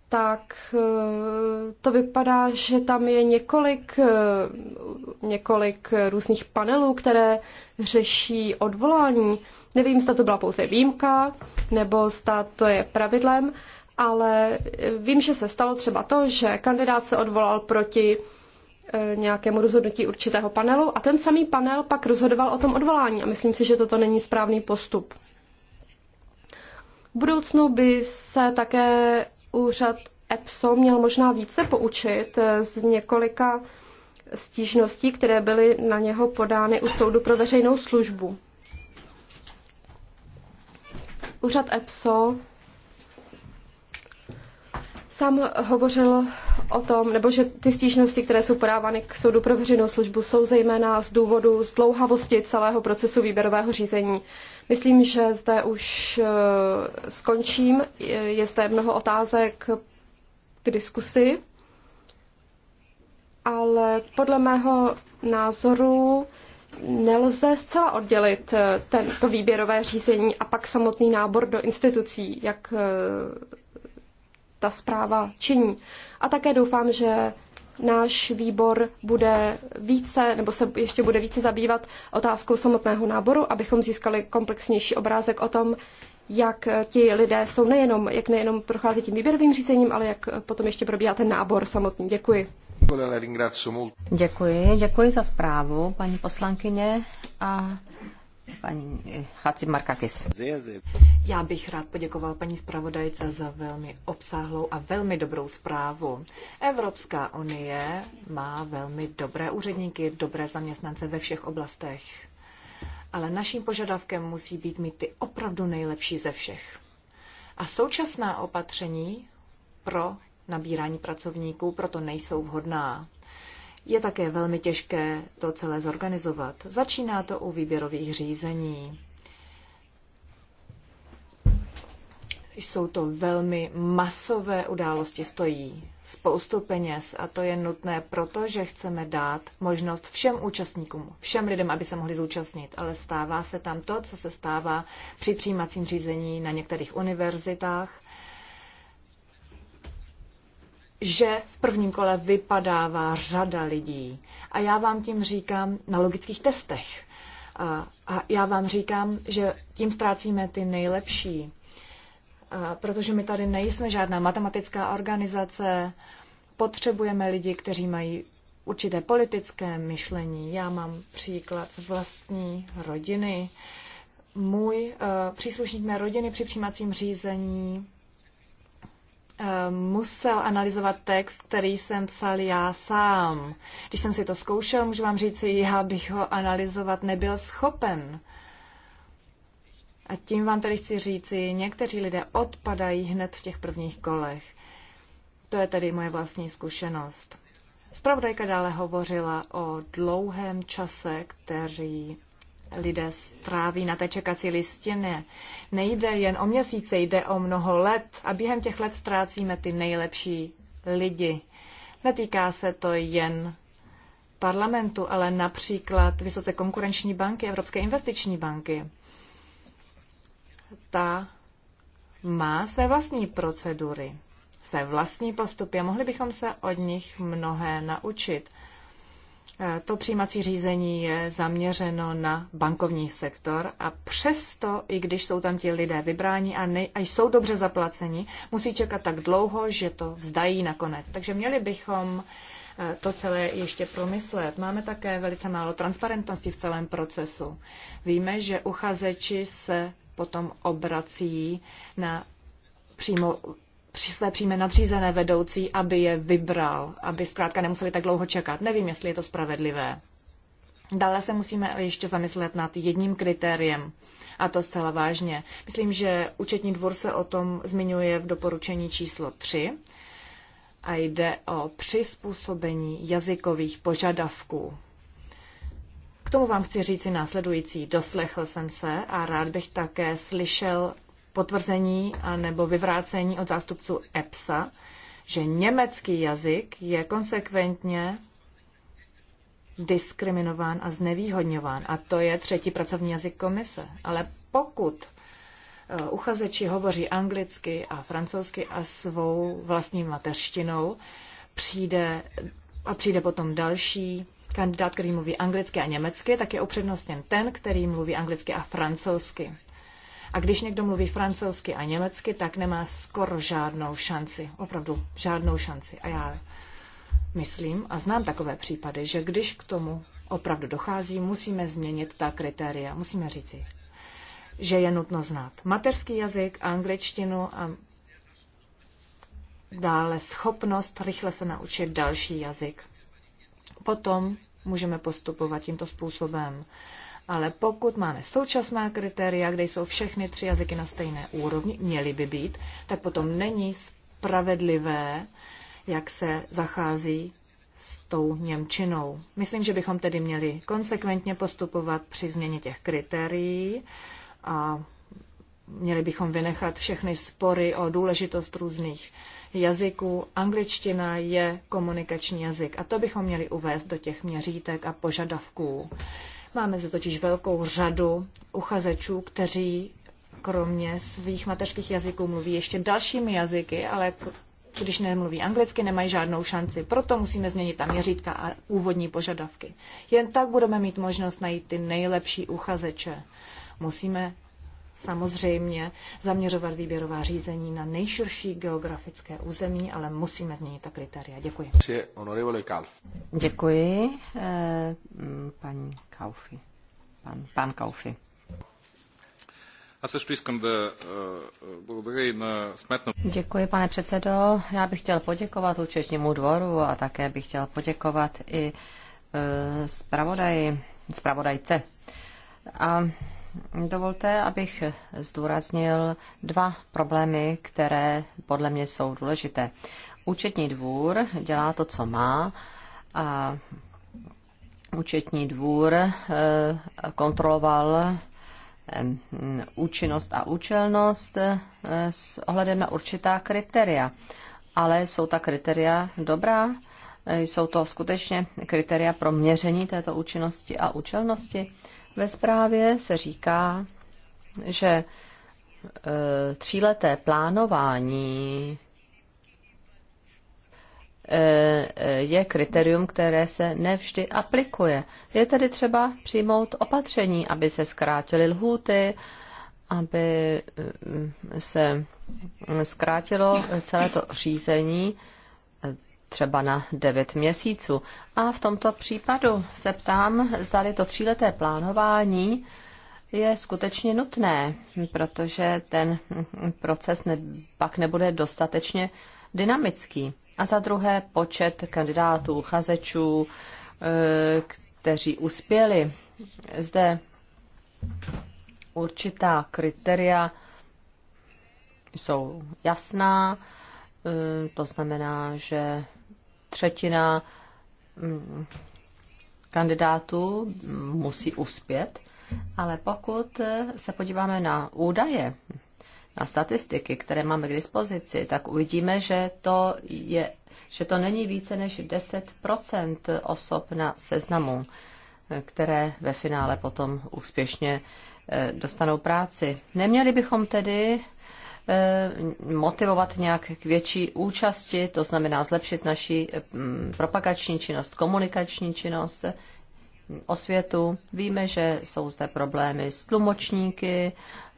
tak eh, to vypadá, že tam je několik, eh, několik různých panelů, které řeší odvolání. Nevím, zda to byla pouze výjimka, nebo zda to je pravidlem, ale eh, vím, že se stalo třeba to, že kandidát se odvolal proti Eh, nějakému rozhodnutí určitého panelu a ten samý panel pak rozhodoval o tom odvolání a myslím si, že toto není správný postup. V budoucnu by se také úřad EPSO měl možná více poučit eh, z několika stížností, které byly na něho podány u soudu pro veřejnou službu. Úřad EPSO sám hovořil o tom, nebo že ty stížnosti, které jsou podávány k soudu pro veřejnou službu, jsou zejména z důvodu zdlouhavosti celého procesu výběrového řízení. Myslím, že zde už eh, skončím. Je zde mnoho otázek k diskusi, ale podle mého názoru nelze zcela oddělit eh, ten, to výběrové řízení a pak samotný nábor do institucí, jak eh, ta zpráva činí. A také doufám, že náš výbor bude více, nebo se ještě bude více zabývat otázkou samotného náboru, abychom získali komplexnější obrázek o tom, jak ti lidé jsou nejenom, jak nejenom prochází tím výběrovým řízením, ale jak potom ještě probíhá ten nábor samotný. Děkuji. Děkuji, děkuji za zprávu, paní poslankyně. A paní eh, Chaci Markakis. Já bych rád poděkoval paní zpravodajce za velmi obsáhlou a velmi dobrou zprávu. Evropská unie má velmi dobré úředníky, dobré zaměstnance ve všech oblastech. Ale naším požadavkem musí být mít ty opravdu nejlepší ze všech. A současná opatření pro nabírání pracovníků proto nejsou vhodná je také velmi těžké to celé zorganizovat. Začíná to u výběrových řízení. Jsou to velmi masové události, stojí spoustu peněz a to je nutné, protože chceme dát možnost všem účastníkům, všem lidem, aby se mohli zúčastnit, ale stává se tam to, co se stává při přijímacím řízení na některých univerzitách, že v prvním kole vypadává řada lidí. A já vám tím říkám na logických testech. A, a já vám říkám, že tím ztrácíme ty nejlepší. A protože my tady nejsme žádná matematická organizace, potřebujeme lidi, kteří mají určité politické myšlení. Já mám příklad z vlastní rodiny. Můj uh, příslušník mé rodiny při přijímacím řízení Eh, musel analyzovat text, který jsem psal já sám. Když jsem si to zkoušel, můžu vám říct, já bych ho analyzovat nebyl schopen. A tím vám tedy chci říci, někteří lidé odpadají hned v těch prvních kolech. To je tedy moje vlastní zkušenost. Spravodajka dále hovořila o dlouhém čase, který lidé stráví na té čekací listině. Nejde jen o měsíce, jde o mnoho let a během těch let ztrácíme ty nejlepší lidi. Netýká se to jen parlamentu, ale například vysoce konkurenční banky, Evropské investiční banky. Ta má své vlastní procedury, své vlastní postupy a mohli bychom se od nich mnohé naučit. To přijímací řízení je zaměřeno na bankovní sektor a přesto, i když jsou tam ti lidé vybráni a, ne, a jsou dobře zaplaceni, musí čekat tak dlouho, že to vzdají nakonec. Takže měli bychom eh, to celé ještě promyslet. Máme také velice málo transparentnosti v celém procesu. Víme, že uchazeči se potom obrací na přímo své přímé nadřízené vedoucí, aby je vybral, aby zkrátka nemuseli tak dlouho čekat. Nevím, jestli je to spravedlivé. Dále se musíme ještě zamyslet nad jedním kritériem, a to zcela vážně. Myslím, že účetní dvor se o tom zmiňuje v doporučení číslo 3 a jde o přizpůsobení jazykových požadavků. K tomu vám chci říci následující. Doslechl jsem se a rád bych také slyšel potvrzení nebo vyvrácení od zástupců EPSA, že německý jazyk je konsekventně diskriminován a znevýhodňován. A to je třetí pracovní jazyk komise. Ale pokud eh, uchazeči hovoří anglicky a francouzsky a svou vlastní mateřštinou, přijde a přijde potom další kandidát, který mluví anglicky a německy, tak je upřednostněn ten, který mluví anglicky a francouzsky. A když někdo mluví francouzsky a německy, tak nemá skoro žádnou šanci. Opravdu žádnou šanci. A já myslím a znám takové případy, že když k tomu opravdu dochází, musíme změnit ta kritéria. Musíme říci, že je nutno znát mateřský jazyk, angličtinu a dále schopnost rychle se naučit další jazyk. Potom můžeme postupovat tímto způsobem ale pokud máme současná kritéria, kde jsou všechny tři jazyky na stejné úrovni, měly by být, tak potom není spravedlivé, jak se zachází s tou Němčinou. Myslím, že bychom tedy měli konsekventně postupovat při změně těch kritérií a měli bychom vynechat všechny spory o důležitost různých jazyků. Angličtina je komunikační jazyk a to bychom měli uvést do těch měřítek a požadavků. Máme zde totiž velkou řadu uchazečů, kteří kromě svých mateřských jazyků mluví ještě dalšími jazyky, ale když nemluví anglicky, nemají žádnou šanci. Proto musíme změnit ta měřítka a úvodní požadavky. Jen tak budeme mít možnost najít ty nejlepší uchazeče. Musíme samozřejmě zaměřovat výběrová řízení na nejširší geografické území, ale musíme změnit ta kritéria. Děkuji. Děkuji, eh, paní Kaufi. Pan, pan Kaufi. Eh, eh, Děkuji, pane předsedo. Já bych chtěl poděkovat účetnímu dvoru a také bych chtěl poděkovat i zpravodaji, zpravodajce. A Dovolte, abych zdůraznil dva problémy, které podle mě jsou důležité. Účetní dvůr dělá to, co má a účetní dvůr eh, kontroloval eh, účinnost a účelnost eh, s ohledem na určitá kritéria. Ale jsou ta kritéria dobrá? Jsou to skutečně kritéria pro měření této účinnosti a účelnosti? Ve zprávě se říká, že e, tříleté plánování e, e, je kritérium, které se nevždy aplikuje. Je tedy třeba přijmout opatření, aby se zkrátily lhůty, aby se zkrátilo celé to řízení třeba na 9 měsíců. A v tomto případu se ptám, zda to tříleté plánování je skutečně nutné, protože ten proces ne, pak nebude dostatečně dynamický. A za druhé počet kandidátů, uchazečů, eh, kteří uspěli. Zde určitá kritéria jsou jasná, eh, to znamená, že třetina mm, kandidátů musí uspět, ale pokud se podíváme na údaje, na statistiky, které máme k dispozici, tak uvidíme, že to, je, že to není více než 10 osob na seznamu, které ve finále potom úspěšně eh, dostanou práci. Neměli bychom tedy Eh, motivovat nějak k větší účasti, to znamená zlepšit naši mm, propagační činnost, komunikační činnost, osvětu. Víme, že jsou zde problémy s tlumočníky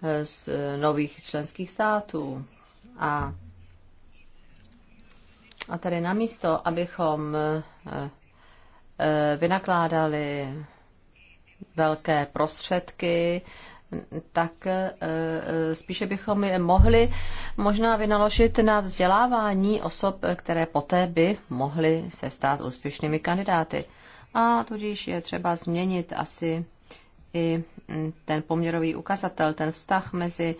eh, z nových členských států. A, a tady namísto, abychom eh, vynakládali velké prostředky tak eh, eh, spíše bychom je mohli možná vynaložit na vzdělávání osob, které poté by mohly se stát úspěšnými kandidáty. A tudíž je třeba změnit asi i mm, ten poměrový ukazatel, ten vztah mezi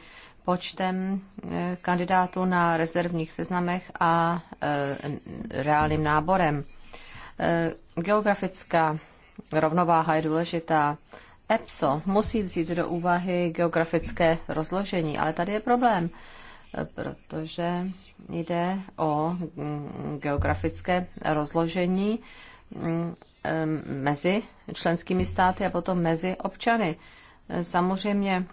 počtem eh, kandidátů na rezervních seznamech a reálným náborem. Geografická rovnováha je důležitá EPSO musí vzít do úvahy geografické rozložení, ale tady je problém, protože jde o mm, geografické rozložení mm, mm, mezi členskými státy a potom mezi občany. Samozřejmě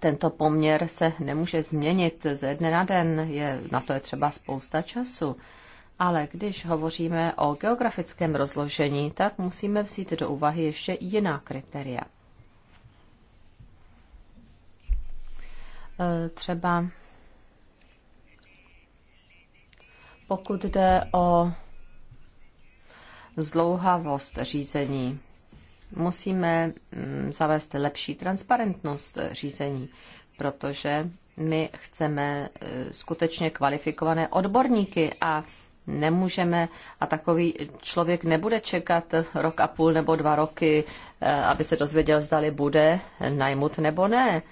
tento poměr se nemůže změnit ze dne na den, je, na to je třeba spousta času. Ale když hovoříme o geografickém rozložení, tak musíme vzít do úvahy ještě jiná kritéria. E, třeba pokud jde o zlouhavost řízení, musíme mm, zavést lepší transparentnost řízení, protože my chceme e, skutečně kvalifikované odborníky a nemůžeme a takový člověk nebude čekat rok a půl nebo dva roky, eh, aby se dozvěděl, zdali bude najmut nebo ne.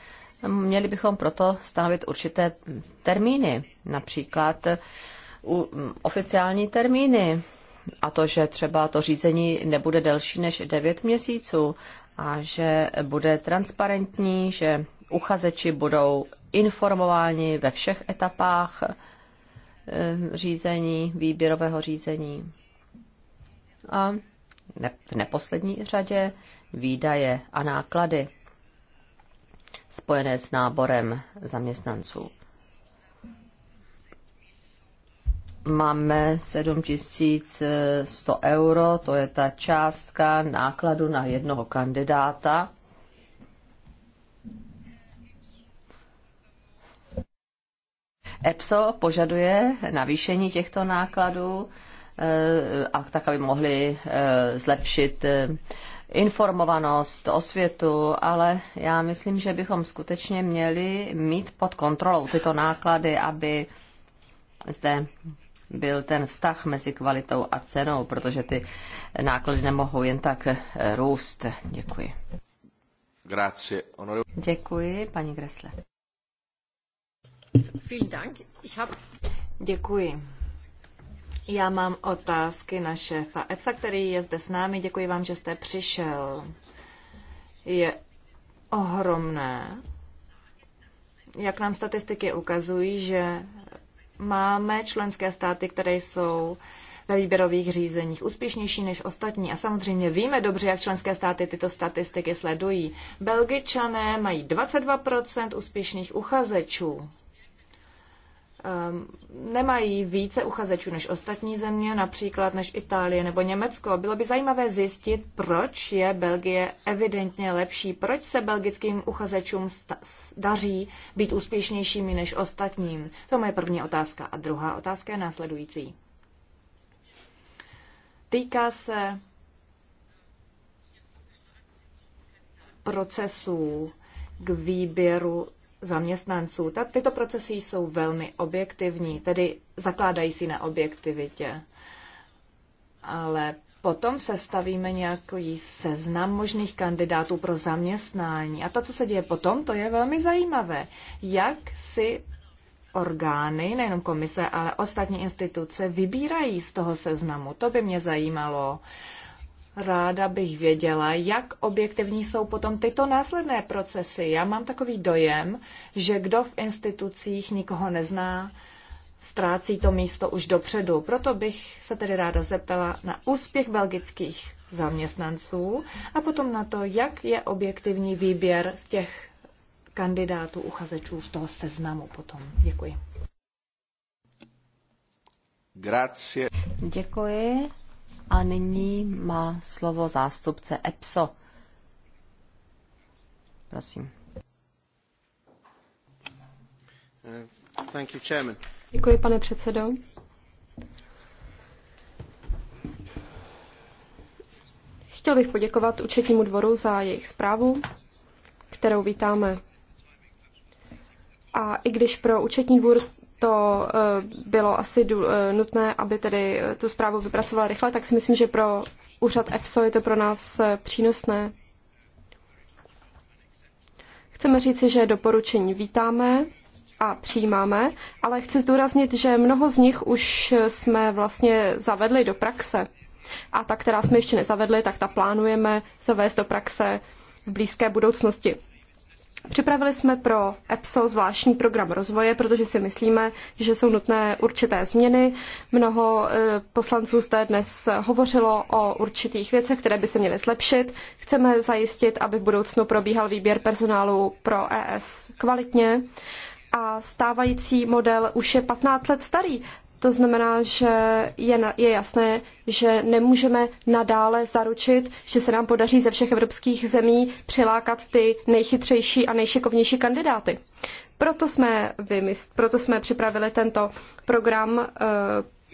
Měli bychom proto stanovit určité termíny, například eh, mm, oficiální termíny a to, že třeba to řízení nebude delší než 9 měsíců a že bude transparentní, že uchazeči budou informováni ve všech etapách Eh, řízení, výběrového řízení. A v neposlední řadě výdaje a náklady spojené s náborem zaměstnanců. Máme 7100 euro, to je ta částka nákladu na jednoho kandidáta EPSO požaduje navýšení těchto nákladů eh, a tak, aby mohli eh, zlepšit eh, informovanost, osvětu, ale já myslím, že bychom skutečně měli mít pod kontrolou tyto náklady, aby zde byl ten vztah mezi kvalitou a cenou, protože ty náklady nemohou jen tak růst. Děkuji. Děkuji, paní Gresle. Děkuji. Já mám otázky na šéfa EFSA, který je zde s námi. Děkuji vám, že jste přišel. Je ohromné, jak nám statistiky ukazují, že máme členské státy, které jsou ve výběrových řízeních úspěšnější než ostatní. A samozřejmě víme dobře, jak členské státy tyto statistiky sledují. Belgičané mají 22% úspěšných uchazečů Ehm, nemají více uchazečů než ostatní země, například než Itálie nebo Německo. Bylo by zajímavé zjistit, proč je Belgie evidentně lepší, proč se belgickým uchazečům daří být úspěšnějšími než ostatním. To je moje první otázka. A druhá otázka je následující. Týká se procesů k výběru zaměstnanců. Ta, tyto procesy jsou velmi objektivní, tedy zakládají si na objektivitě. Ale potom se stavíme nějaký seznam možných kandidátů pro zaměstnání. A to, co se děje potom, to je velmi zajímavé. Jak si orgány, nejenom komise, ale ostatní instituce vybírají z toho seznamu. To by mě zajímalo. Uh, Ráda bych věděla, jak objektivní jsou potom tyto následné procesy. Já mám takový dojem, že kdo v institucích nikoho nezná, ztrácí to místo už dopředu. Proto bych se tedy ráda zeptala na úspěch belgických zaměstnanců a potom na to, jak je objektivní výběr z těch kandidátů, uchazečů z toho seznamu potom. Děkuji. Grazie. Děkuji. A nyní má slovo zástupce EPSO. Prosím. Thank you, chairman. Děkuji, pane předsedo. Chtěl bych poděkovat účetnímu dvoru za jejich zprávu, kterou vítáme. A i když pro účetní dvůr to eh, bylo asi eh, nutné, aby tedy eh, tu zprávu vypracovala rychle, tak si myslím, že pro úřad EPSO je to pro nás přínosné. Chceme říci, že doporučení vítáme a přijímáme, ale chci zdůraznit, že mnoho z nich už jsme vlastně zavedli do praxe. A ta, která jsme ještě nezavedli, tak ta plánujeme zavést do praxe v blízké budoucnosti. Připravili jsme pro EPSO zvláštní program rozvoje, protože si myslíme, že jsou nutné určité změny. Mnoho e, poslanců zde dnes hovořilo o určitých věcech, které by se měly zlepšit. Chceme zajistit, aby v budoucnu probíhal výběr personálu pro ES kvalitně. A stávající model už je 15 let starý, to znamená, že je, na, je jasné, že nemůžeme nadále zaručit, že se nám podaří ze všech evropských zemí přilákat ty nejchytřejší a nejšikovnější kandidáty. Proto jsme, vymysl, proto jsme připravili tento program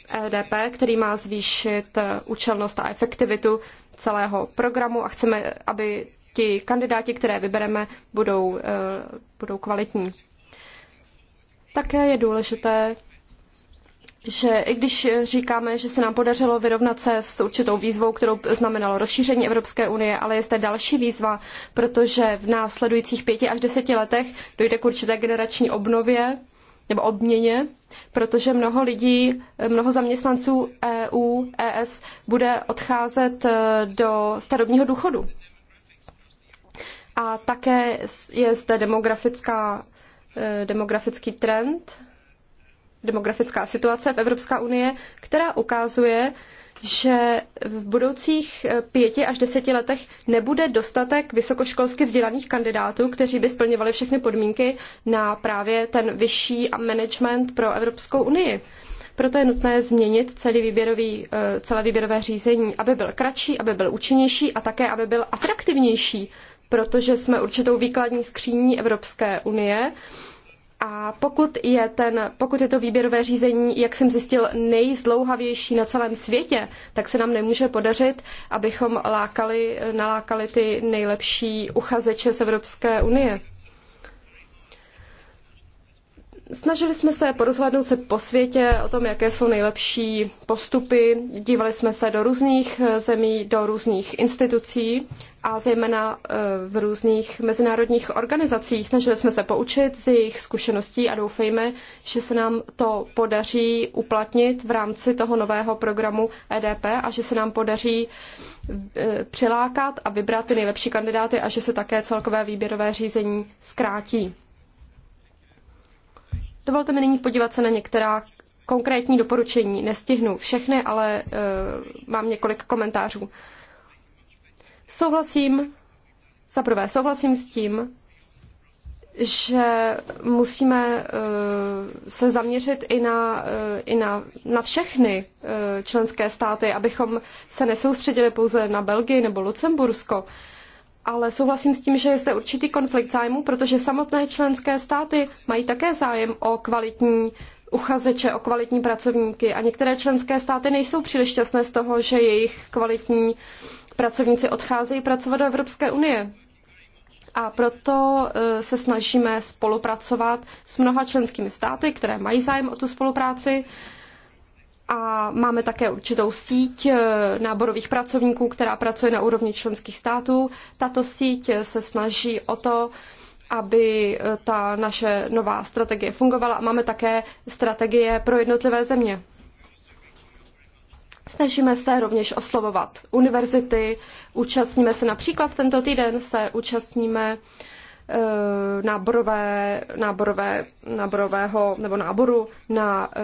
EDP, eh, e který má zvýšit eh, účelnost a efektivitu celého programu a chceme, aby ti kandidáti, které vybereme, budou, eh, budou kvalitní. Také je důležité že i když říkáme, že se nám podařilo vyrovnat se s určitou výzvou, kterou znamenalo rozšíření Evropské unie, ale je zde další výzva, protože v následujících pěti až deseti letech dojde k určité generační obnově nebo obměně, protože mnoho lidí, mnoho zaměstnanců EU, ES bude odcházet eh, do starobního důchodu. A také je zde demografická, eh, demografický trend, demografická situace v Evropská unie, která ukazuje, že v budoucích eh, pěti až deseti letech nebude dostatek vysokoškolsky vzdělaných kandidátů, kteří by splňovali všechny podmínky na právě ten vyšší management pro Evropskou unii. Proto je nutné změnit celý výběrový, eh, celé výběrové řízení, aby byl kratší, aby byl účinnější a také, aby byl atraktivnější, protože jsme určitou výkladní skříní Evropské unie a pokud je, ten, pokud je to výběrové řízení, jak jsem zjistil, nejzdlouhavější na celém světě, tak se nám nemůže podařit, abychom lákali, nalákali ty nejlepší uchazeče z Evropské unie. Snažili jsme se porozhlednout se po světě o tom, jaké jsou nejlepší postupy. Dívali jsme se do různých eh, zemí, do různých institucí a zejména eh, v různých mezinárodních organizacích. Snažili jsme se poučit z jejich zkušeností a doufejme, že se nám to podaří uplatnit v rámci toho nového programu EDP a že se nám podaří eh, přilákat a vybrat ty nejlepší kandidáty a že se také celkové výběrové řízení zkrátí. Dovolte mi nyní podívat se na některá konkrétní doporučení. Nestihnu všechny, ale eh, mám několik komentářů. Souhlasím, za prvé, souhlasím s tím, že musíme eh, se zaměřit i na, eh, i na, na všechny členské státy, abychom se nesoustředili pouze na Belgii nebo Lucembursko ale souhlasím s tím, že je zde určitý konflikt zájmu, protože samotné členské státy mají také zájem o kvalitní uchazeče, o kvalitní pracovníky a některé členské státy nejsou příliš šťastné z toho, že jejich kvalitní pracovníci odcházejí pracovat do Evropské unie. A proto e, se snažíme spolupracovat s mnoha členskými státy, které mají zájem o tu spolupráci a máme také určitou síť eh, náborových pracovníků, která pracuje na úrovni členských států. Tato síť eh, se snaží o to, aby eh, ta naše nová strategie fungovala a máme také strategie pro jednotlivé země. Snažíme se rovněž oslovovat univerzity, účastníme se například tento týden se účastníme uh, Eh, náborové, náborové, náborového nebo náboru na eh,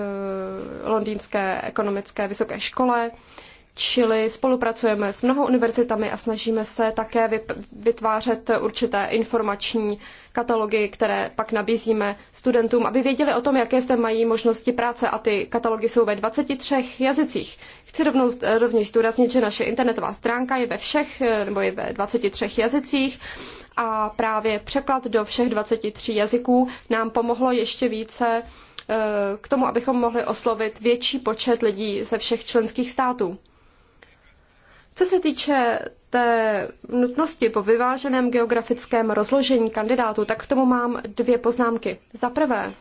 londýnské ekonomické vysoké škole. Čili spolupracujeme s mnoha univerzitami a snažíme se také vytvářet určité informační katalogy, které pak nabízíme studentům, aby věděli o tom, jaké zde mají možnosti práce a ty katalogy jsou ve 23 jazycích. Chci rovnou, eh, rovněž zdůraznit, že naše internetová stránka je ve všech, eh, nebo je ve 23 jazycích a právě překlad do všech 23 jazyků nám pomohlo ještě více eh, k tomu, abychom mohli oslovit větší počet lidí ze všech členských států. Co se týče té nutnosti po vyváženém geografickém rozložení kandidátů, tak k tomu mám dvě poznámky. Za prvé,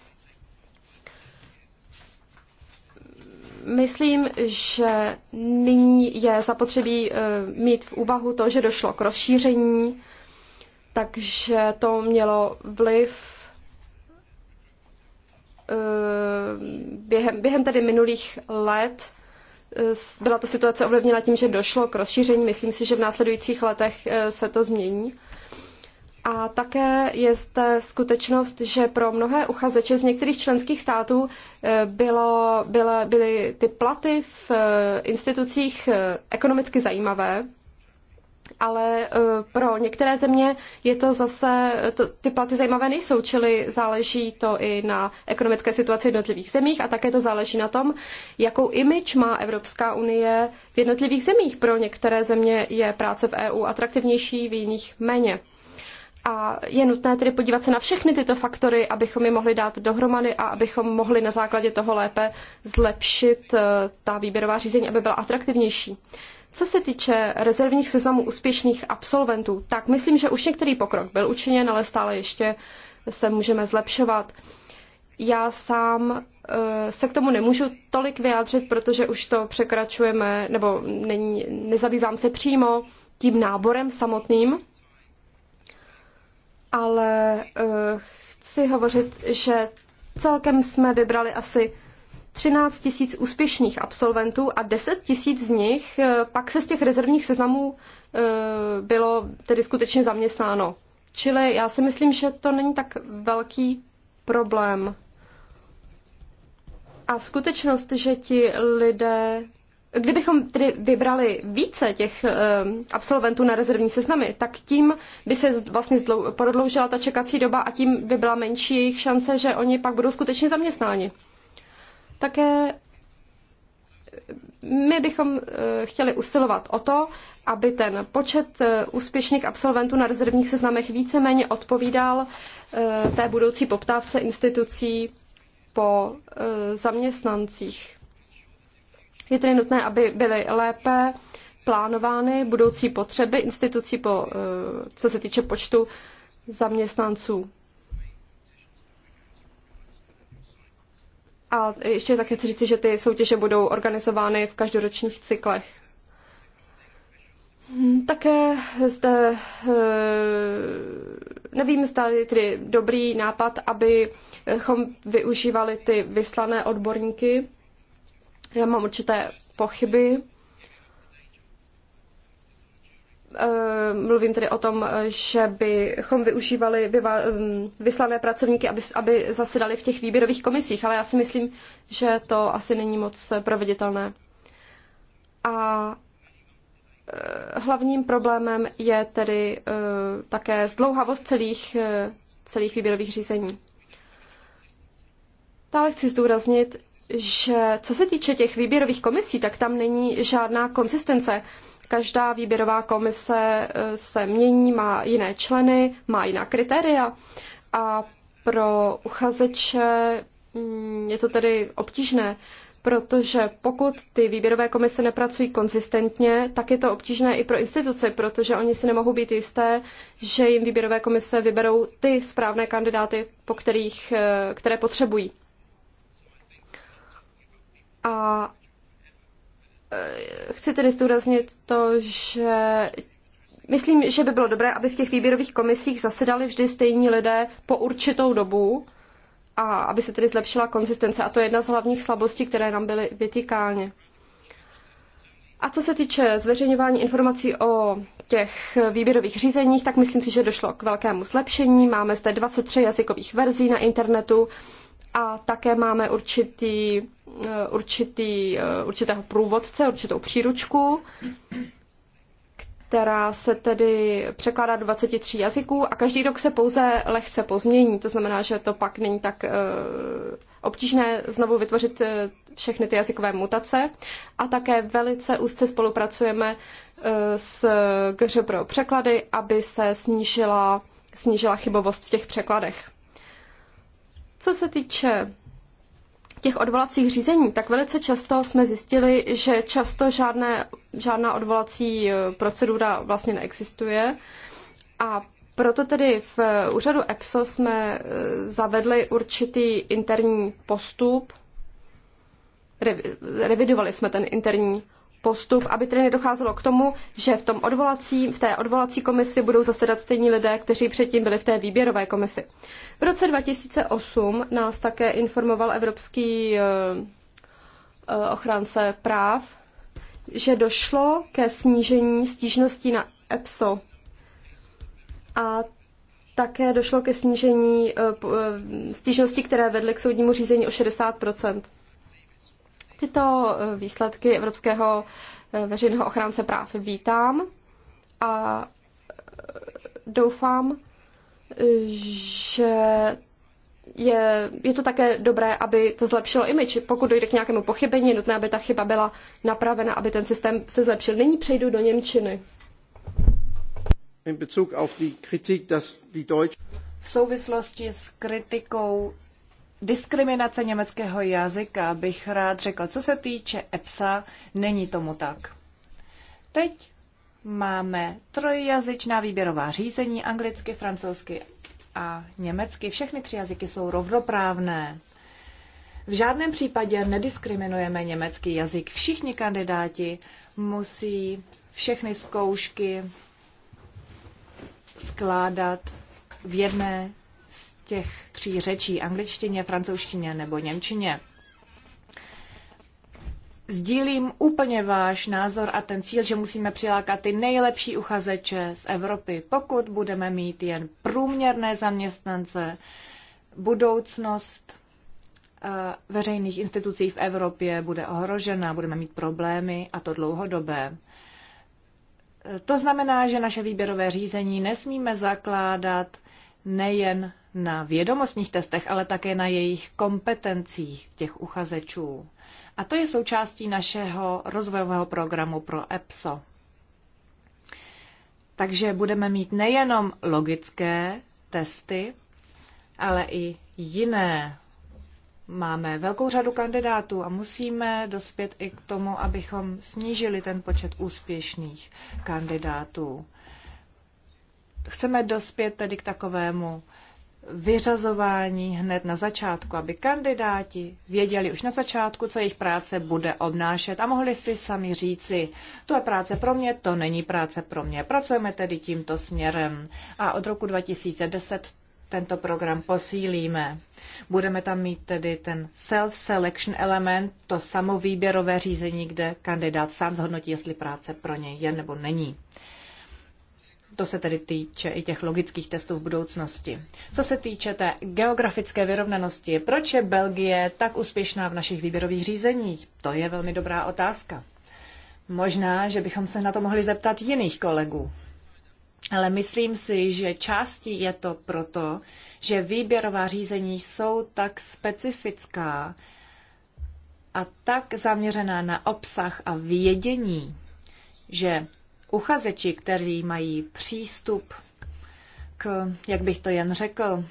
myslím, že nyní je zapotřebí eh, mít v úvahu to, že došlo k rozšíření, takže to mělo vliv eh, během, během tedy minulých let Eh, byla ta situace ovlivněna tím, že došlo k rozšíření. Myslím si, že v následujících letech eh, se to změní. A také je zde skutečnost, že pro mnohé uchazeče z některých členských států eh, bylo, byly, byly ty platy v institucích ekonomicky zajímavé, ale eh, pro některé země je to zase, to, ty platy zajímavé nejsou, čili záleží to i na ekonomické situaci v jednotlivých zemích a také to záleží na tom, jakou image má Evropská unie v jednotlivých zemích. Pro některé země je práce v EU atraktivnější, v jiných méně. A je nutné tedy podívat se na všechny tyto faktory, abychom je mohli dát dohromady a abychom mohli na základě toho lépe zlepšit eh, ta výběrová řízení, aby byla atraktivnější. Co se týče rezervních seznamů úspěšných absolventů, tak myslím, že už některý pokrok byl učiněn, ale stále ještě se můžeme zlepšovat. Já sám e, se k tomu nemůžu tolik vyjádřit, protože už to překračujeme, nebo není, nezabývám se přímo tím náborem samotným, ale e, chci hovořit, že celkem jsme vybrali asi 13 tisíc úspěšných absolventů a 10 tisíc z nich eh, pak se z těch rezervních seznamů eh, bylo tedy skutečně zaměstnáno. Čili já si myslím, že to není tak velký problém. A skutečnost, že ti lidé Kdybychom tedy vybrali více těch eh, absolventů na rezervní seznamy, tak tím by se vlastně prodloužila ta čekací doba a tím by byla menší jejich šance, že oni pak budou skutečně zaměstnáni. Také my bychom eh, chtěli usilovat o to, aby ten počet eh, úspěšných absolventů na rezervních seznamech víceméně odpovídal eh, té budoucí poptávce institucí po zaměstnancích. Je tedy nutné, aby byly lépe plánovány budoucí potřeby institucí, po, co se týče počtu zaměstnanců. A ještě také chci říct, že ty soutěže budou organizovány v každoročních cyklech. Hmm, také zde eh, nevím, zda je tedy dobrý nápad, abychom využívali ty vyslané odborníky. Já mám určité pochyby. Eh, mluvím tedy o tom, že bychom využívali mm, vyslané pracovníky, aby, aby zasedali v těch výběrových komisích, ale já si myslím, že to asi není moc proveditelné. A eh, hlavním problémem je tedy eh, také zdlouhavost celých, celých výběrových řízení. Dále chci zdůraznit, že co se týče těch výběrových komisí, tak tam není žádná konsistence. Každá výběrová komise e, se mění, má jiné členy, má jiná kritéria a pro uchazeče mm, je to tedy obtížné, protože pokud ty výběrové komise nepracují konzistentně, tak je to obtížné i pro instituce, protože oni si nemohou být jisté, že jim výběrové komise vyberou ty správné kandidáty, po kterých, e, které potřebují. A Eh, chci tedy zdůraznit to, že myslím, že by bylo dobré, aby v těch výběrových komisích zasedali vždy stejní lidé po určitou dobu a aby se tedy zlepšila konzistence. A to je jedna z hlavních slabostí, které nám byly vytýkány. A co se týče zveřejňování informací o těch výběrových řízeních, tak myslím si, že došlo k velkému zlepšení. Máme zde 23 jazykových verzí na internetu a také máme určitý, eh, určitý, eh, určitého průvodce, určitou příručku, která se tedy překládá do 23 jazyků a každý rok se pouze lehce pozmění. To znamená, že to pak není tak eh, obtížné znovu vytvořit všechny ty jazykové mutace. A také velice úzce spolupracujeme s GŘ pro překlady, aby se snížila, snížila chybovost v těch překladech. Co se týče těch odvolacích řízení, tak velice často jsme zjistili, že často žádné, žádná odvolací eh, procedura vlastně neexistuje. A proto tedy v eh, úřadu EPSO jsme eh, zavedli určitý interní postup, revidovali jsme ten interní postup, aby tedy nedocházelo k tomu, že v, tom odvolací, v té odvolací komisi budou zasedat stejní lidé, kteří předtím byli v té výběrové komisi. V roce 2008 nás také informoval Evropský eh, eh, ochránce práv, že došlo ke snížení stížností na EPSO a také došlo ke snížení eh, stížností, které vedly k soudnímu řízení o 60 Tyto eh, výsledky Evropského eh, veřejného ochránce práv vítám a eh, doufám, že je, je to také dobré, aby to zlepšilo image. Pokud dojde k nějakému pochybení, je nutné, aby ta chyba byla napravena, aby ten systém se zlepšil. Nyní přejdu do Němčiny. V souvislosti s kritikou diskriminace německého jazyka, bych rád řekl. Co se týče EPSA, není tomu tak. Teď máme trojjazyčná výběrová řízení, anglicky, francouzsky a německy. Všechny tři jazyky jsou rovnoprávné. V žádném případě nediskriminujeme německý jazyk. Všichni kandidáti musí všechny zkoušky skládat v jedné těch tří řečí, angličtině, francouzštině nebo němčině. Sdílím úplně váš názor a ten cíl, že musíme přilákat ty nejlepší uchazeče z Evropy. Pokud budeme mít jen průměrné zaměstnance, budoucnost eh, veřejných institucí v Evropě bude ohrožena, budeme mít problémy a to dlouhodobé. Eh, to znamená, že naše výběrové řízení nesmíme zakládat nejen na vědomostních testech, ale také na jejich kompetencích těch uchazečů. A to je součástí našeho rozvojového programu pro EPSO. Takže budeme mít nejenom logické testy, ale i jiné. Máme velkou řadu kandidátů a musíme dospět i k tomu, abychom snížili ten počet úspěšných kandidátů chceme dospět tedy k takovému vyřazování hned na začátku, aby kandidáti věděli už na začátku, co jejich práce bude obnášet a mohli si sami říci, to je práce pro mě, to není práce pro mě. Pracujeme tedy tímto směrem a od roku 2010 tento program posílíme. Budeme tam mít tedy ten self-selection element, to samovýběrové řízení, kde kandidát sám zhodnotí, jestli práce pro něj je nebo není. To se tedy týče i těch logických testů v budoucnosti. Co se týče té geografické vyrovnanosti, proč je Belgie tak úspěšná v našich výběrových řízeních? To je velmi dobrá otázka. Možná, že bychom se na to mohli zeptat jiných kolegů. Ale myslím si, že částí je to proto, že výběrová řízení jsou tak specifická a tak zaměřená na obsah a vědění, že uchazeči, kteří mají přístup k, jak bych to jen řekl,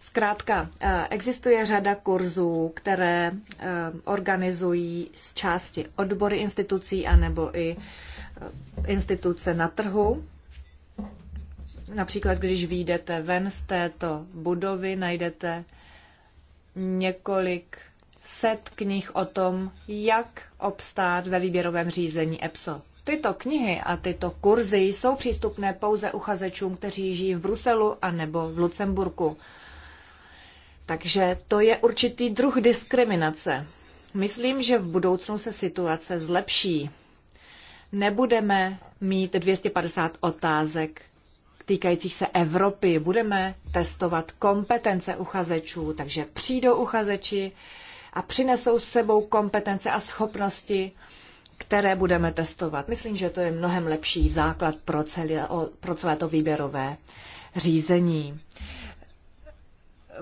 Zkrátka, eh, existuje řada kurzů, které eh, organizují z části odbory institucí anebo i eh, instituce na trhu. Například, když výjdete ven z této budovy, najdete několik set knih o tom, jak obstát ve výběrovém řízení EPSO. Tyto knihy a tyto kurzy jsou přístupné pouze uchazečům, kteří žijí v Bruselu a nebo v Lucemburku. Takže to je určitý druh diskriminace. Myslím, že v budoucnu se situace zlepší. Nebudeme mít 250 otázek týkajících se Evropy. Budeme testovat kompetence uchazečů, takže přijdou uchazeči a přinesou s sebou kompetence a schopnosti, které budeme testovat. Myslím, že to je mnohem lepší základ pro celé, pro celé to výběrové řízení.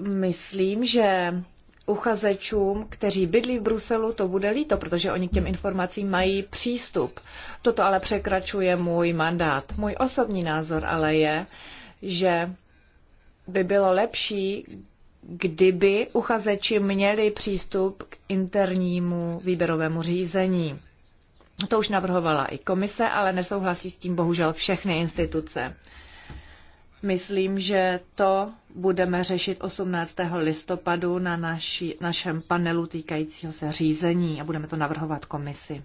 Myslím, že uchazečům, kteří bydlí v Bruselu, to bude líto, protože oni k těm informacím mají přístup. Toto ale překračuje můj mandát. Můj osobní názor ale je, že by bylo lepší, kdyby uchazeči měli přístup k internímu výběrovému řízení. To už navrhovala i komise, ale nesouhlasí s tím bohužel všechny instituce. Myslím, že to budeme řešit 18. listopadu na naši, našem panelu týkajícího se řízení a budeme to navrhovat komisi.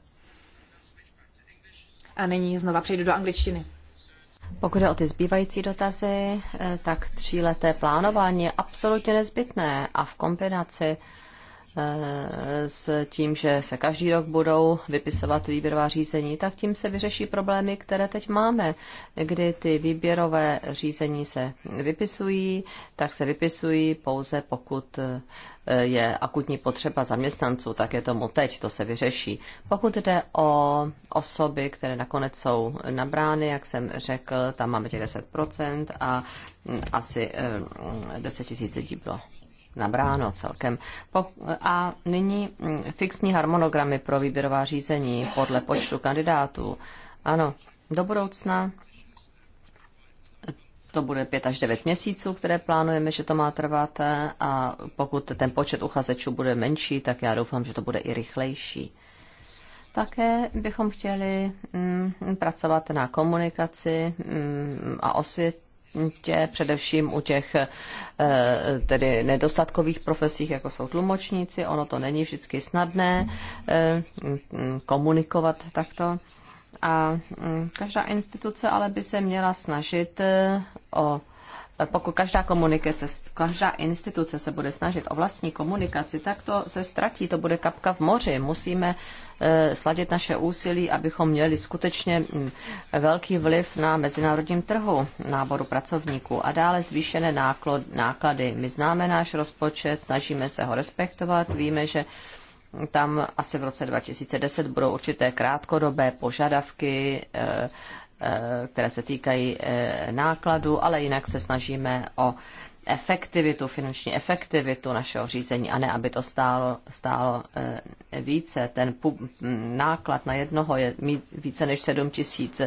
A nyní znova přejdu do angličtiny. Pokud je o ty zbývající dotazy, eh, tak tříleté plánování je absolutně nezbytné a v kombinaci s tím, že se každý rok budou vypisovat výběrová řízení, tak tím se vyřeší problémy, které teď máme, kdy ty výběrové řízení se vypisují, tak se vypisují pouze pokud eh, je akutní potřeba zaměstnanců, tak je tomu teď, to se vyřeší. Pokud jde o osoby, které nakonec jsou nabrány, jak jsem řekl, tam máme těch 10% a mm, asi 10 eh, 000 mm, lidí bylo nabráno celkem. A nyní mm, fixní harmonogramy pro výběrová řízení podle počtu kandidátů. Ano, do budoucna to bude 5 až 9 měsíců, které plánujeme, že to má trvat e, a pokud ten počet uchazečů bude menší, tak já doufám, že to bude i rychlejší. Také bychom chtěli mm, pracovat na komunikaci mm, a osvět, tě, především u těch eh, tedy nedostatkových profesích, jako jsou tlumočníci. Ono to není vždycky snadné eh, komunikovat takto. A mm, každá instituce ale by se měla snažit eh, o pokud každá komunikace, každá instituce se bude snažit o vlastní komunikaci, tak to se ztratí, to bude kapka v moři. Musíme Eh, sladit naše úsilí, abychom měli skutečně mm, velký vliv na mezinárodním trhu náboru pracovníků a dále zvýšené náklady. My známe náš rozpočet, snažíme se ho respektovat, víme, že tam asi v roce 2010 budou určité krátkodobé požadavky, eh, eh, které se týkají nákladu, ale jinak se snažíme o efektivitu, finanční efektivitu našeho řízení a ne, aby to stálo, stálo eh, více. Ten mm, náklad na jednoho je mít více než 7 tisíc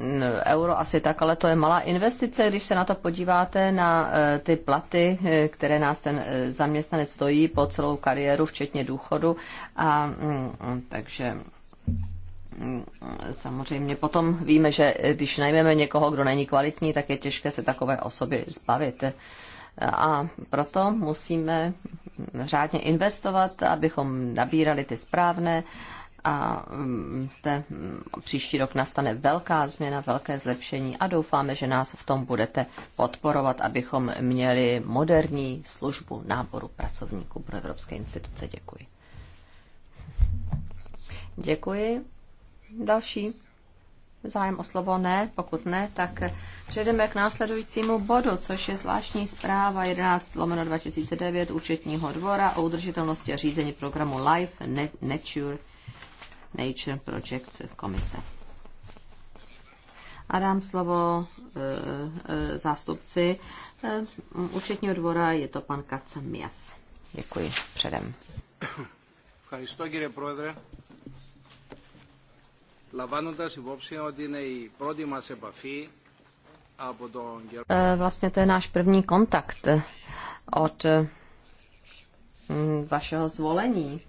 mm, euro asi tak, ale to je malá investice, když se na to podíváte na eh, ty platy, eh, které nás ten zaměstnanec stojí po celou kariéru, včetně důchodu. A, mm, takže samozřejmě potom víme, že když najmeme někoho, kdo není kvalitní, tak je těžké se takové osoby zbavit. A proto musíme řádně investovat, abychom nabírali ty správné a mm, zde mm, příští rok nastane velká změna, velké zlepšení a doufáme, že nás v tom budete podporovat, abychom měli moderní službu náboru pracovníků pro evropské instituce. Děkuji. Děkuji. Další zájem o slovo ne, pokud ne, tak přejdeme k následujícímu bodu, což je zvláštní zpráva 11 lomeno 2009 účetního dvora o udržitelnosti a řízení programu Life Nature, Nature Projects komise. A dám slovo e, e, zástupci e, účetního dvora, je to pan Kacem Mias. Děkuji předem λαμβάνοντας υπόψη ότι είναι η πρώτη μας επαφή από τον Vlastně to je náš první kontakt eh, od mm, vašeho zvolení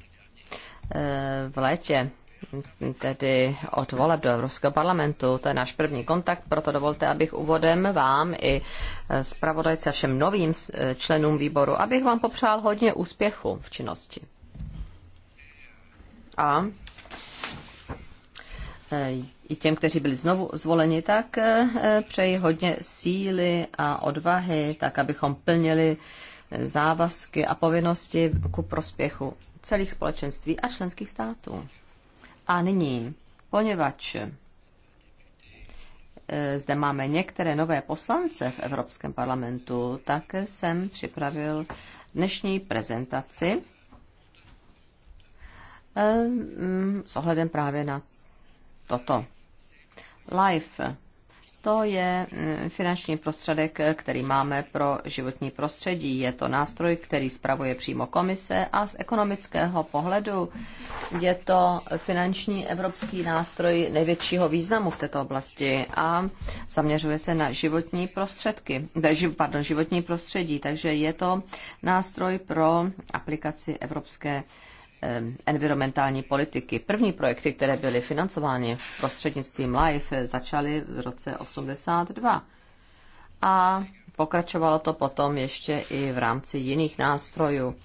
eh, v létě mm, tedy od voleb do Evropského parlamentu. To je náš první kontakt, proto dovolte, abych úvodem vám i eh, zpravodajce a všem novým členům výboru, abych vám popřál hodně úspěchu v činnosti. A i těm, kteří byli znovu zvoleni, tak eh, přeji hodně síly a odvahy, tak abychom plnili závazky a povinnosti ku prospěchu celých společenství a členských států. A nyní, poněvadž eh, zde máme některé nové poslance v Evropském parlamentu, tak jsem připravil dnešní prezentaci eh, mm, s ohledem právě na toto. LIFE, to je mm, finanční prostředek, který máme pro životní prostředí. Je to nástroj, který spravuje přímo komise a z ekonomického pohledu je to finanční evropský nástroj největšího významu v této oblasti a zaměřuje se na životní prostředky, pardon, životní prostředí, takže je to nástroj pro aplikaci evropské Eh, environmentální politiky. První projekty, které byly financovány prostřednictvím LIFE, eh, začaly v roce 82. A pokračovalo to potom ještě i v rámci jiných nástrojů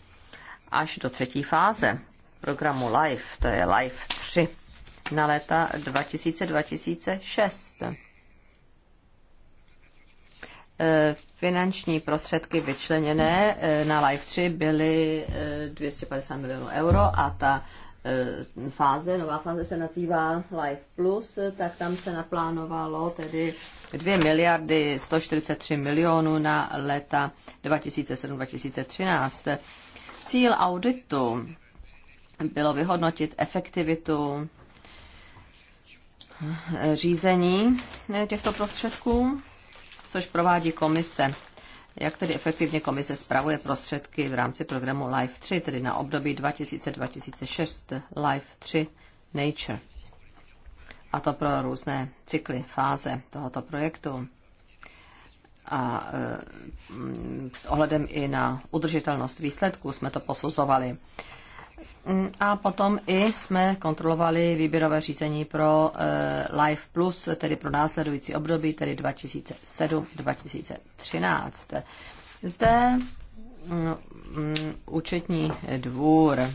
až do třetí fáze programu LIFE, to je LIFE 3 na léta 2000-2006. Eh, finanční prostředky vyčleněné eh, na Life 3 byly 250 eh, milionů euro a ta fáze, nová fáze se nazývá Life Plus, tak tam se naplánovalo tedy 2 miliardy 143 milionů na leta 2007-2013. Cíl auditu bylo vyhodnotit efektivitu řízení těchto prostředků což provádí komise. Jak tedy efektivně komise spravuje prostředky v rámci programu LIFE 3, tedy na období 2000-2006 LIFE 3 Nature. A to pro různé cykly, fáze tohoto projektu a e, s ohledem i na udržitelnost výsledků jsme to posuzovali. A potom i jsme kontrolovali výběrové řízení pro eh, Life Plus, tedy pro následující období, tedy 2007-2013. Zde mm, mm, účetní dvůr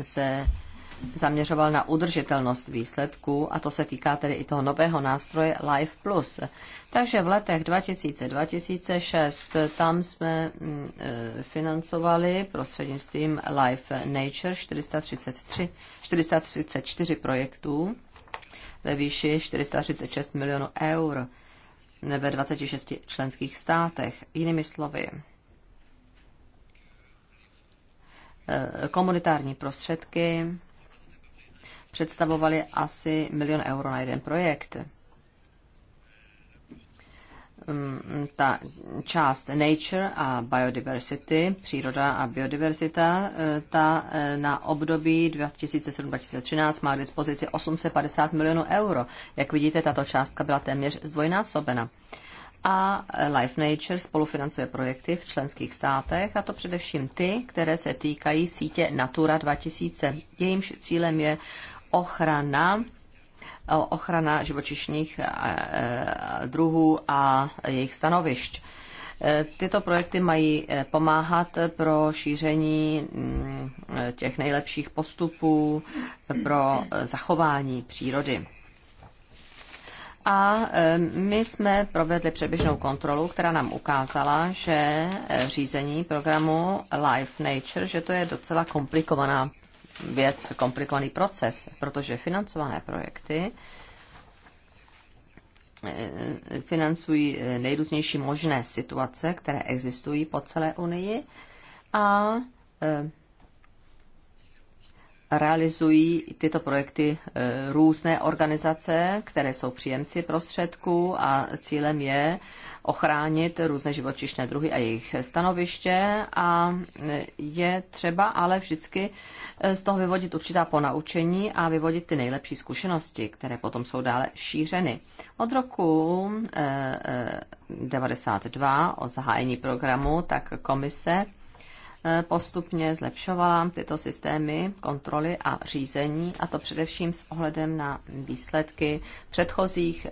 se zaměřoval na udržitelnost výsledků a to se týká tedy i toho nového nástroje Life Plus. Takže v letech 2000-2006 tam jsme mm, e, financovali prostřednictvím Life Nature 433, 434 projektů ve výši 436 milionů eur ve 26 členských státech. Jinými slovy, e, komunitární prostředky představovaly asi milion euro na jeden projekt. Mm, ta část Nature a Biodiversity, příroda a biodiverzita, eh, ta eh, na období 2007-2013 má k dispozici 850 milionů euro. Jak vidíte, tato částka byla téměř zdvojnásobena a Life Nature spolufinancuje projekty v členských státech, a to především ty, které se týkají sítě Natura 2000. Jejímž cílem je ochrana eh, ochrana živočišních eh, eh, druhů a jejich stanovišť. Tyto projekty mají pomáhat pro šíření mm, těch nejlepších postupů pro zachování přírody. A my jsme provedli předběžnou kontrolu, která nám ukázala, že řízení programu Life Nature, že to je docela komplikovaná věc, komplikovaný proces, protože financované projekty eh, financují eh, nejrůznější možné situace, které existují po celé Unii a eh, realizují tyto projekty e, různé organizace, které jsou příjemci prostředků a cílem je ochránit různé živočišné druhy a jejich stanoviště a e, je třeba ale vždycky e, z toho vyvodit určitá ponaučení a vyvodit ty nejlepší zkušenosti, které potom jsou dále šířeny. Od roku 92, od zahájení programu, tak komise Eh, postupně zlepšovala tyto systémy kontroly a řízení, a to především s ohledem na výsledky předchozích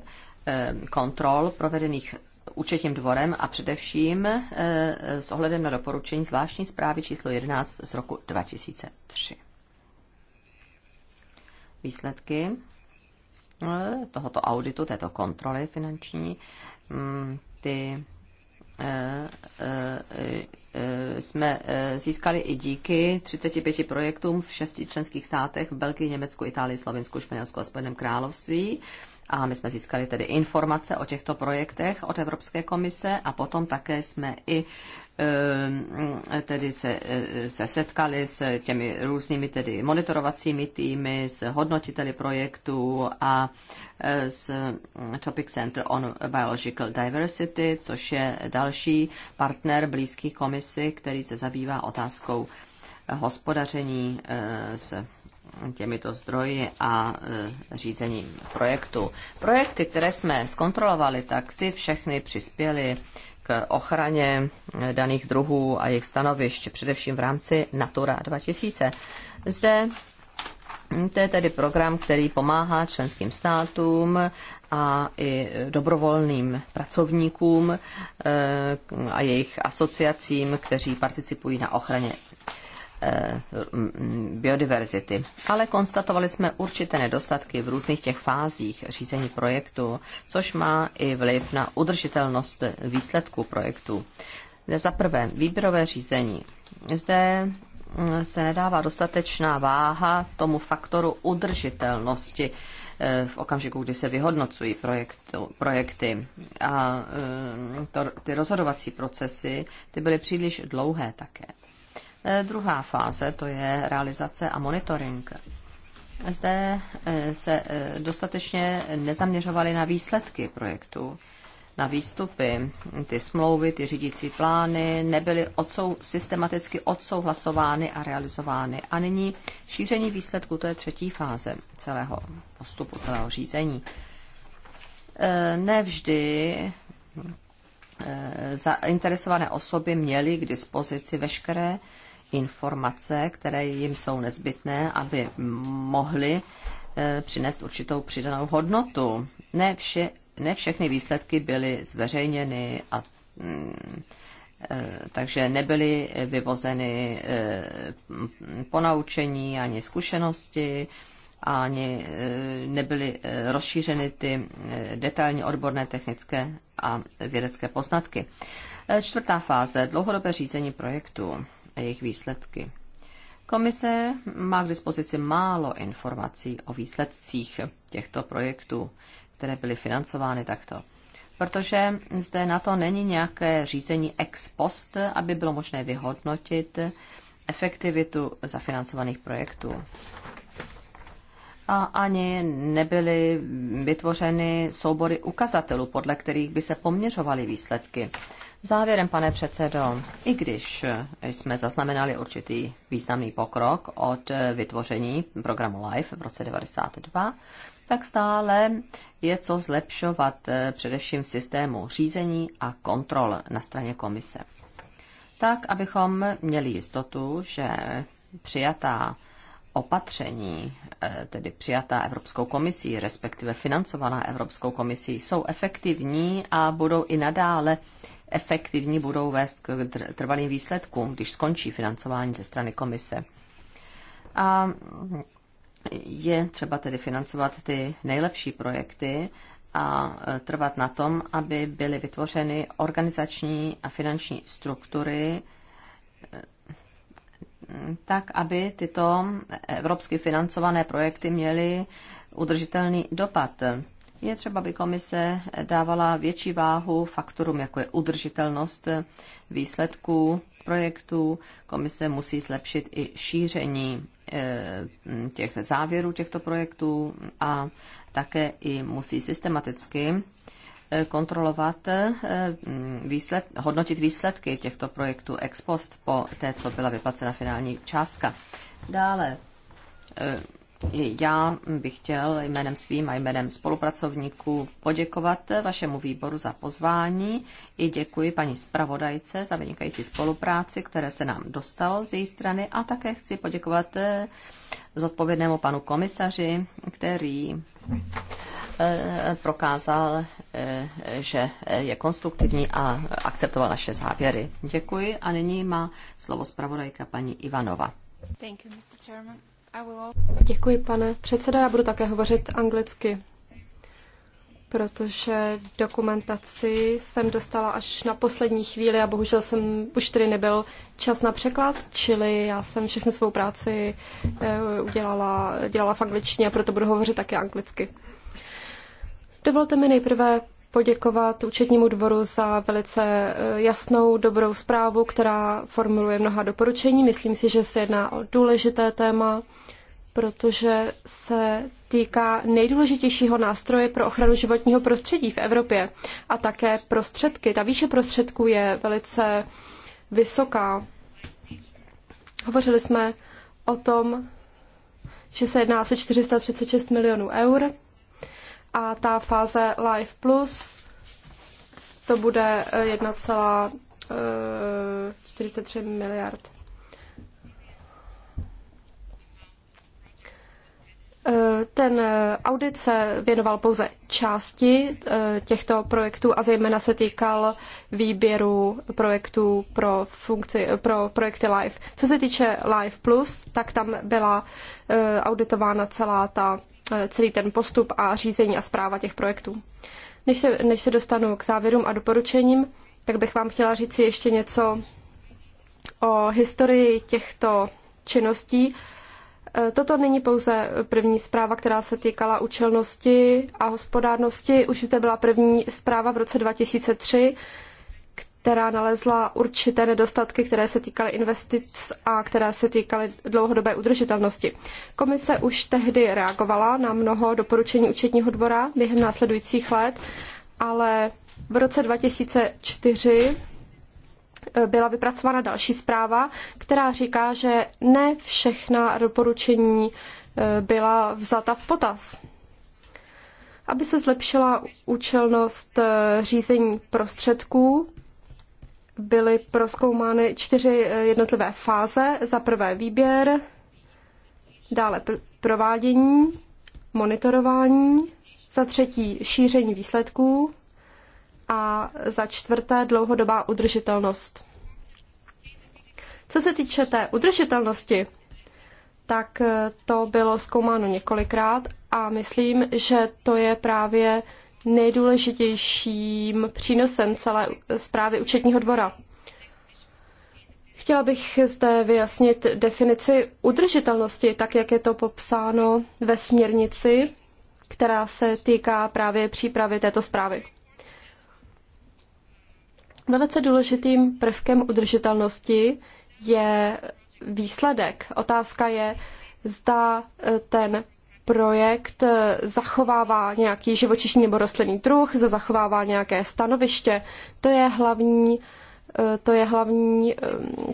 eh, kontrol provedených účetním dvorem a především eh, s ohledem na doporučení zvláštní zprávy číslo 11 z roku 2003. Výsledky tohoto auditu, této kontroly finanční, mm, ty Eh, eh, eh, jsme získali i díky 35 projektům v šesti členských státech v Belgii, Německu, Itálii, Slovensku, Španělsku a Spojeném království. A my jsme získali tedy informace o těchto projektech od Evropské komise a potom také jsme i Eh, tedy se, eh, se setkali s těmi různými tedy monitorovacími týmy, s hodnotiteli projektů a eh, s mm, Topic Center on Biological Diversity, což je další partner blízký komisi, který se zabývá otázkou hospodaření s těmito zdroji a řízením projektu. Projekty, které jsme zkontrolovali, tak ty všechny přispěly k ochraně daných druhů a jejich stanovišť, především v rámci Natura 2000. Zde to je tedy program, který pomáhá členským státům a i dobrovolným pracovníkům eh, a jejich asociacím, kteří participují na ochraně Eh, biodiverzity. Ale konstatovali jsme určité nedostatky v různých těch fázích řízení projektu, což má i vliv na udržitelnost výsledků projektu. Za prvé, výběrové řízení. Zde mm, se nedává dostatečná váha tomu faktoru udržitelnosti eh, v okamžiku, kdy se vyhodnocují projektu, projekty. A eh, to, ty rozhodovací procesy, ty byly příliš dlouhé také. Eh, druhá fáze to je realizace a monitoring. Zde eh, se eh, dostatečně nezaměřovali na výsledky projektu, na výstupy, ty smlouvy, ty řídící plány nebyly odsou, systematicky odsouhlasovány a realizovány. A nyní šíření výsledků, to je třetí fáze celého postupu, celého řízení. Nevždy zainteresované osoby měly k dispozici veškeré informace, které jim jsou nezbytné, aby mohli eh, přinést určitou přidanou hodnotu. Ne, vše, ne všechny výsledky byly zveřejněny a mm, eh, takže nebyly vyvozeny eh, ponaučení ani zkušenosti, ani nebyly rozšířeny ty detailní odborné technické a vědecké poznatky. Čtvrtá fáze, dlouhodobé řízení projektu a jejich výsledky. Komise má k dispozici málo informací o výsledcích těchto projektů, které byly financovány takto. Protože zde na to není nějaké řízení ex post, aby bylo možné vyhodnotit efektivitu zafinancovaných projektů. A ani nebyly vytvořeny soubory ukazatelů, podle kterých by se poměřovaly výsledky. Závěrem, pane předsedo, i když jsme zaznamenali určitý významný pokrok od vytvoření programu LIFE v roce 1992, tak stále je co zlepšovat eh, především v systému řízení a kontrol na straně komise. Tak, abychom měli jistotu, že přijatá opatření, eh, tedy přijatá Evropskou komisí, respektive financovaná Evropskou komisí, jsou efektivní a budou i nadále efektivní, budou vést k trvalým výsledkům, když skončí financování ze strany komise. A je třeba tedy financovat ty nejlepší projekty a e, trvat na tom, aby byly vytvořeny organizační a finanční struktury, e, tak aby tyto evropsky financované projekty měly udržitelný dopad. Je třeba, aby komise dávala větší váhu faktorům, jako je udržitelnost výsledků projektů. Komise musí zlepšit i šíření eh, těch závěrů těchto projektů a také i musí systematicky eh, kontrolovat eh, výsled, hodnotit výsledky těchto projektů ex post po té, co byla vyplacena finální částka. Dále já bych chtěl jménem svým a jménem spolupracovníků poděkovat vašemu výboru za pozvání i děkuji paní zpravodajce za vynikající spolupráci, které se nám dostalo z její strany a také chci poděkovat eh, zodpovědnému panu komisaři, který eh, prokázal, eh, že je konstruktivní a akceptoval naše závěry. Děkuji a nyní má slovo zpravodajka paní Ivanova. Thank you, Mr. Chairman. Děkuji, pane předsedo. Já budu také hovořit anglicky, protože dokumentaci jsem dostala až na poslední chvíli a bohužel jsem už tedy nebyl čas na překlad, čili já jsem všechnu svou práci eh, udělala, dělala v angličtině a proto budu hovořit také anglicky. Dovolte mi nejprve poděkovat účetnímu dvoru za velice e, jasnou, dobrou zprávu, která formuluje mnoha doporučení. Myslím si, že se jedná o důležité téma, protože se týká nejdůležitějšího nástroje pro ochranu životního prostředí v Evropě a také prostředky. Ta výše prostředků je velice vysoká. Hovořili jsme o tom, že se jedná se 436 milionů eur a ta fáze Live Plus to bude 1,43 eh, eh, miliard. Eh, ten audit se věnoval pouze části těchto projektů a zejména se týkal výběru projektů pro, funkci, pro projekty LIFE. Co se týče LIFE Plus, tak tam byla auditována celá ta Eh, celý ten postup a řízení a zpráva těch projektů. Než se, než se dostanu k závěrům a doporučením, tak bych vám chtěla říct ještě něco o historii těchto činností. Eh, toto není pouze první zpráva, která se týkala účelnosti a hospodárnosti. Už to byla první zpráva v roce 2003, která nalezla určité nedostatky, které se týkaly investic a které se týkaly dlouhodobé udržitelnosti. Komise už tehdy reagovala na mnoho doporučení účetního dvora během následujících let, ale v roce 2004 eh, byla vypracována další zpráva, která říká, že ne všechna doporučení eh, byla vzata v potaz. Aby se zlepšila účelnost eh, řízení prostředků, byly proskoumány čtyři eh, jednotlivé fáze. Za prvé výběr, dále pr- provádění, monitorování, za třetí šíření výsledků a za čtvrté dlouhodobá udržitelnost. Co se týče té udržitelnosti, tak eh, to bylo zkoumáno několikrát a myslím, že to je právě nejdůležitějším přínosem celé zprávy účetního dvora. Chtěla bych zde vyjasnit definici udržitelnosti, tak jak je to popsáno ve směrnici, která se týká právě přípravy této zprávy. Velice důležitým prvkem udržitelnosti je výsledek. Otázka je, zda ten projekt eh, zachovává nějaký živočišný nebo rostlinný druh, zachovává nějaké stanoviště. To je hlavní eh, to je hlavní eh,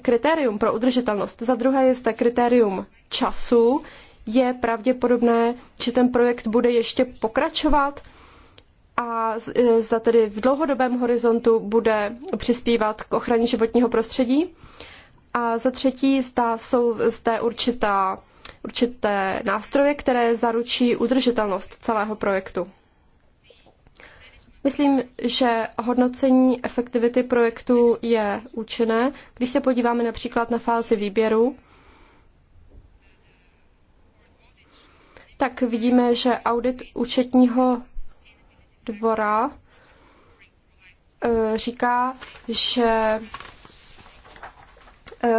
kritérium pro udržitelnost. Za druhé je zde kritérium času. Je pravděpodobné, že ten projekt bude ještě pokračovat a za tedy v dlouhodobém horizontu bude přispívat k ochraně životního prostředí. A za třetí zda jsou zde určitá určité nástroje, které zaručí udržitelnost celého projektu. Myslím, že hodnocení efektivity projektu je účinné. Když se podíváme například na fázi výběru, tak vidíme, že audit účetního dvora e, říká, že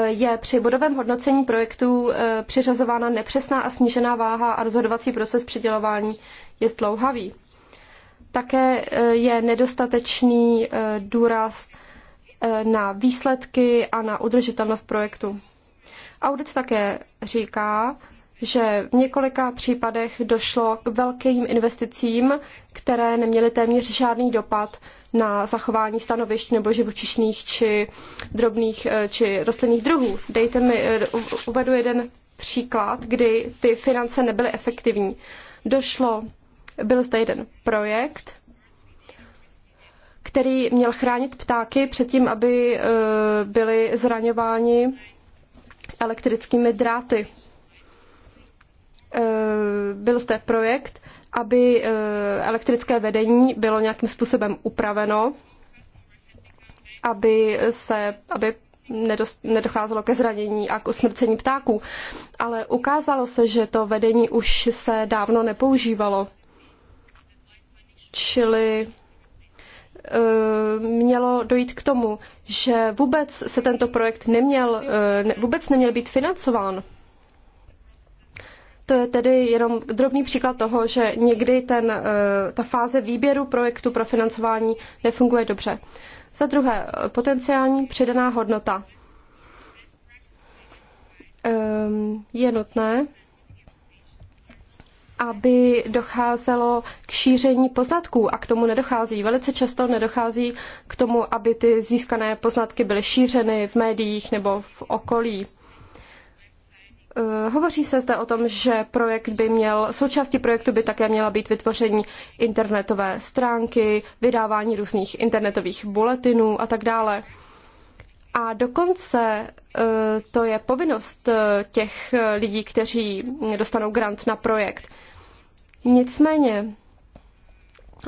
je při bodovém hodnocení projektů eh, přiřazována nepřesná a snížená váha a rozhodovací proces přidělování je zdlouhavý. Také eh, je nedostatečný eh, důraz na výsledky a na udržitelnost projektu. Audit také říká, že v několika případech došlo k velkým investicím, které neměly téměř žádný dopad na zachování stanovišť nebo živočišných či drobných eh, či rostlinných druhů. Dejte mi, eh, uvedu jeden příklad, kdy ty finance nebyly efektivní. Došlo, byl zde jeden projekt, který měl chránit ptáky před tím, aby eh, byli zraňováni elektrickými dráty. Eh, byl jste projekt, aby eh, elektrické vedení bylo nějakým způsobem upraveno, aby se, aby nedocházelo ke zranění a k usmrcení ptáků. Ale ukázalo se, že to vedení už se dávno nepoužívalo. Čili eh, mělo dojít k tomu, že vůbec se tento projekt neměl, vůbec neměl být financován. To je tedy jenom drobný příklad toho, že někdy ten, eh, ta fáze výběru projektu pro financování nefunguje dobře. Za druhé, potenciální přidaná hodnota. Ehm, je nutné, aby docházelo k šíření poznatků a k tomu nedochází. Velice často nedochází k tomu, aby ty získané poznatky byly šířeny v médiích nebo v okolí. Eh, hovoří se zde o tom, že projekt by měl, součástí projektu by také měla být vytvoření internetové stránky, vydávání různých internetových bulletinů a tak dále. A dokonce eh, to je povinnost eh, těch lidí, kteří dostanou grant na projekt. Nicméně,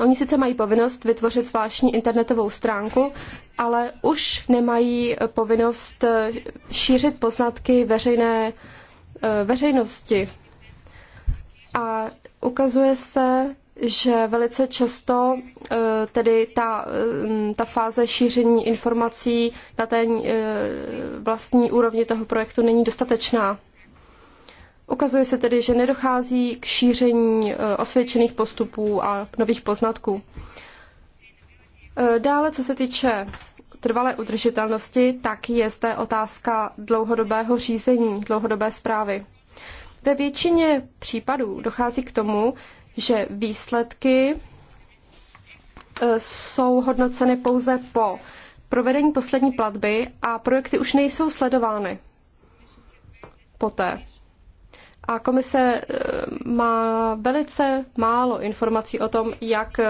oni sice mají povinnost vytvořit zvláštní internetovou stránku, ale už nemají povinnost šířit poznatky veřejné Eh, veřejnosti. A ukazuje se, že velice často eh, tedy ta, mm, ta fáze šíření informací na té eh, vlastní úrovni toho projektu není dostatečná. Ukazuje se tedy, že nedochází k šíření osvědčených postupů a nových poznatků. Dále, co se týče trvalé udržitelnosti, tak je zde otázka dlouhodobého řízení, dlouhodobé zprávy. Ve většině případů dochází k tomu, že výsledky e, jsou hodnoceny pouze po provedení poslední platby a projekty už nejsou sledovány poté. A komise e, má velice málo informací o tom, jak e,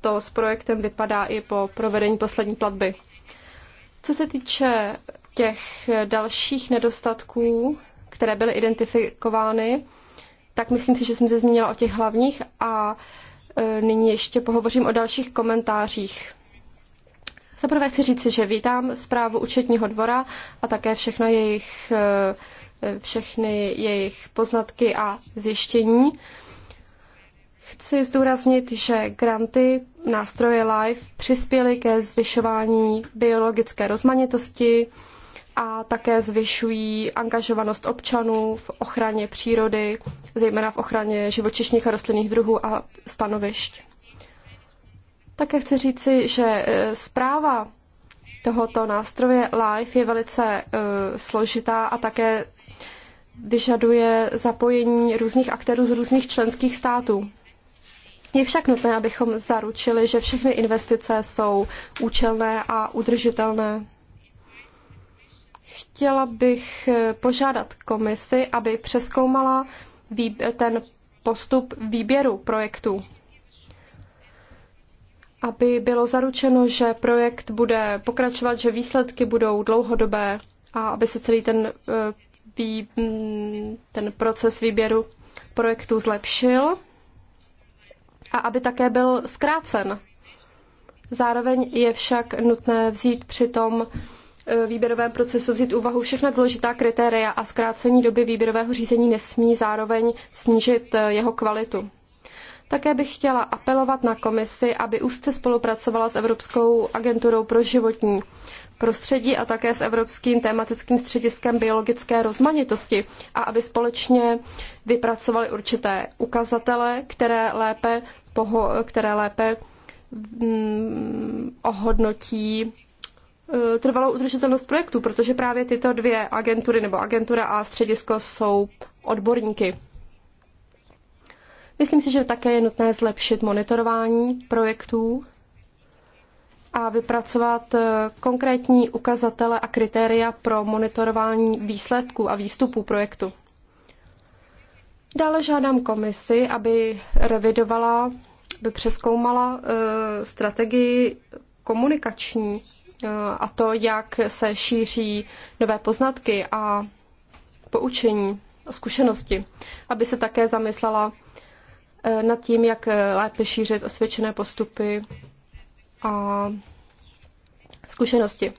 to s projektem vypadá i po provedení poslední platby. Co se týče těch dalších nedostatků, které byly identifikovány, tak myslím si, že jsem se zmínila o těch hlavních a e, nyní ještě pohovořím o dalších komentářích. Zaprvé chci říci, že vítám zprávu účetního dvora a také všechno jejich, e, e, všechny jejich poznatky a zjištění. Chci zdůraznit, že granty nástroje LIFE přispěly ke zvyšování biologické rozmanitosti a také zvyšují angažovanost občanů v ochraně přírody, zejména v ochraně živočišních a rostlinných druhů a stanovišť. Také chci říci, že e, zpráva tohoto nástroje LIFE je velice uh, složitá a také vyžaduje zapojení různých aktérů z různých členských států. Je však nutné, abychom zaručili, že všechny investice jsou účelné a udržitelné. Chtěla bych eh, požádat komisi, aby přeskoumala ten postup výběru projektů, aby bylo zaručeno, že projekt bude pokračovat, že výsledky budou dlouhodobé a aby se celý ten, eh, ten proces výběru projektů zlepšil a aby také byl zkrácen. Zároveň je však nutné vzít při tom e, výběrovém procesu vzít úvahu všechna důležitá kritéria a zkrácení doby výběrového řízení nesmí zároveň snížit e, jeho kvalitu. Také bych chtěla apelovat na komisi, aby úzce spolupracovala s Evropskou agenturou pro životní prostředí a také s Evropským tématickým střediskem biologické rozmanitosti a aby společně vypracovali určité ukazatele, které lépe které lépe mm, ohodnotí e, trvalou udržitelnost projektu, protože právě tyto dvě agentury nebo agentura a středisko jsou odborníky. Myslím si, že také je nutné zlepšit monitorování projektů a vypracovat e, konkrétní ukazatele a kritéria pro monitorování výsledků a výstupů projektu. Dále žádám komisi, aby revidovala, aby přeskoumala uh, strategii komunikační uh, a to, jak se šíří nové poznatky a poučení a zkušenosti, aby se také zamyslela uh, nad tím, jak lépe šířit osvědčené postupy a zkušenosti.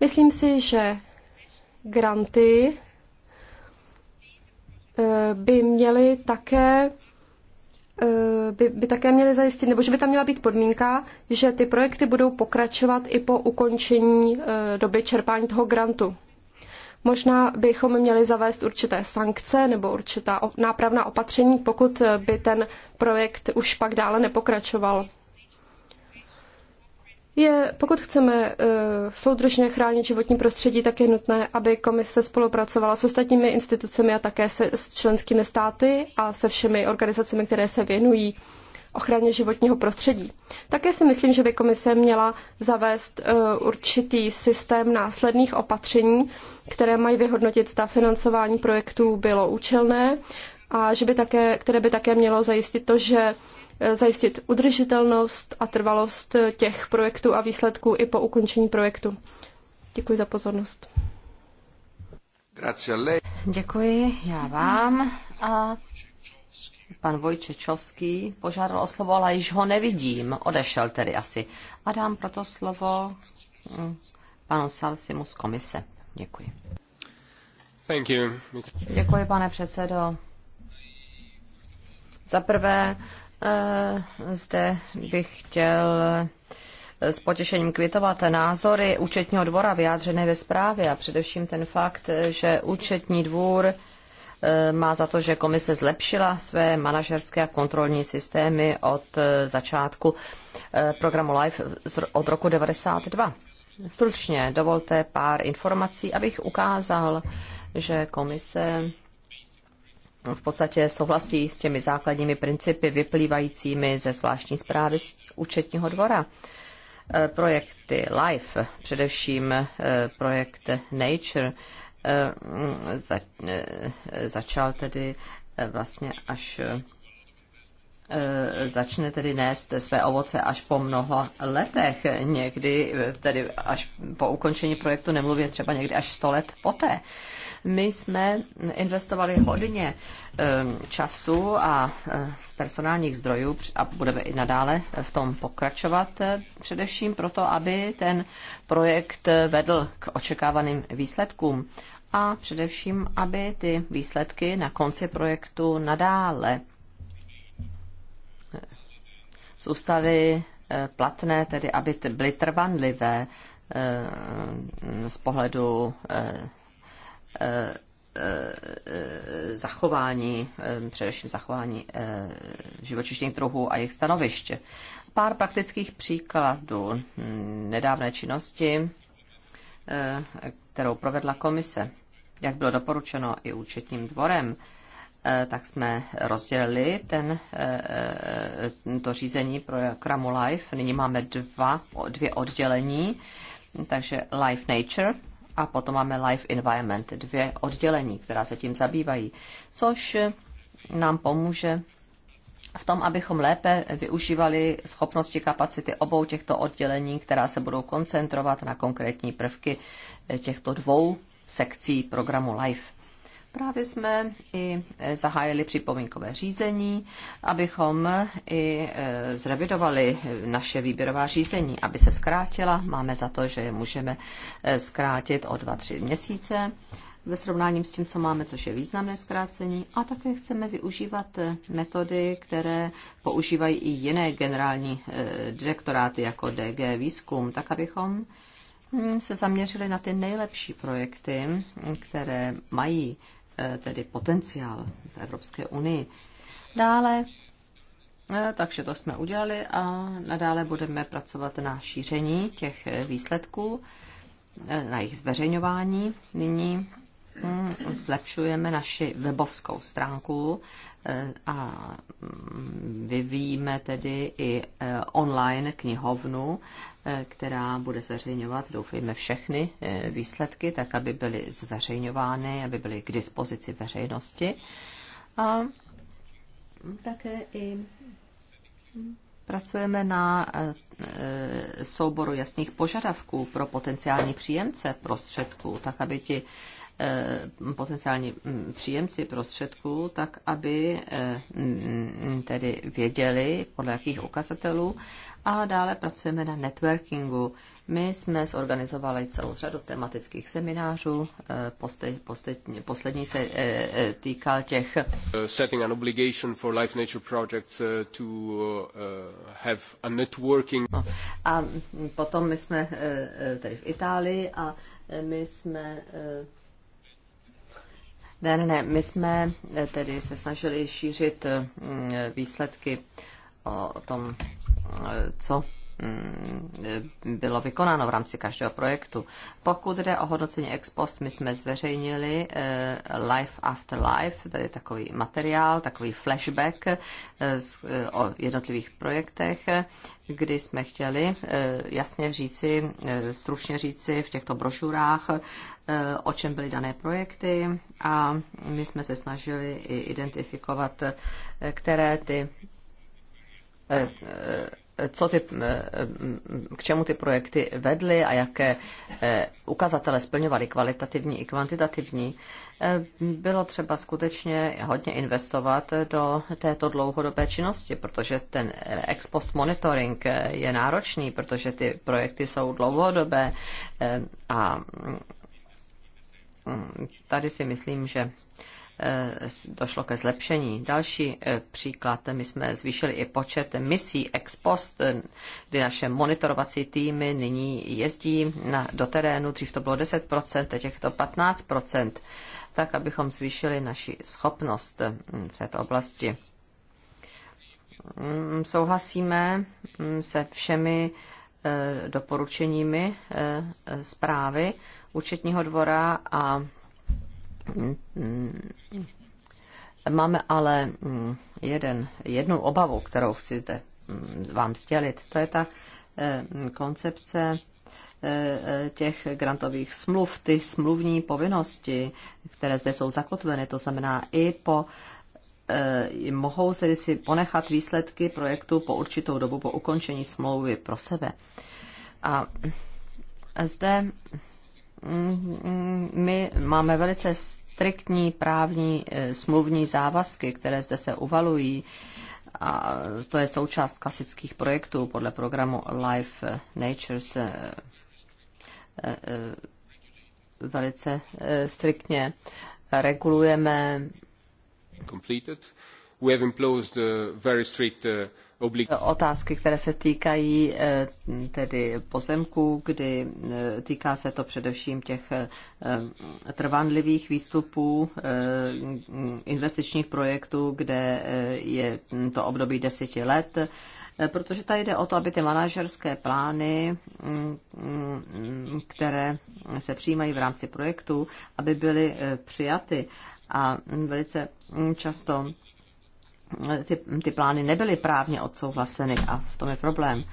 Myslím si, že granty by měly také eh, by, by také měly zajistit, nebo že by tam měla být podmínka, že ty projekty budou pokračovat i po ukončení eh, doby čerpání toho grantu. Možná bychom měli zavést určité sankce nebo určitá nápravná opatření, pokud eh, by ten projekt už pak dále nepokračoval. Je, pokud chceme uh, soudržně chránit životní prostředí, tak je nutné, aby komise spolupracovala s ostatními institucemi a také se, s členskými státy a se všemi organizacemi, které se věnují ochraně životního prostředí. Také si myslím, že by komise měla zavést uh, určitý systém následných opatření, které mají vyhodnotit, zda financování projektů bylo účelné a že by také, které by také mělo zajistit to, že Eh, zajistit udržitelnost a trvalost eh, těch projektů a výsledků i po ukončení projektu. Děkuji za pozornost. Děkuji, já vám. A pan Vojčečovský požádal o slovo, ale již ho nevidím. Odešel tedy asi. A dám proto slovo mm, panu Salsimu z komise. Děkuji. Thank you. Děkuji, pane předsedo. Za prvé Eh, zde bych chtěl eh, s potěšením kvitovat názory účetního dvora vyjádřené ve zprávě a především ten fakt, že účetní dvůr eh, má za to, že komise zlepšila své manažerské a kontrolní systémy od začátku programu LIFE od roku 92. Stručně dovolte pár informací, abych ukázal, že komise v podstatě souhlasí s těmi základními principy vyplývajícími ze zvláštní zprávy účetního dvora. E, projekty LIFE, především e, projekt Nature, e, začal tedy vlastně až Eh, začne tedy nést své ovoce až po mnoha letech, někdy eh, tedy až po ukončení projektu, nemluvě třeba někdy až 100 let poté. My jsme investovali hodně eh, času a personálních zdrojů a budeme i nadále v tom pokračovat, především proto, aby ten projekt vedl k očekávaným výsledkům a především, aby ty výsledky na konci projektu nadále zůstaly eh, platné, tedy aby byly trvanlivé eh, z pohledu eh, zachování, především zachování živočišných druhů a jejich stanoviště. Pár praktických příkladů nedávné činnosti, kterou provedla komise, jak bylo doporučeno i účetním dvorem. Eh, tak jsme rozdělili ten, eh, eh, to řízení pro Kramu Life. Nyní máme dva, dvě oddělení, takže Life Nature a potom máme Life Environment, dvě oddělení, která se tím zabývají, což nám pomůže v tom, abychom lépe využívali schopnosti kapacity obou těchto oddělení, která se budou koncentrovat na konkrétní prvky těchto dvou sekcí programu LIFE. Právě jsme i e, zahájili připomínkové řízení, abychom i e, zrevidovali naše výběrová řízení, aby se zkrátila. Máme za to, že je můžeme e, zkrátit o 2-3 měsíce ve srovnání s tím, co máme, což je významné zkrácení. A také chceme využívat metody, které používají i jiné generální direktoráty, jako DG Výzkum, tak abychom hm, se zaměřili na ty nejlepší projekty, které mají Eh, tedy potenciál v Evropské unii. Dále, eh, takže to jsme udělali a nadále budeme pracovat na šíření těch výsledků, eh, na jejich zveřejňování. Nyní hm, zlepšujeme naši webovskou stránku a hm, vyvíjíme tedy i online knihovnu Eh, která bude zveřejňovat, doufejme, všechny eh, výsledky, tak aby byly zveřejňovány, aby byly k dispozici veřejnosti. A také i pracujeme na eh, souboru jasných požadavků pro potenciální příjemce prostředků, tak aby ti potenciální mm, příjemci prostředků, tak aby mm, mm, tedy věděli, podle jakých ukazatelů a dále pracujeme na networkingu. My jsme zorganizovali celou řadu tematických seminářů. Eh, poslední, poslední se eh, eh, týkal těch uh, setting an obligation for life nature projects uh, to uh, have a networking. No, a potom my jsme tady v Itálii a my jsme ne, ne, ne, my jsme tedy se snažili šířit výsledky o tom, co mm, bylo vykonáno v rámci každého projektu. Pokud jde o hodnocení ex post, my jsme zveřejnili eh, Life After Life, tady takový materiál, takový flashback eh, eh, o jednotlivých projektech, kdy jsme chtěli jasně říci, stručně říci v těchto brožurách, o čem byly dané projekty a my jsme se snažili i identifikovat, které ty Eh, eh, co ty, eh, k čemu ty projekty vedly a jaké ukazatele splňovaly kvalitativní i kvantitativní. Bylo třeba skutečně hodně investovat do této dlouhodobé činnosti, protože ten ex post monitoring je náročný, protože ty projekty jsou dlouhodobé a mm, tady si myslím, že Eh, došlo ke zlepšení. Další eh, příklad, eh, my jsme zvýšili i počet misí ex post, kdy naše monitorovací týmy nyní jezdí na, do terénu, dřív to bylo 10%, teď je to 15%, tak abychom zvýšili naši schopnost hm, v této oblasti. Hm, souhlasíme hm, se všemi doporučeními zprávy účetního dvora a Máme ale mm, jeden, jednu obavu, kterou chci zde mm, vám stělit. To je ta eh, mm, koncepce eh, eh, těch grantových smluv, ty smluvní povinnosti, které zde jsou zakotveny, to znamená i po mohou se si ponechat výsledky projektu po určitou dobu po ukončení smlouvy pro sebe. A zde Mm-hmm. my máme velice striktní právní eh, smluvní závazky, které zde se uvalují. A to je součást klasických projektů podle programu Life Natures eh, eh, velice striktně regulujeme. Completed. We have imposed very strict otázky, které se týkají eh, tedy pozemků, kdy eh, týká se to především těch eh, trvanlivých výstupů investičních projektů, kde je to období deseti let protože tady jde o to, aby ty manažerské plány, mm, mm, které se přijímají v rámci projektu, aby byly přijaty. A mm, velice často ty, ty plány nebyly právně odsouhlaseny a v tom je problém.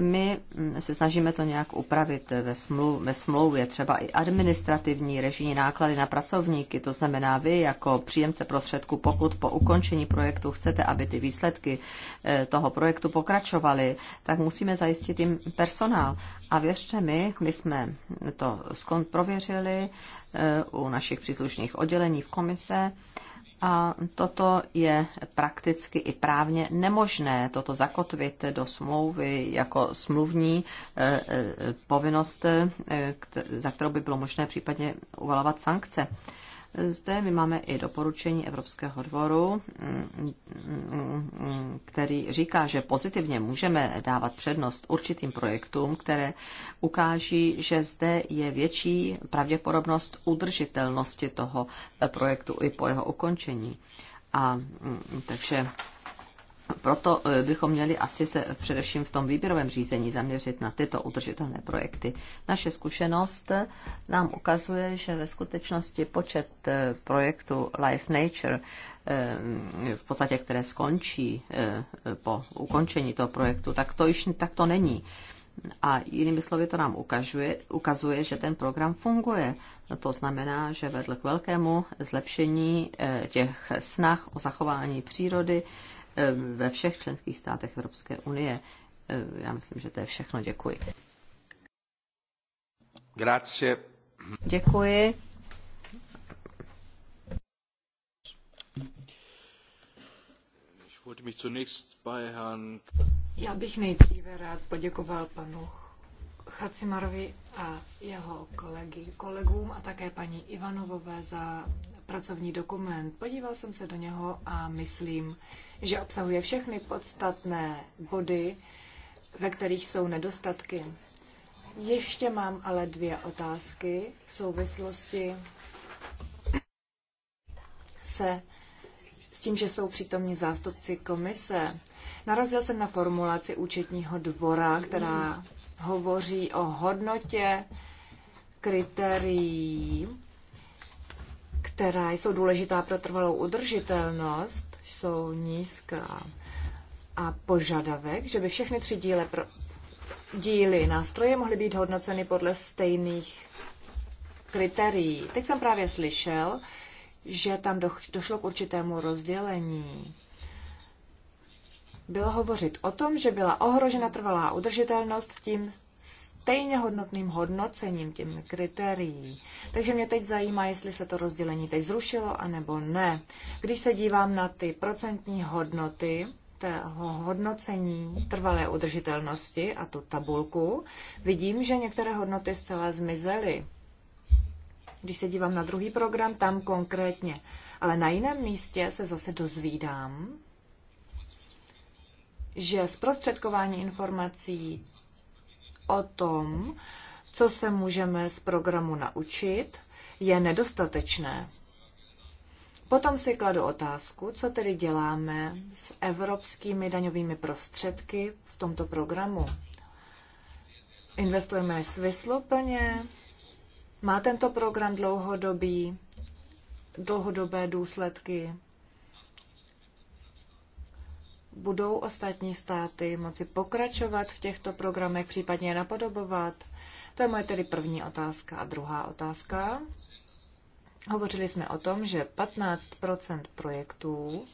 My mm, se snažíme to nějak upravit ve, smluv, ve smlouvě, třeba i administrativní režijní náklady na pracovníky. To znamená, vy jako příjemce prostředku, pokud po ukončení projektu chcete, aby ty výsledky eh, toho projektu pokračovaly, tak musíme zajistit jim personál. A věřte mi, my jsme to skont prověřili eh, u našich příslušných oddělení v komise a toto je prakticky i právně nemožné, toto zakotvit do smlouvy jako smluvní e, e, povinnost, e, za kterou by bylo možné případně uvalovat sankce. Zde my máme i doporučení Evropského dvoru, který říká, že pozitivně můžeme dávat přednost určitým projektům, které ukáží, že zde je větší pravděpodobnost udržitelnosti toho projektu i po jeho ukončení. A takže proto e, bychom měli asi se především v tom výběrovém řízení zaměřit na tyto udržitelné projekty. Naše zkušenost nám ukazuje, že ve skutečnosti počet e, projektů Life Nature, e, v podstatě které skončí po ukončení toho projektu, tak to již tak to není. A jinými slovy to nám ukazuje, ukazuje, že ten program funguje. To znamená, že vedl k velkému zlepšení těch snah o zachování přírody, Eh, ve všech členských státech Evropské unie. Eh, já myslím, že to je všechno. Děkuji. Grazie. Děkuji. Já bych nejdříve rád poděkoval panu Chacimarovi a jeho kolegy, kolegům a také paní Ivanovové za pracovní dokument. Podíval jsem se do něho a myslím, že obsahuje všechny podstatné body, ve kterých jsou nedostatky. Ještě mám ale dvě otázky v souvislosti se s tím, že jsou přítomní zástupci komise. Narazil jsem na formulaci účetního dvora, která hovoří o hodnotě kritérií, která jsou důležitá pro trvalou udržitelnost, jsou nízká. A požadavek, že by všechny tři díle pro, díly nástroje mohly být hodnoceny podle stejných kritérií. Teď jsem právě slyšel, že tam došlo k určitému rozdělení bylo hovořit o tom, že byla ohrožena trvalá udržitelnost tím stejně hodnotným hodnocením, tím kritérií. Takže mě teď zajímá, jestli se to rozdělení teď zrušilo, anebo ne. Když se dívám na ty procentní hodnoty, toho hodnocení trvalé udržitelnosti a tu tabulku, vidím, že některé hodnoty zcela zmizely. Když se dívám na druhý program, tam konkrétně. Ale na jiném místě se zase dozvídám, že zprostředkování informací o tom, co se můžeme z programu naučit, je nedostatečné. Potom si kladu otázku, co tedy děláme s evropskými daňovými prostředky v tomto programu. Investujeme smysluplně? Má tento program dlouhodobý, dlouhodobé důsledky? budou ostatní státy moci pokračovat v těchto programech, případně je napodobovat? To je moje tedy první otázka. A druhá otázka. Hovořili jsme o tom, že 15 projektů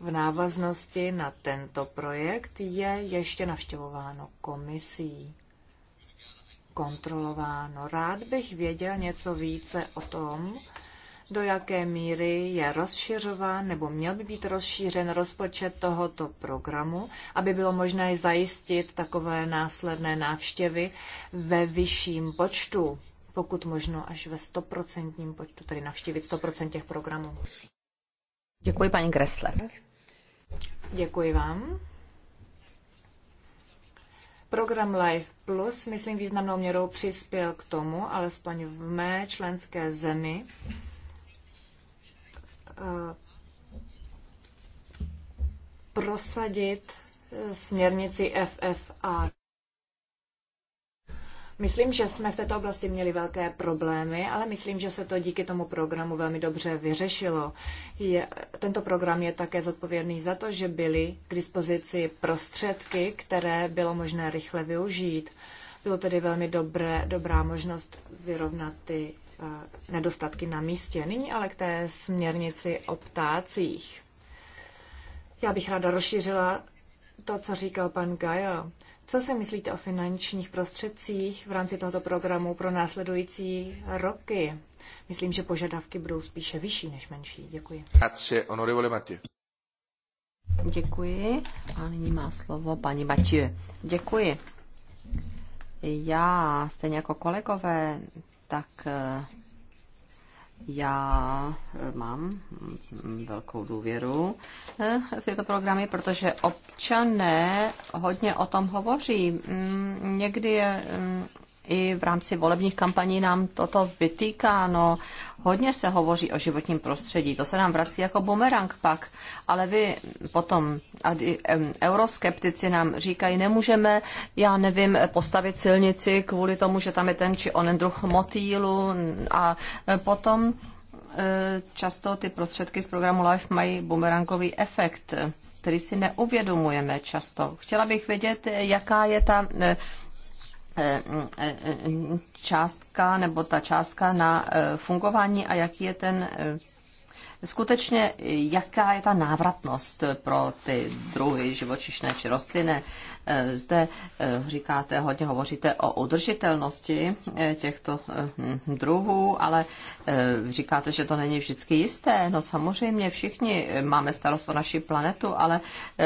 v návaznosti na tento projekt je ještě navštěvováno komisí, kontrolováno. Rád bych věděl něco více o tom, do jaké míry je rozšiřován nebo měl by být rozšířen rozpočet tohoto programu, aby bylo možné zajistit takové následné návštěvy ve vyšším počtu, pokud možno až ve 100% počtu, tedy navštívit 100% těch programů. Děkuji, paní Gressler. Děkuji vám. Program Life Plus, myslím, významnou měrou přispěl k tomu, alespoň v mé členské zemi, prosadit e, směrnici FFA. Myslím, že jsme v této oblasti měli velké problémy, ale myslím, že se to díky tomu programu velmi dobře vyřešilo. Je, tento program je také zodpovědný za to, že byly k dispozici prostředky, které bylo možné rychle využít. Bylo tedy velmi dobré, dobrá možnost vyrovnat ty Eh, nedostatky na místě. Nyní ale k té směrnici o ptácích. Já bych ráda rozšířila to, co říkal pan Gajo. Co si myslíte o finančních prostředcích v rámci tohoto programu pro následující roky? Myslím, že požadavky budou spíše vyšší než menší. Děkuji. Děkuji. A nyní má slovo paní Mathieu. Děkuji. Já, stejně jako kolegové, tak eh, já eh, mám velkou důvěru eh, v tyto programy, protože občané hodně o tom hovoří. Mm, někdy je mm, i v rámci volebních kampaní nám toto vytýká. No, hodně se hovoří o životním prostředí, to se nám vrací jako bumerang pak. Ale vy potom, a euroskeptici nám říkají, nemůžeme, já nevím, postavit silnici kvůli tomu, že tam je ten či onen druh motýlu a e, potom e, často ty prostředky z programu LIFE mají bumerangový efekt, který si neuvědomujeme často. Chtěla bych vědět, jaká je ta e, Eh, eh, eh, částka nebo ta částka na fungování a jaký je ten skutečně, jaká je ta návratnost pro ty druhy živočišné či rostlinné. Eh, zde eh, říkáte, hodně hovoříte o udržitelnosti eh, těchto hm, druhů, ale říkáte, že to není vždycky jisté. No samozřejmě všichni máme starost o naši planetu, ale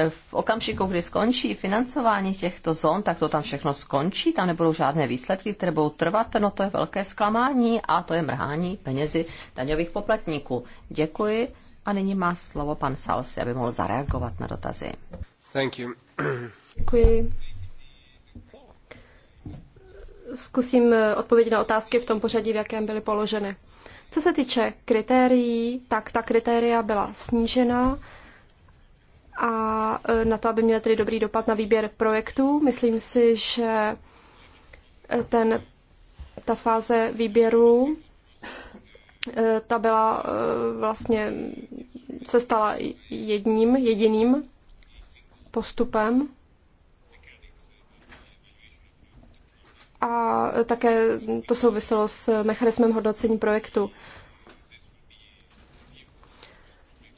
v okamžiku, kdy skončí financování těchto zón, tak to tam všechno skončí, tam nebudou žádné výsledky, které budou trvat, no to je velké zklamání a to je mrhání penězi daňových poplatníků. Děkuji. A nyní má slovo pan Salsi, aby mohl zareagovat na dotazy. Děkuji. Zkusím eh, odpovědět na otázky v tom pořadí, v jakém byly položeny. Co se týče kritérií, tak ta kritéria byla snížena a eh, na to, aby měla tedy dobrý dopad na výběr projektů. Myslím si, že eh, ten, ta fáze výběru ta byla vlastně se stala jedním, jediným postupem. A také to souviselo s mechanismem hodnocení projektu.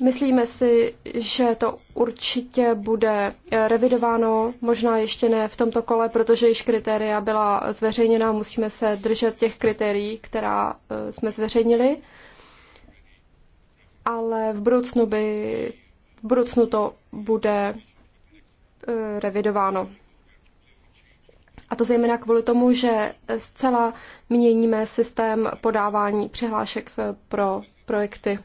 Myslíme si, že to určitě bude eh, revidováno, možná ještě ne v tomto kole, protože již kritéria byla zveřejněna, musíme se držet těch kritérií, která eh, jsme zveřejnili. Ale v budoucnu, by, v budoucnu to bude Eh, revidováno. A to zejména kvůli tomu, že zcela měníme systém podávání přihlášek eh, pro projekty.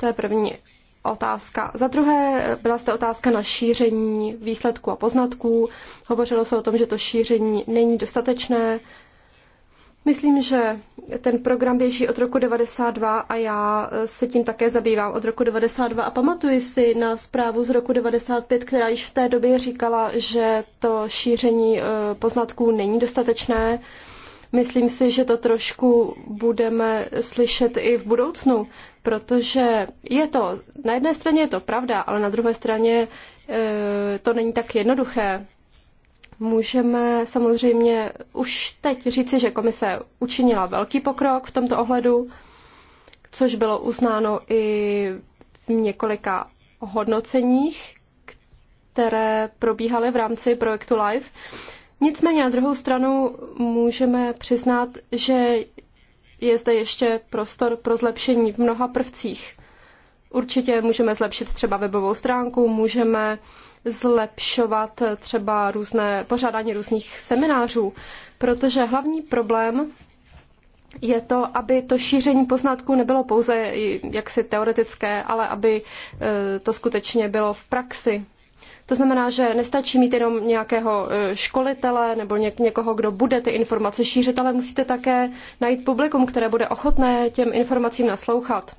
To je první otázka. Za druhé byla zde otázka na šíření výsledků a poznatků. Hovořilo se o tom, že to šíření není dostatečné, Myslím, že ten program běží od roku 92 a já eh, se tím také zabývám od roku 92 a pamatuji si na zprávu z roku 95, která již v té době říkala, že to šíření eh, poznatků není dostatečné. Myslím si, že to trošku budeme slyšet i v budoucnu, protože je to, na jedné straně je to pravda, ale na druhé straně eh, to není tak jednoduché. Můžeme samozřejmě už teď říci, že komise učinila velký pokrok v tomto ohledu, což bylo uznáno i v několika hodnoceních, které probíhaly v rámci projektu LIFE. Nicméně na druhou stranu můžeme přiznat, že je zde ještě prostor pro zlepšení v mnoha prvcích. Určitě můžeme zlepšit třeba webovou stránku, můžeme zlepšovat třeba různé pořádání různých seminářů, protože hlavní problém je to, aby to šíření poznatků nebylo pouze jaksi teoretické, ale aby e, to skutečně bylo v praxi. To znamená, že nestačí mít jenom nějakého e, školitele nebo někoho, kdo bude ty informace šířit, ale musíte také najít publikum, které bude ochotné těm informacím naslouchat.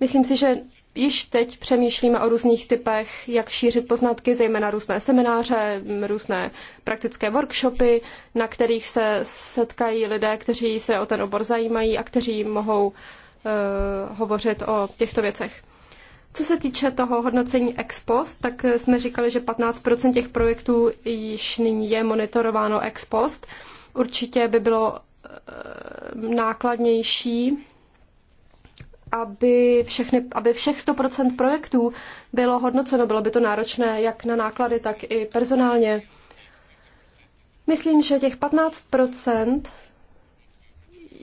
Myslím si, že Již teď přemýšlíme o různých typech, jak šířit poznatky, zejména různé semináře, různé praktické workshopy, na kterých se setkají lidé, kteří se o ten obor zajímají a kteří mohou uh, hovořit o těchto věcech. Co se týče toho hodnocení ex post, tak jsme říkali, že 15% těch projektů již nyní je monitorováno ex post. Určitě by bylo eh, nákladnější aby, všechny, aby všech 100% projektů bylo hodnoceno. Bylo by to náročné jak na náklady, tak i personálně. Myslím, že těch 15%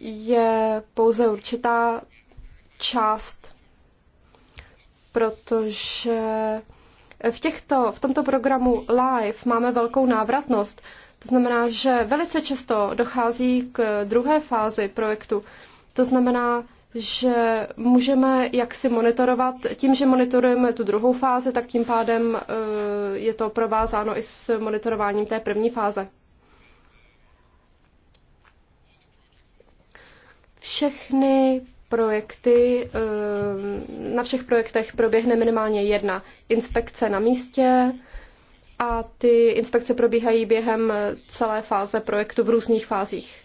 je pouze určitá část, protože v, těchto, v tomto programu live máme velkou návratnost. To znamená, že velice často dochází k druhé fázi projektu. To znamená, že můžeme jaksi monitorovat, tím, že monitorujeme tu druhou fázi, tak tím pádem e, je to provázáno i s monitorováním té první fáze. Všechny projekty, e, na všech projektech proběhne minimálně jedna inspekce na místě a ty inspekce probíhají během celé fáze projektu v různých fázích.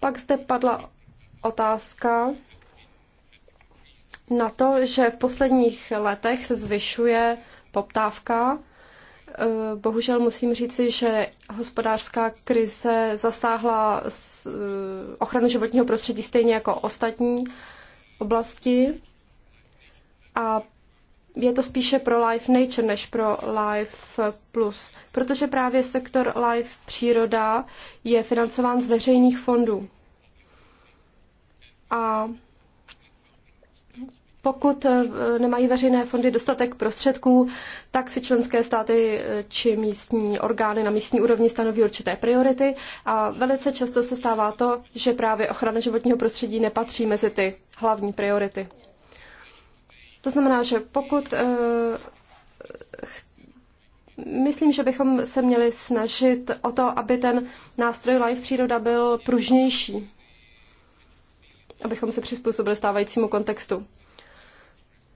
Pak zde padla otázka na to, že v posledních letech se zvyšuje poptávka. Eh, bohužel musím říci, že hospodářská krize zasáhla eh, ochranu životního prostředí stejně jako ostatní oblasti. A je to spíše pro Life Nature než pro Life Plus, protože právě sektor Life Příroda je financován z veřejných fondů a pokud eh, nemají veřejné fondy dostatek prostředků, tak si členské státy eh, či místní orgány na místní úrovni stanoví určité priority a velice často se stává to, že právě ochrana životního prostředí nepatří mezi ty hlavní priority. To znamená, že pokud eh, myslím, že bychom se měli snažit o to, aby ten nástroj Life Příroda byl pružnější, abychom se přizpůsobili stávajícímu kontextu.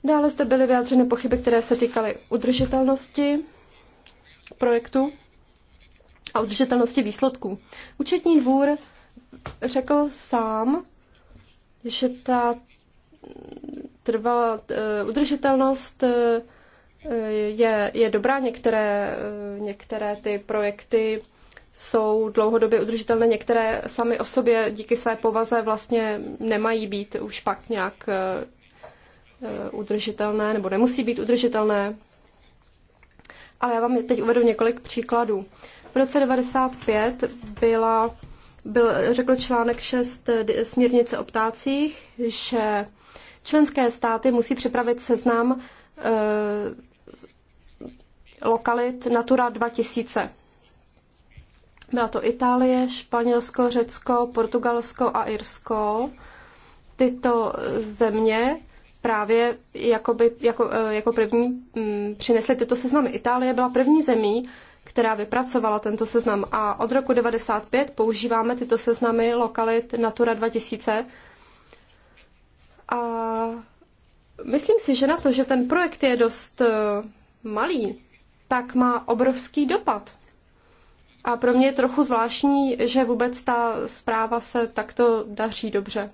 Dále zde byly vyjádřeny pochyby, které se týkaly udržitelnosti projektu a udržitelnosti výsledků. Účetní dvůr řekl sám, že ta trvalá eh, udržitelnost eh, je, je dobrá. Některé, eh, některé ty projekty jsou dlouhodobě udržitelné, některé sami o sobě díky své povaze vlastně nemají být už pak nějak eh, eh, udržitelné nebo nemusí být udržitelné. Ale já vám teď uvedu několik příkladů. V roce 95 byla, byl, řekl článek 6 eh, směrnice o ptácích, že členské státy musí připravit seznam e, lokalit Natura 2000. Byla to Itálie, Španělsko, Řecko, Portugalsko a Irsko. Tyto země právě jakoby, jako, eh, jako první mm, přinesly tyto seznamy. Itálie byla první zemí, která vypracovala tento seznam a od roku 1995 používáme tyto seznamy lokalit Natura 2000. A myslím si, že na to, že ten projekt je dost eh, malý, tak má obrovský dopad a pro mě je trochu zvláštní, že vůbec ta zpráva se takto daří dobře.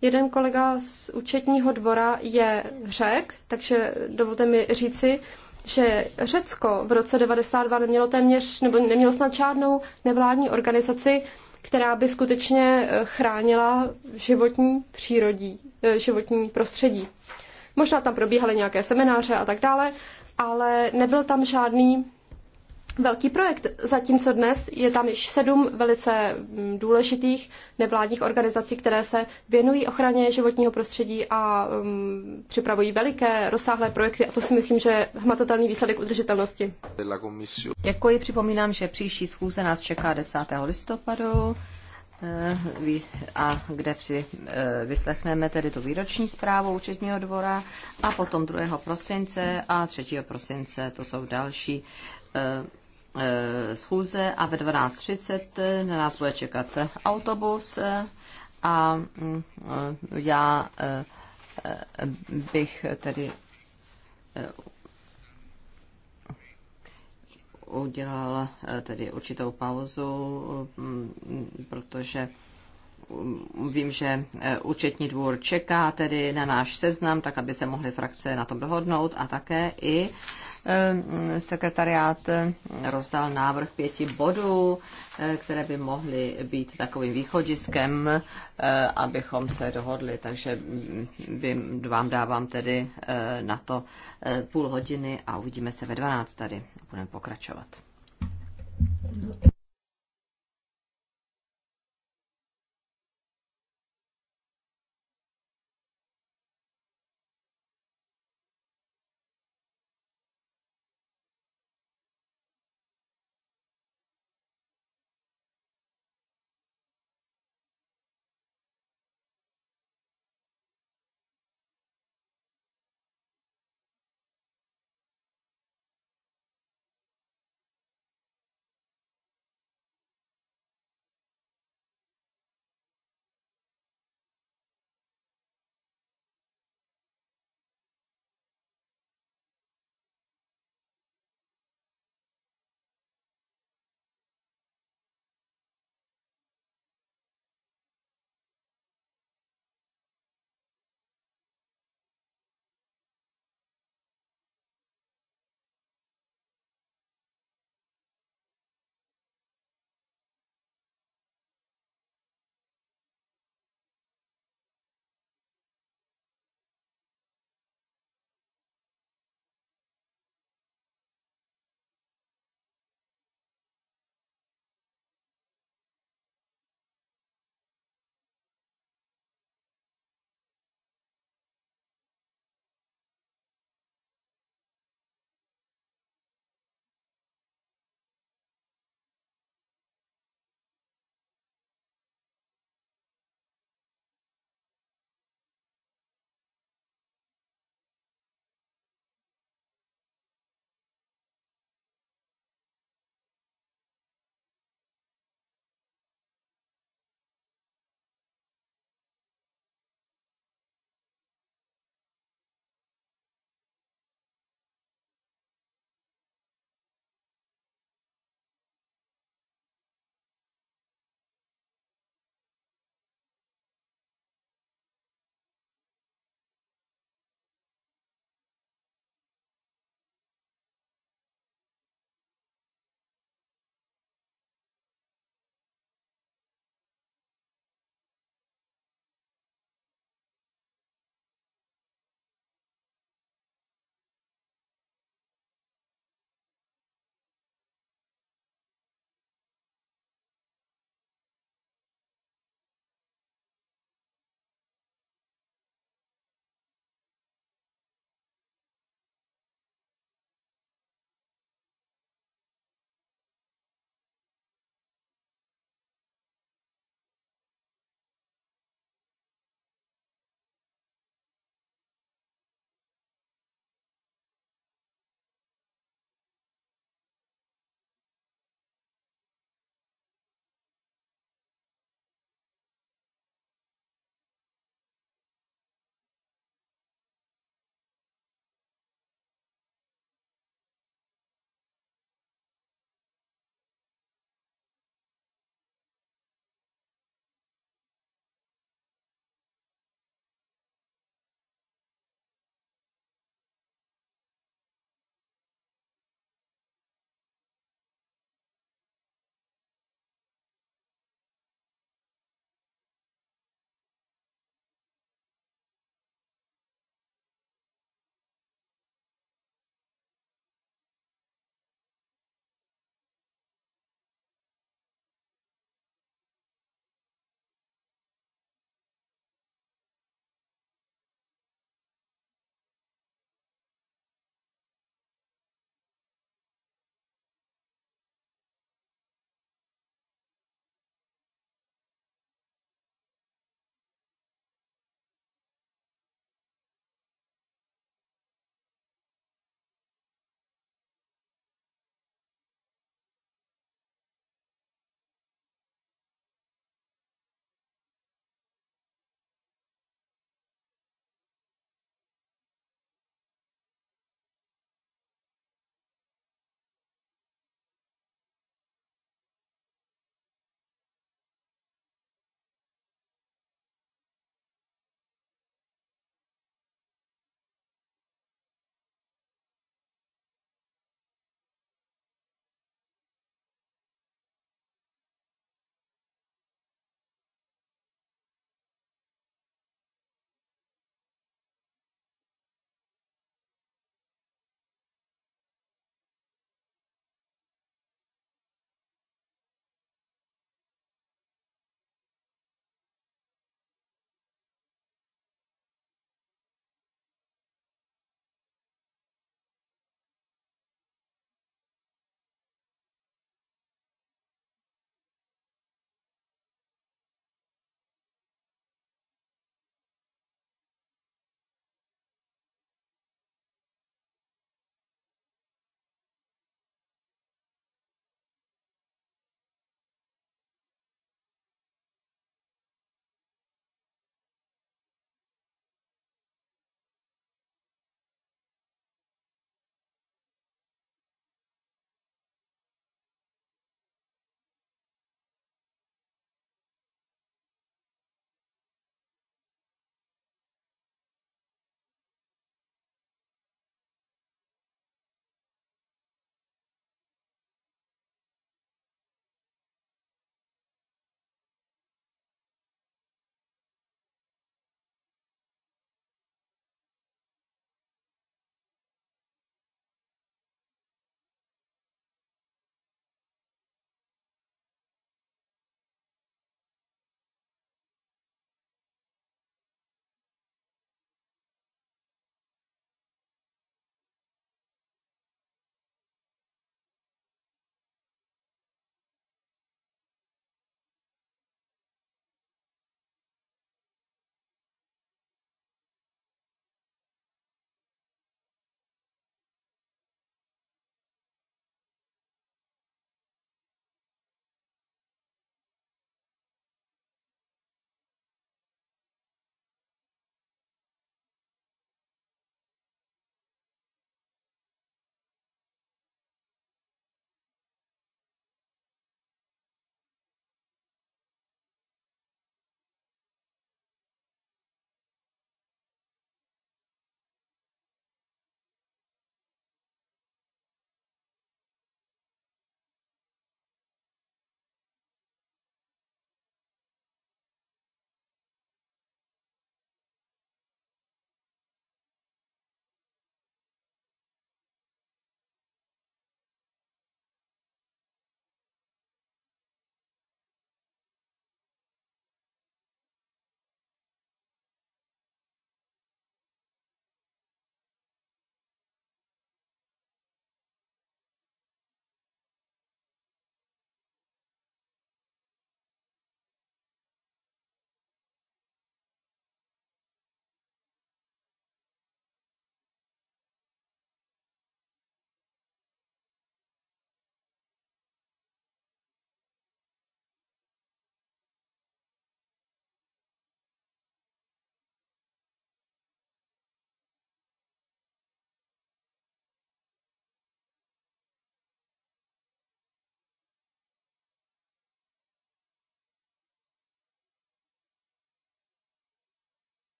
Jeden kolega z účetního dvora je Řek, takže dovolte mi říci, že Řecko v roce 92 nemělo téměř, nebo nemělo snad žádnou nevládní organizaci, která by skutečně eh, chránila životní přírodí, eh, životní prostředí. Možná tam probíhaly nějaké semináře a tak dále, ale nebyl tam žádný velký projekt, zatímco dnes je tam již sedm velice mm, důležitých nevládních organizací, které se věnují ochraně životního prostředí a um, připravují veliké, rozsáhlé projekty a to si myslím, že je hmatatelný výsledek udržitelnosti. Děkuji, připomínám, že příští schůze nás čeká 10. listopadu eh, a kde při eh, vyslechneme tedy tu výroční zprávu účetního dvora a potom 2. prosince a 3. prosince, to jsou další eh, Eh, schůze a ve 12.30 na nás bude čekat autobus a mm, eh, já eh, bych tedy udělal tedy určitou pauzu, mm, protože mm, vím, že účetní dvůr čeká tedy na náš seznam, tak aby se mohly frakce na tom dohodnout a také i Eh, sekretariát eh, rozdal návrh pěti bodů, eh, které by mohly být takovým východiskem, abychom se dohodli. Takže mm, vám dávám tedy na to půl hodiny a uvidíme se ve 12 tady a budeme pokračovat.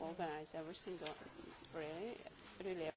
organize every single, really, really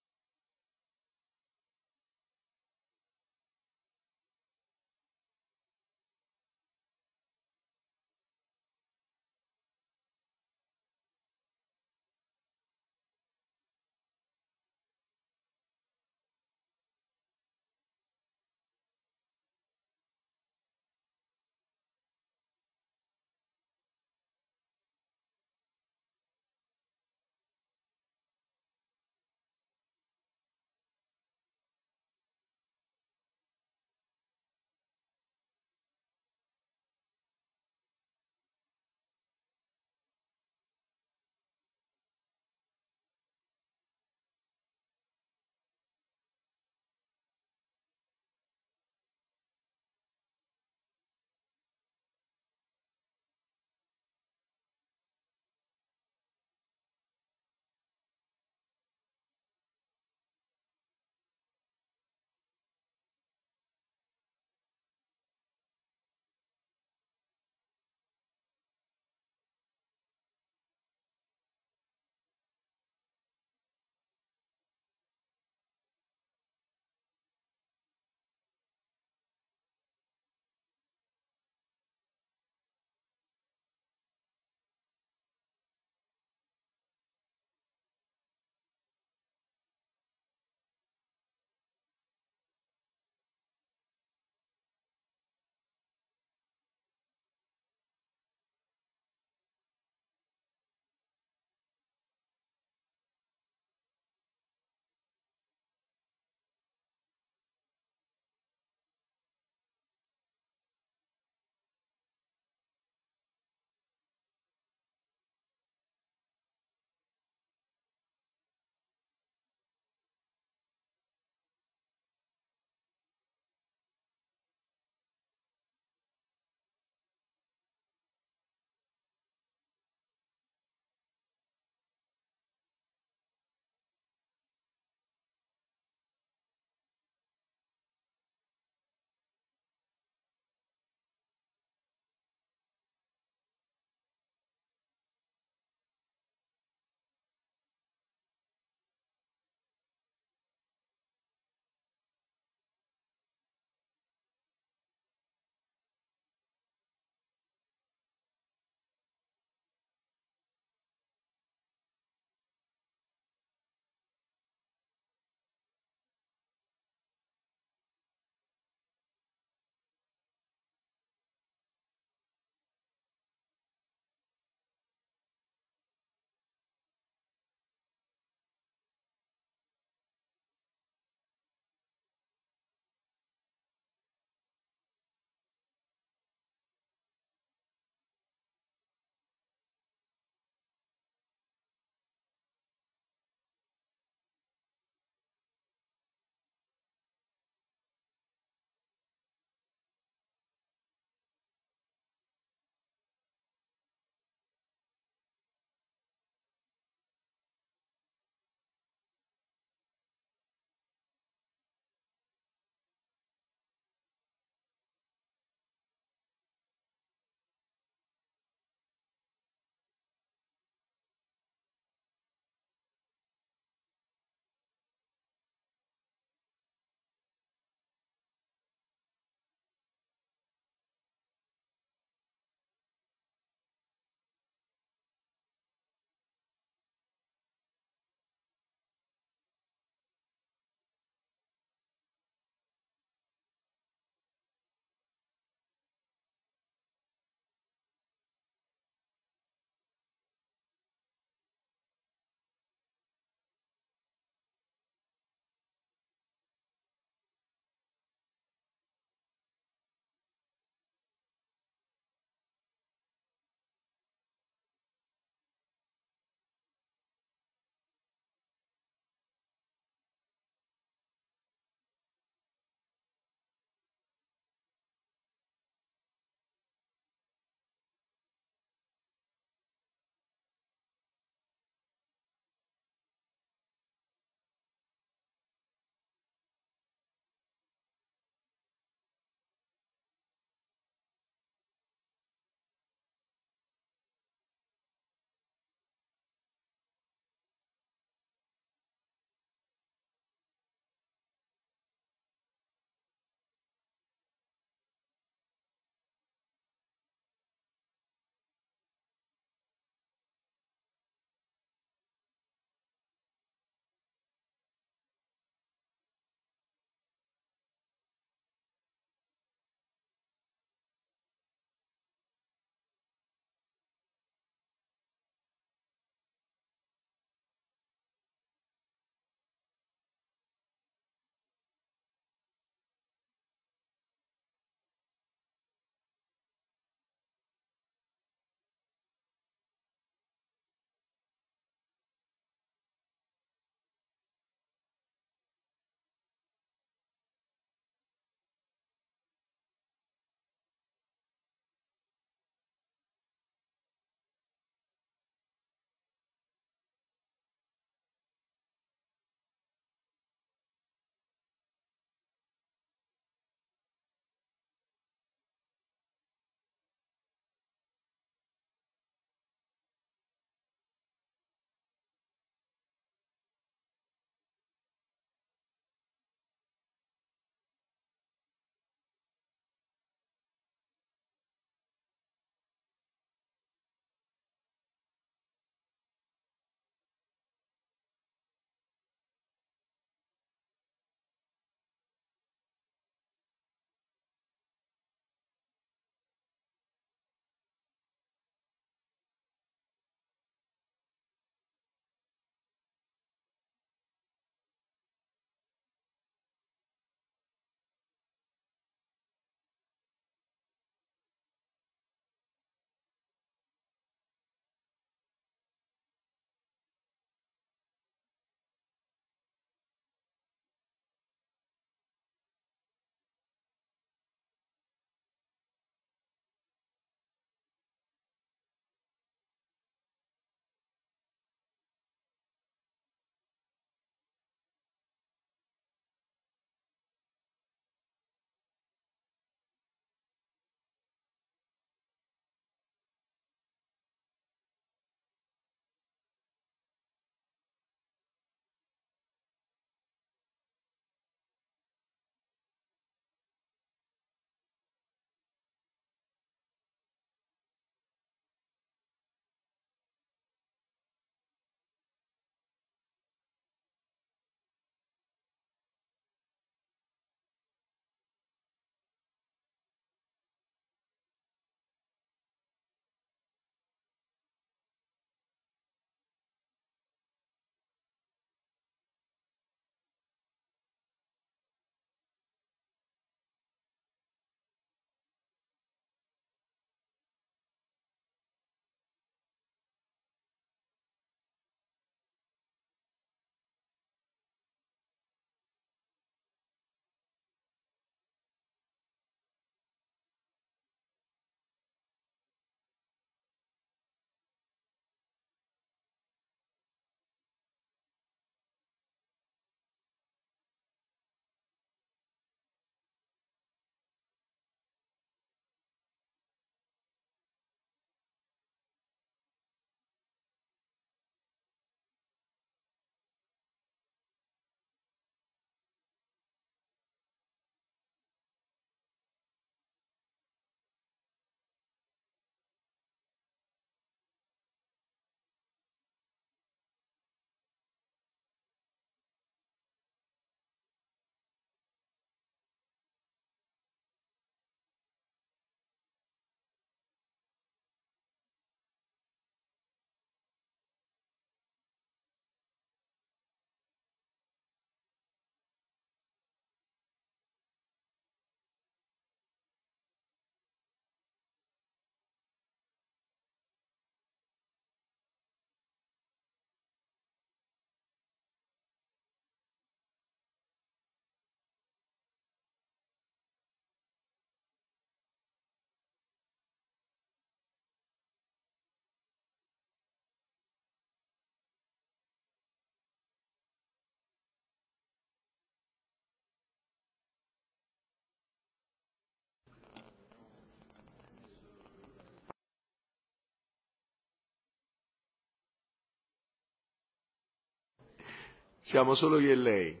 Siamo solo io e lei.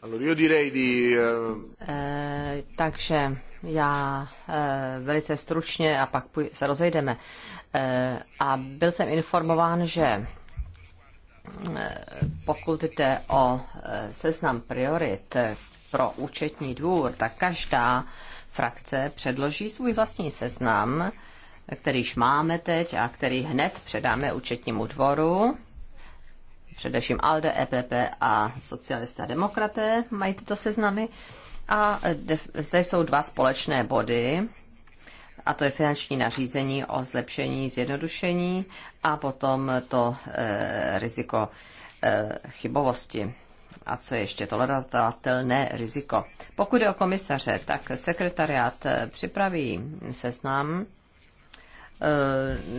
Allora io direi di... Uh... Eh, takže já eh, velice stručně a pak se rozejdeme. Eh, a byl jsem informován, že eh, pokud jde o eh, seznam priorit pro účetní dvůr, tak každá frakce předloží svůj vlastní seznam, kterýž máme teď a který hned předáme účetnímu dvoru. Především ALDE, EPP a Socialista demokraté mají tyto seznamy. A zde jsou dva společné body, a to je finanční nařízení o zlepšení, zjednodušení a potom to e, riziko e, chybovosti a co je ještě tolerovatelné riziko. Pokud je o komisaře, tak sekretariát eh, připraví seznam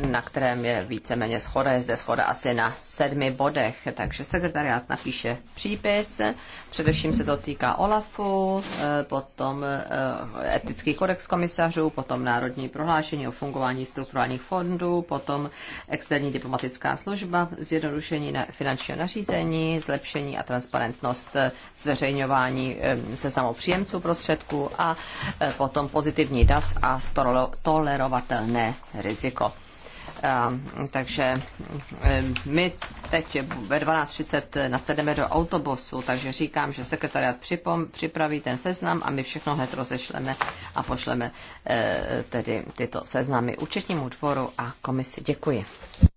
na kterém je víceméně schoda, je zde schoda asi na sedmi bodech, takže sekretariát napíše přípis, především se to týká OLAFu, eh, potom eh, etický kodex komisařů, potom národní prohlášení o fungování strukturálních fondů, potom externí diplomatická služba, zjednodušení na finančního nařízení, zlepšení a transparentnost eh, zveřejňování se samopříjemců příjemců prostředků a potom pozitivní DAS a tolerovatelné riziko. Takže my teď ve 12.30 nasedeme do autobusu, takže říkám, že sekretariat připom, připraví ten seznam a my všechno hned rozešleme a pošleme e, tedy tyto seznamy účetnímu dvoru a komisi. Děkuji.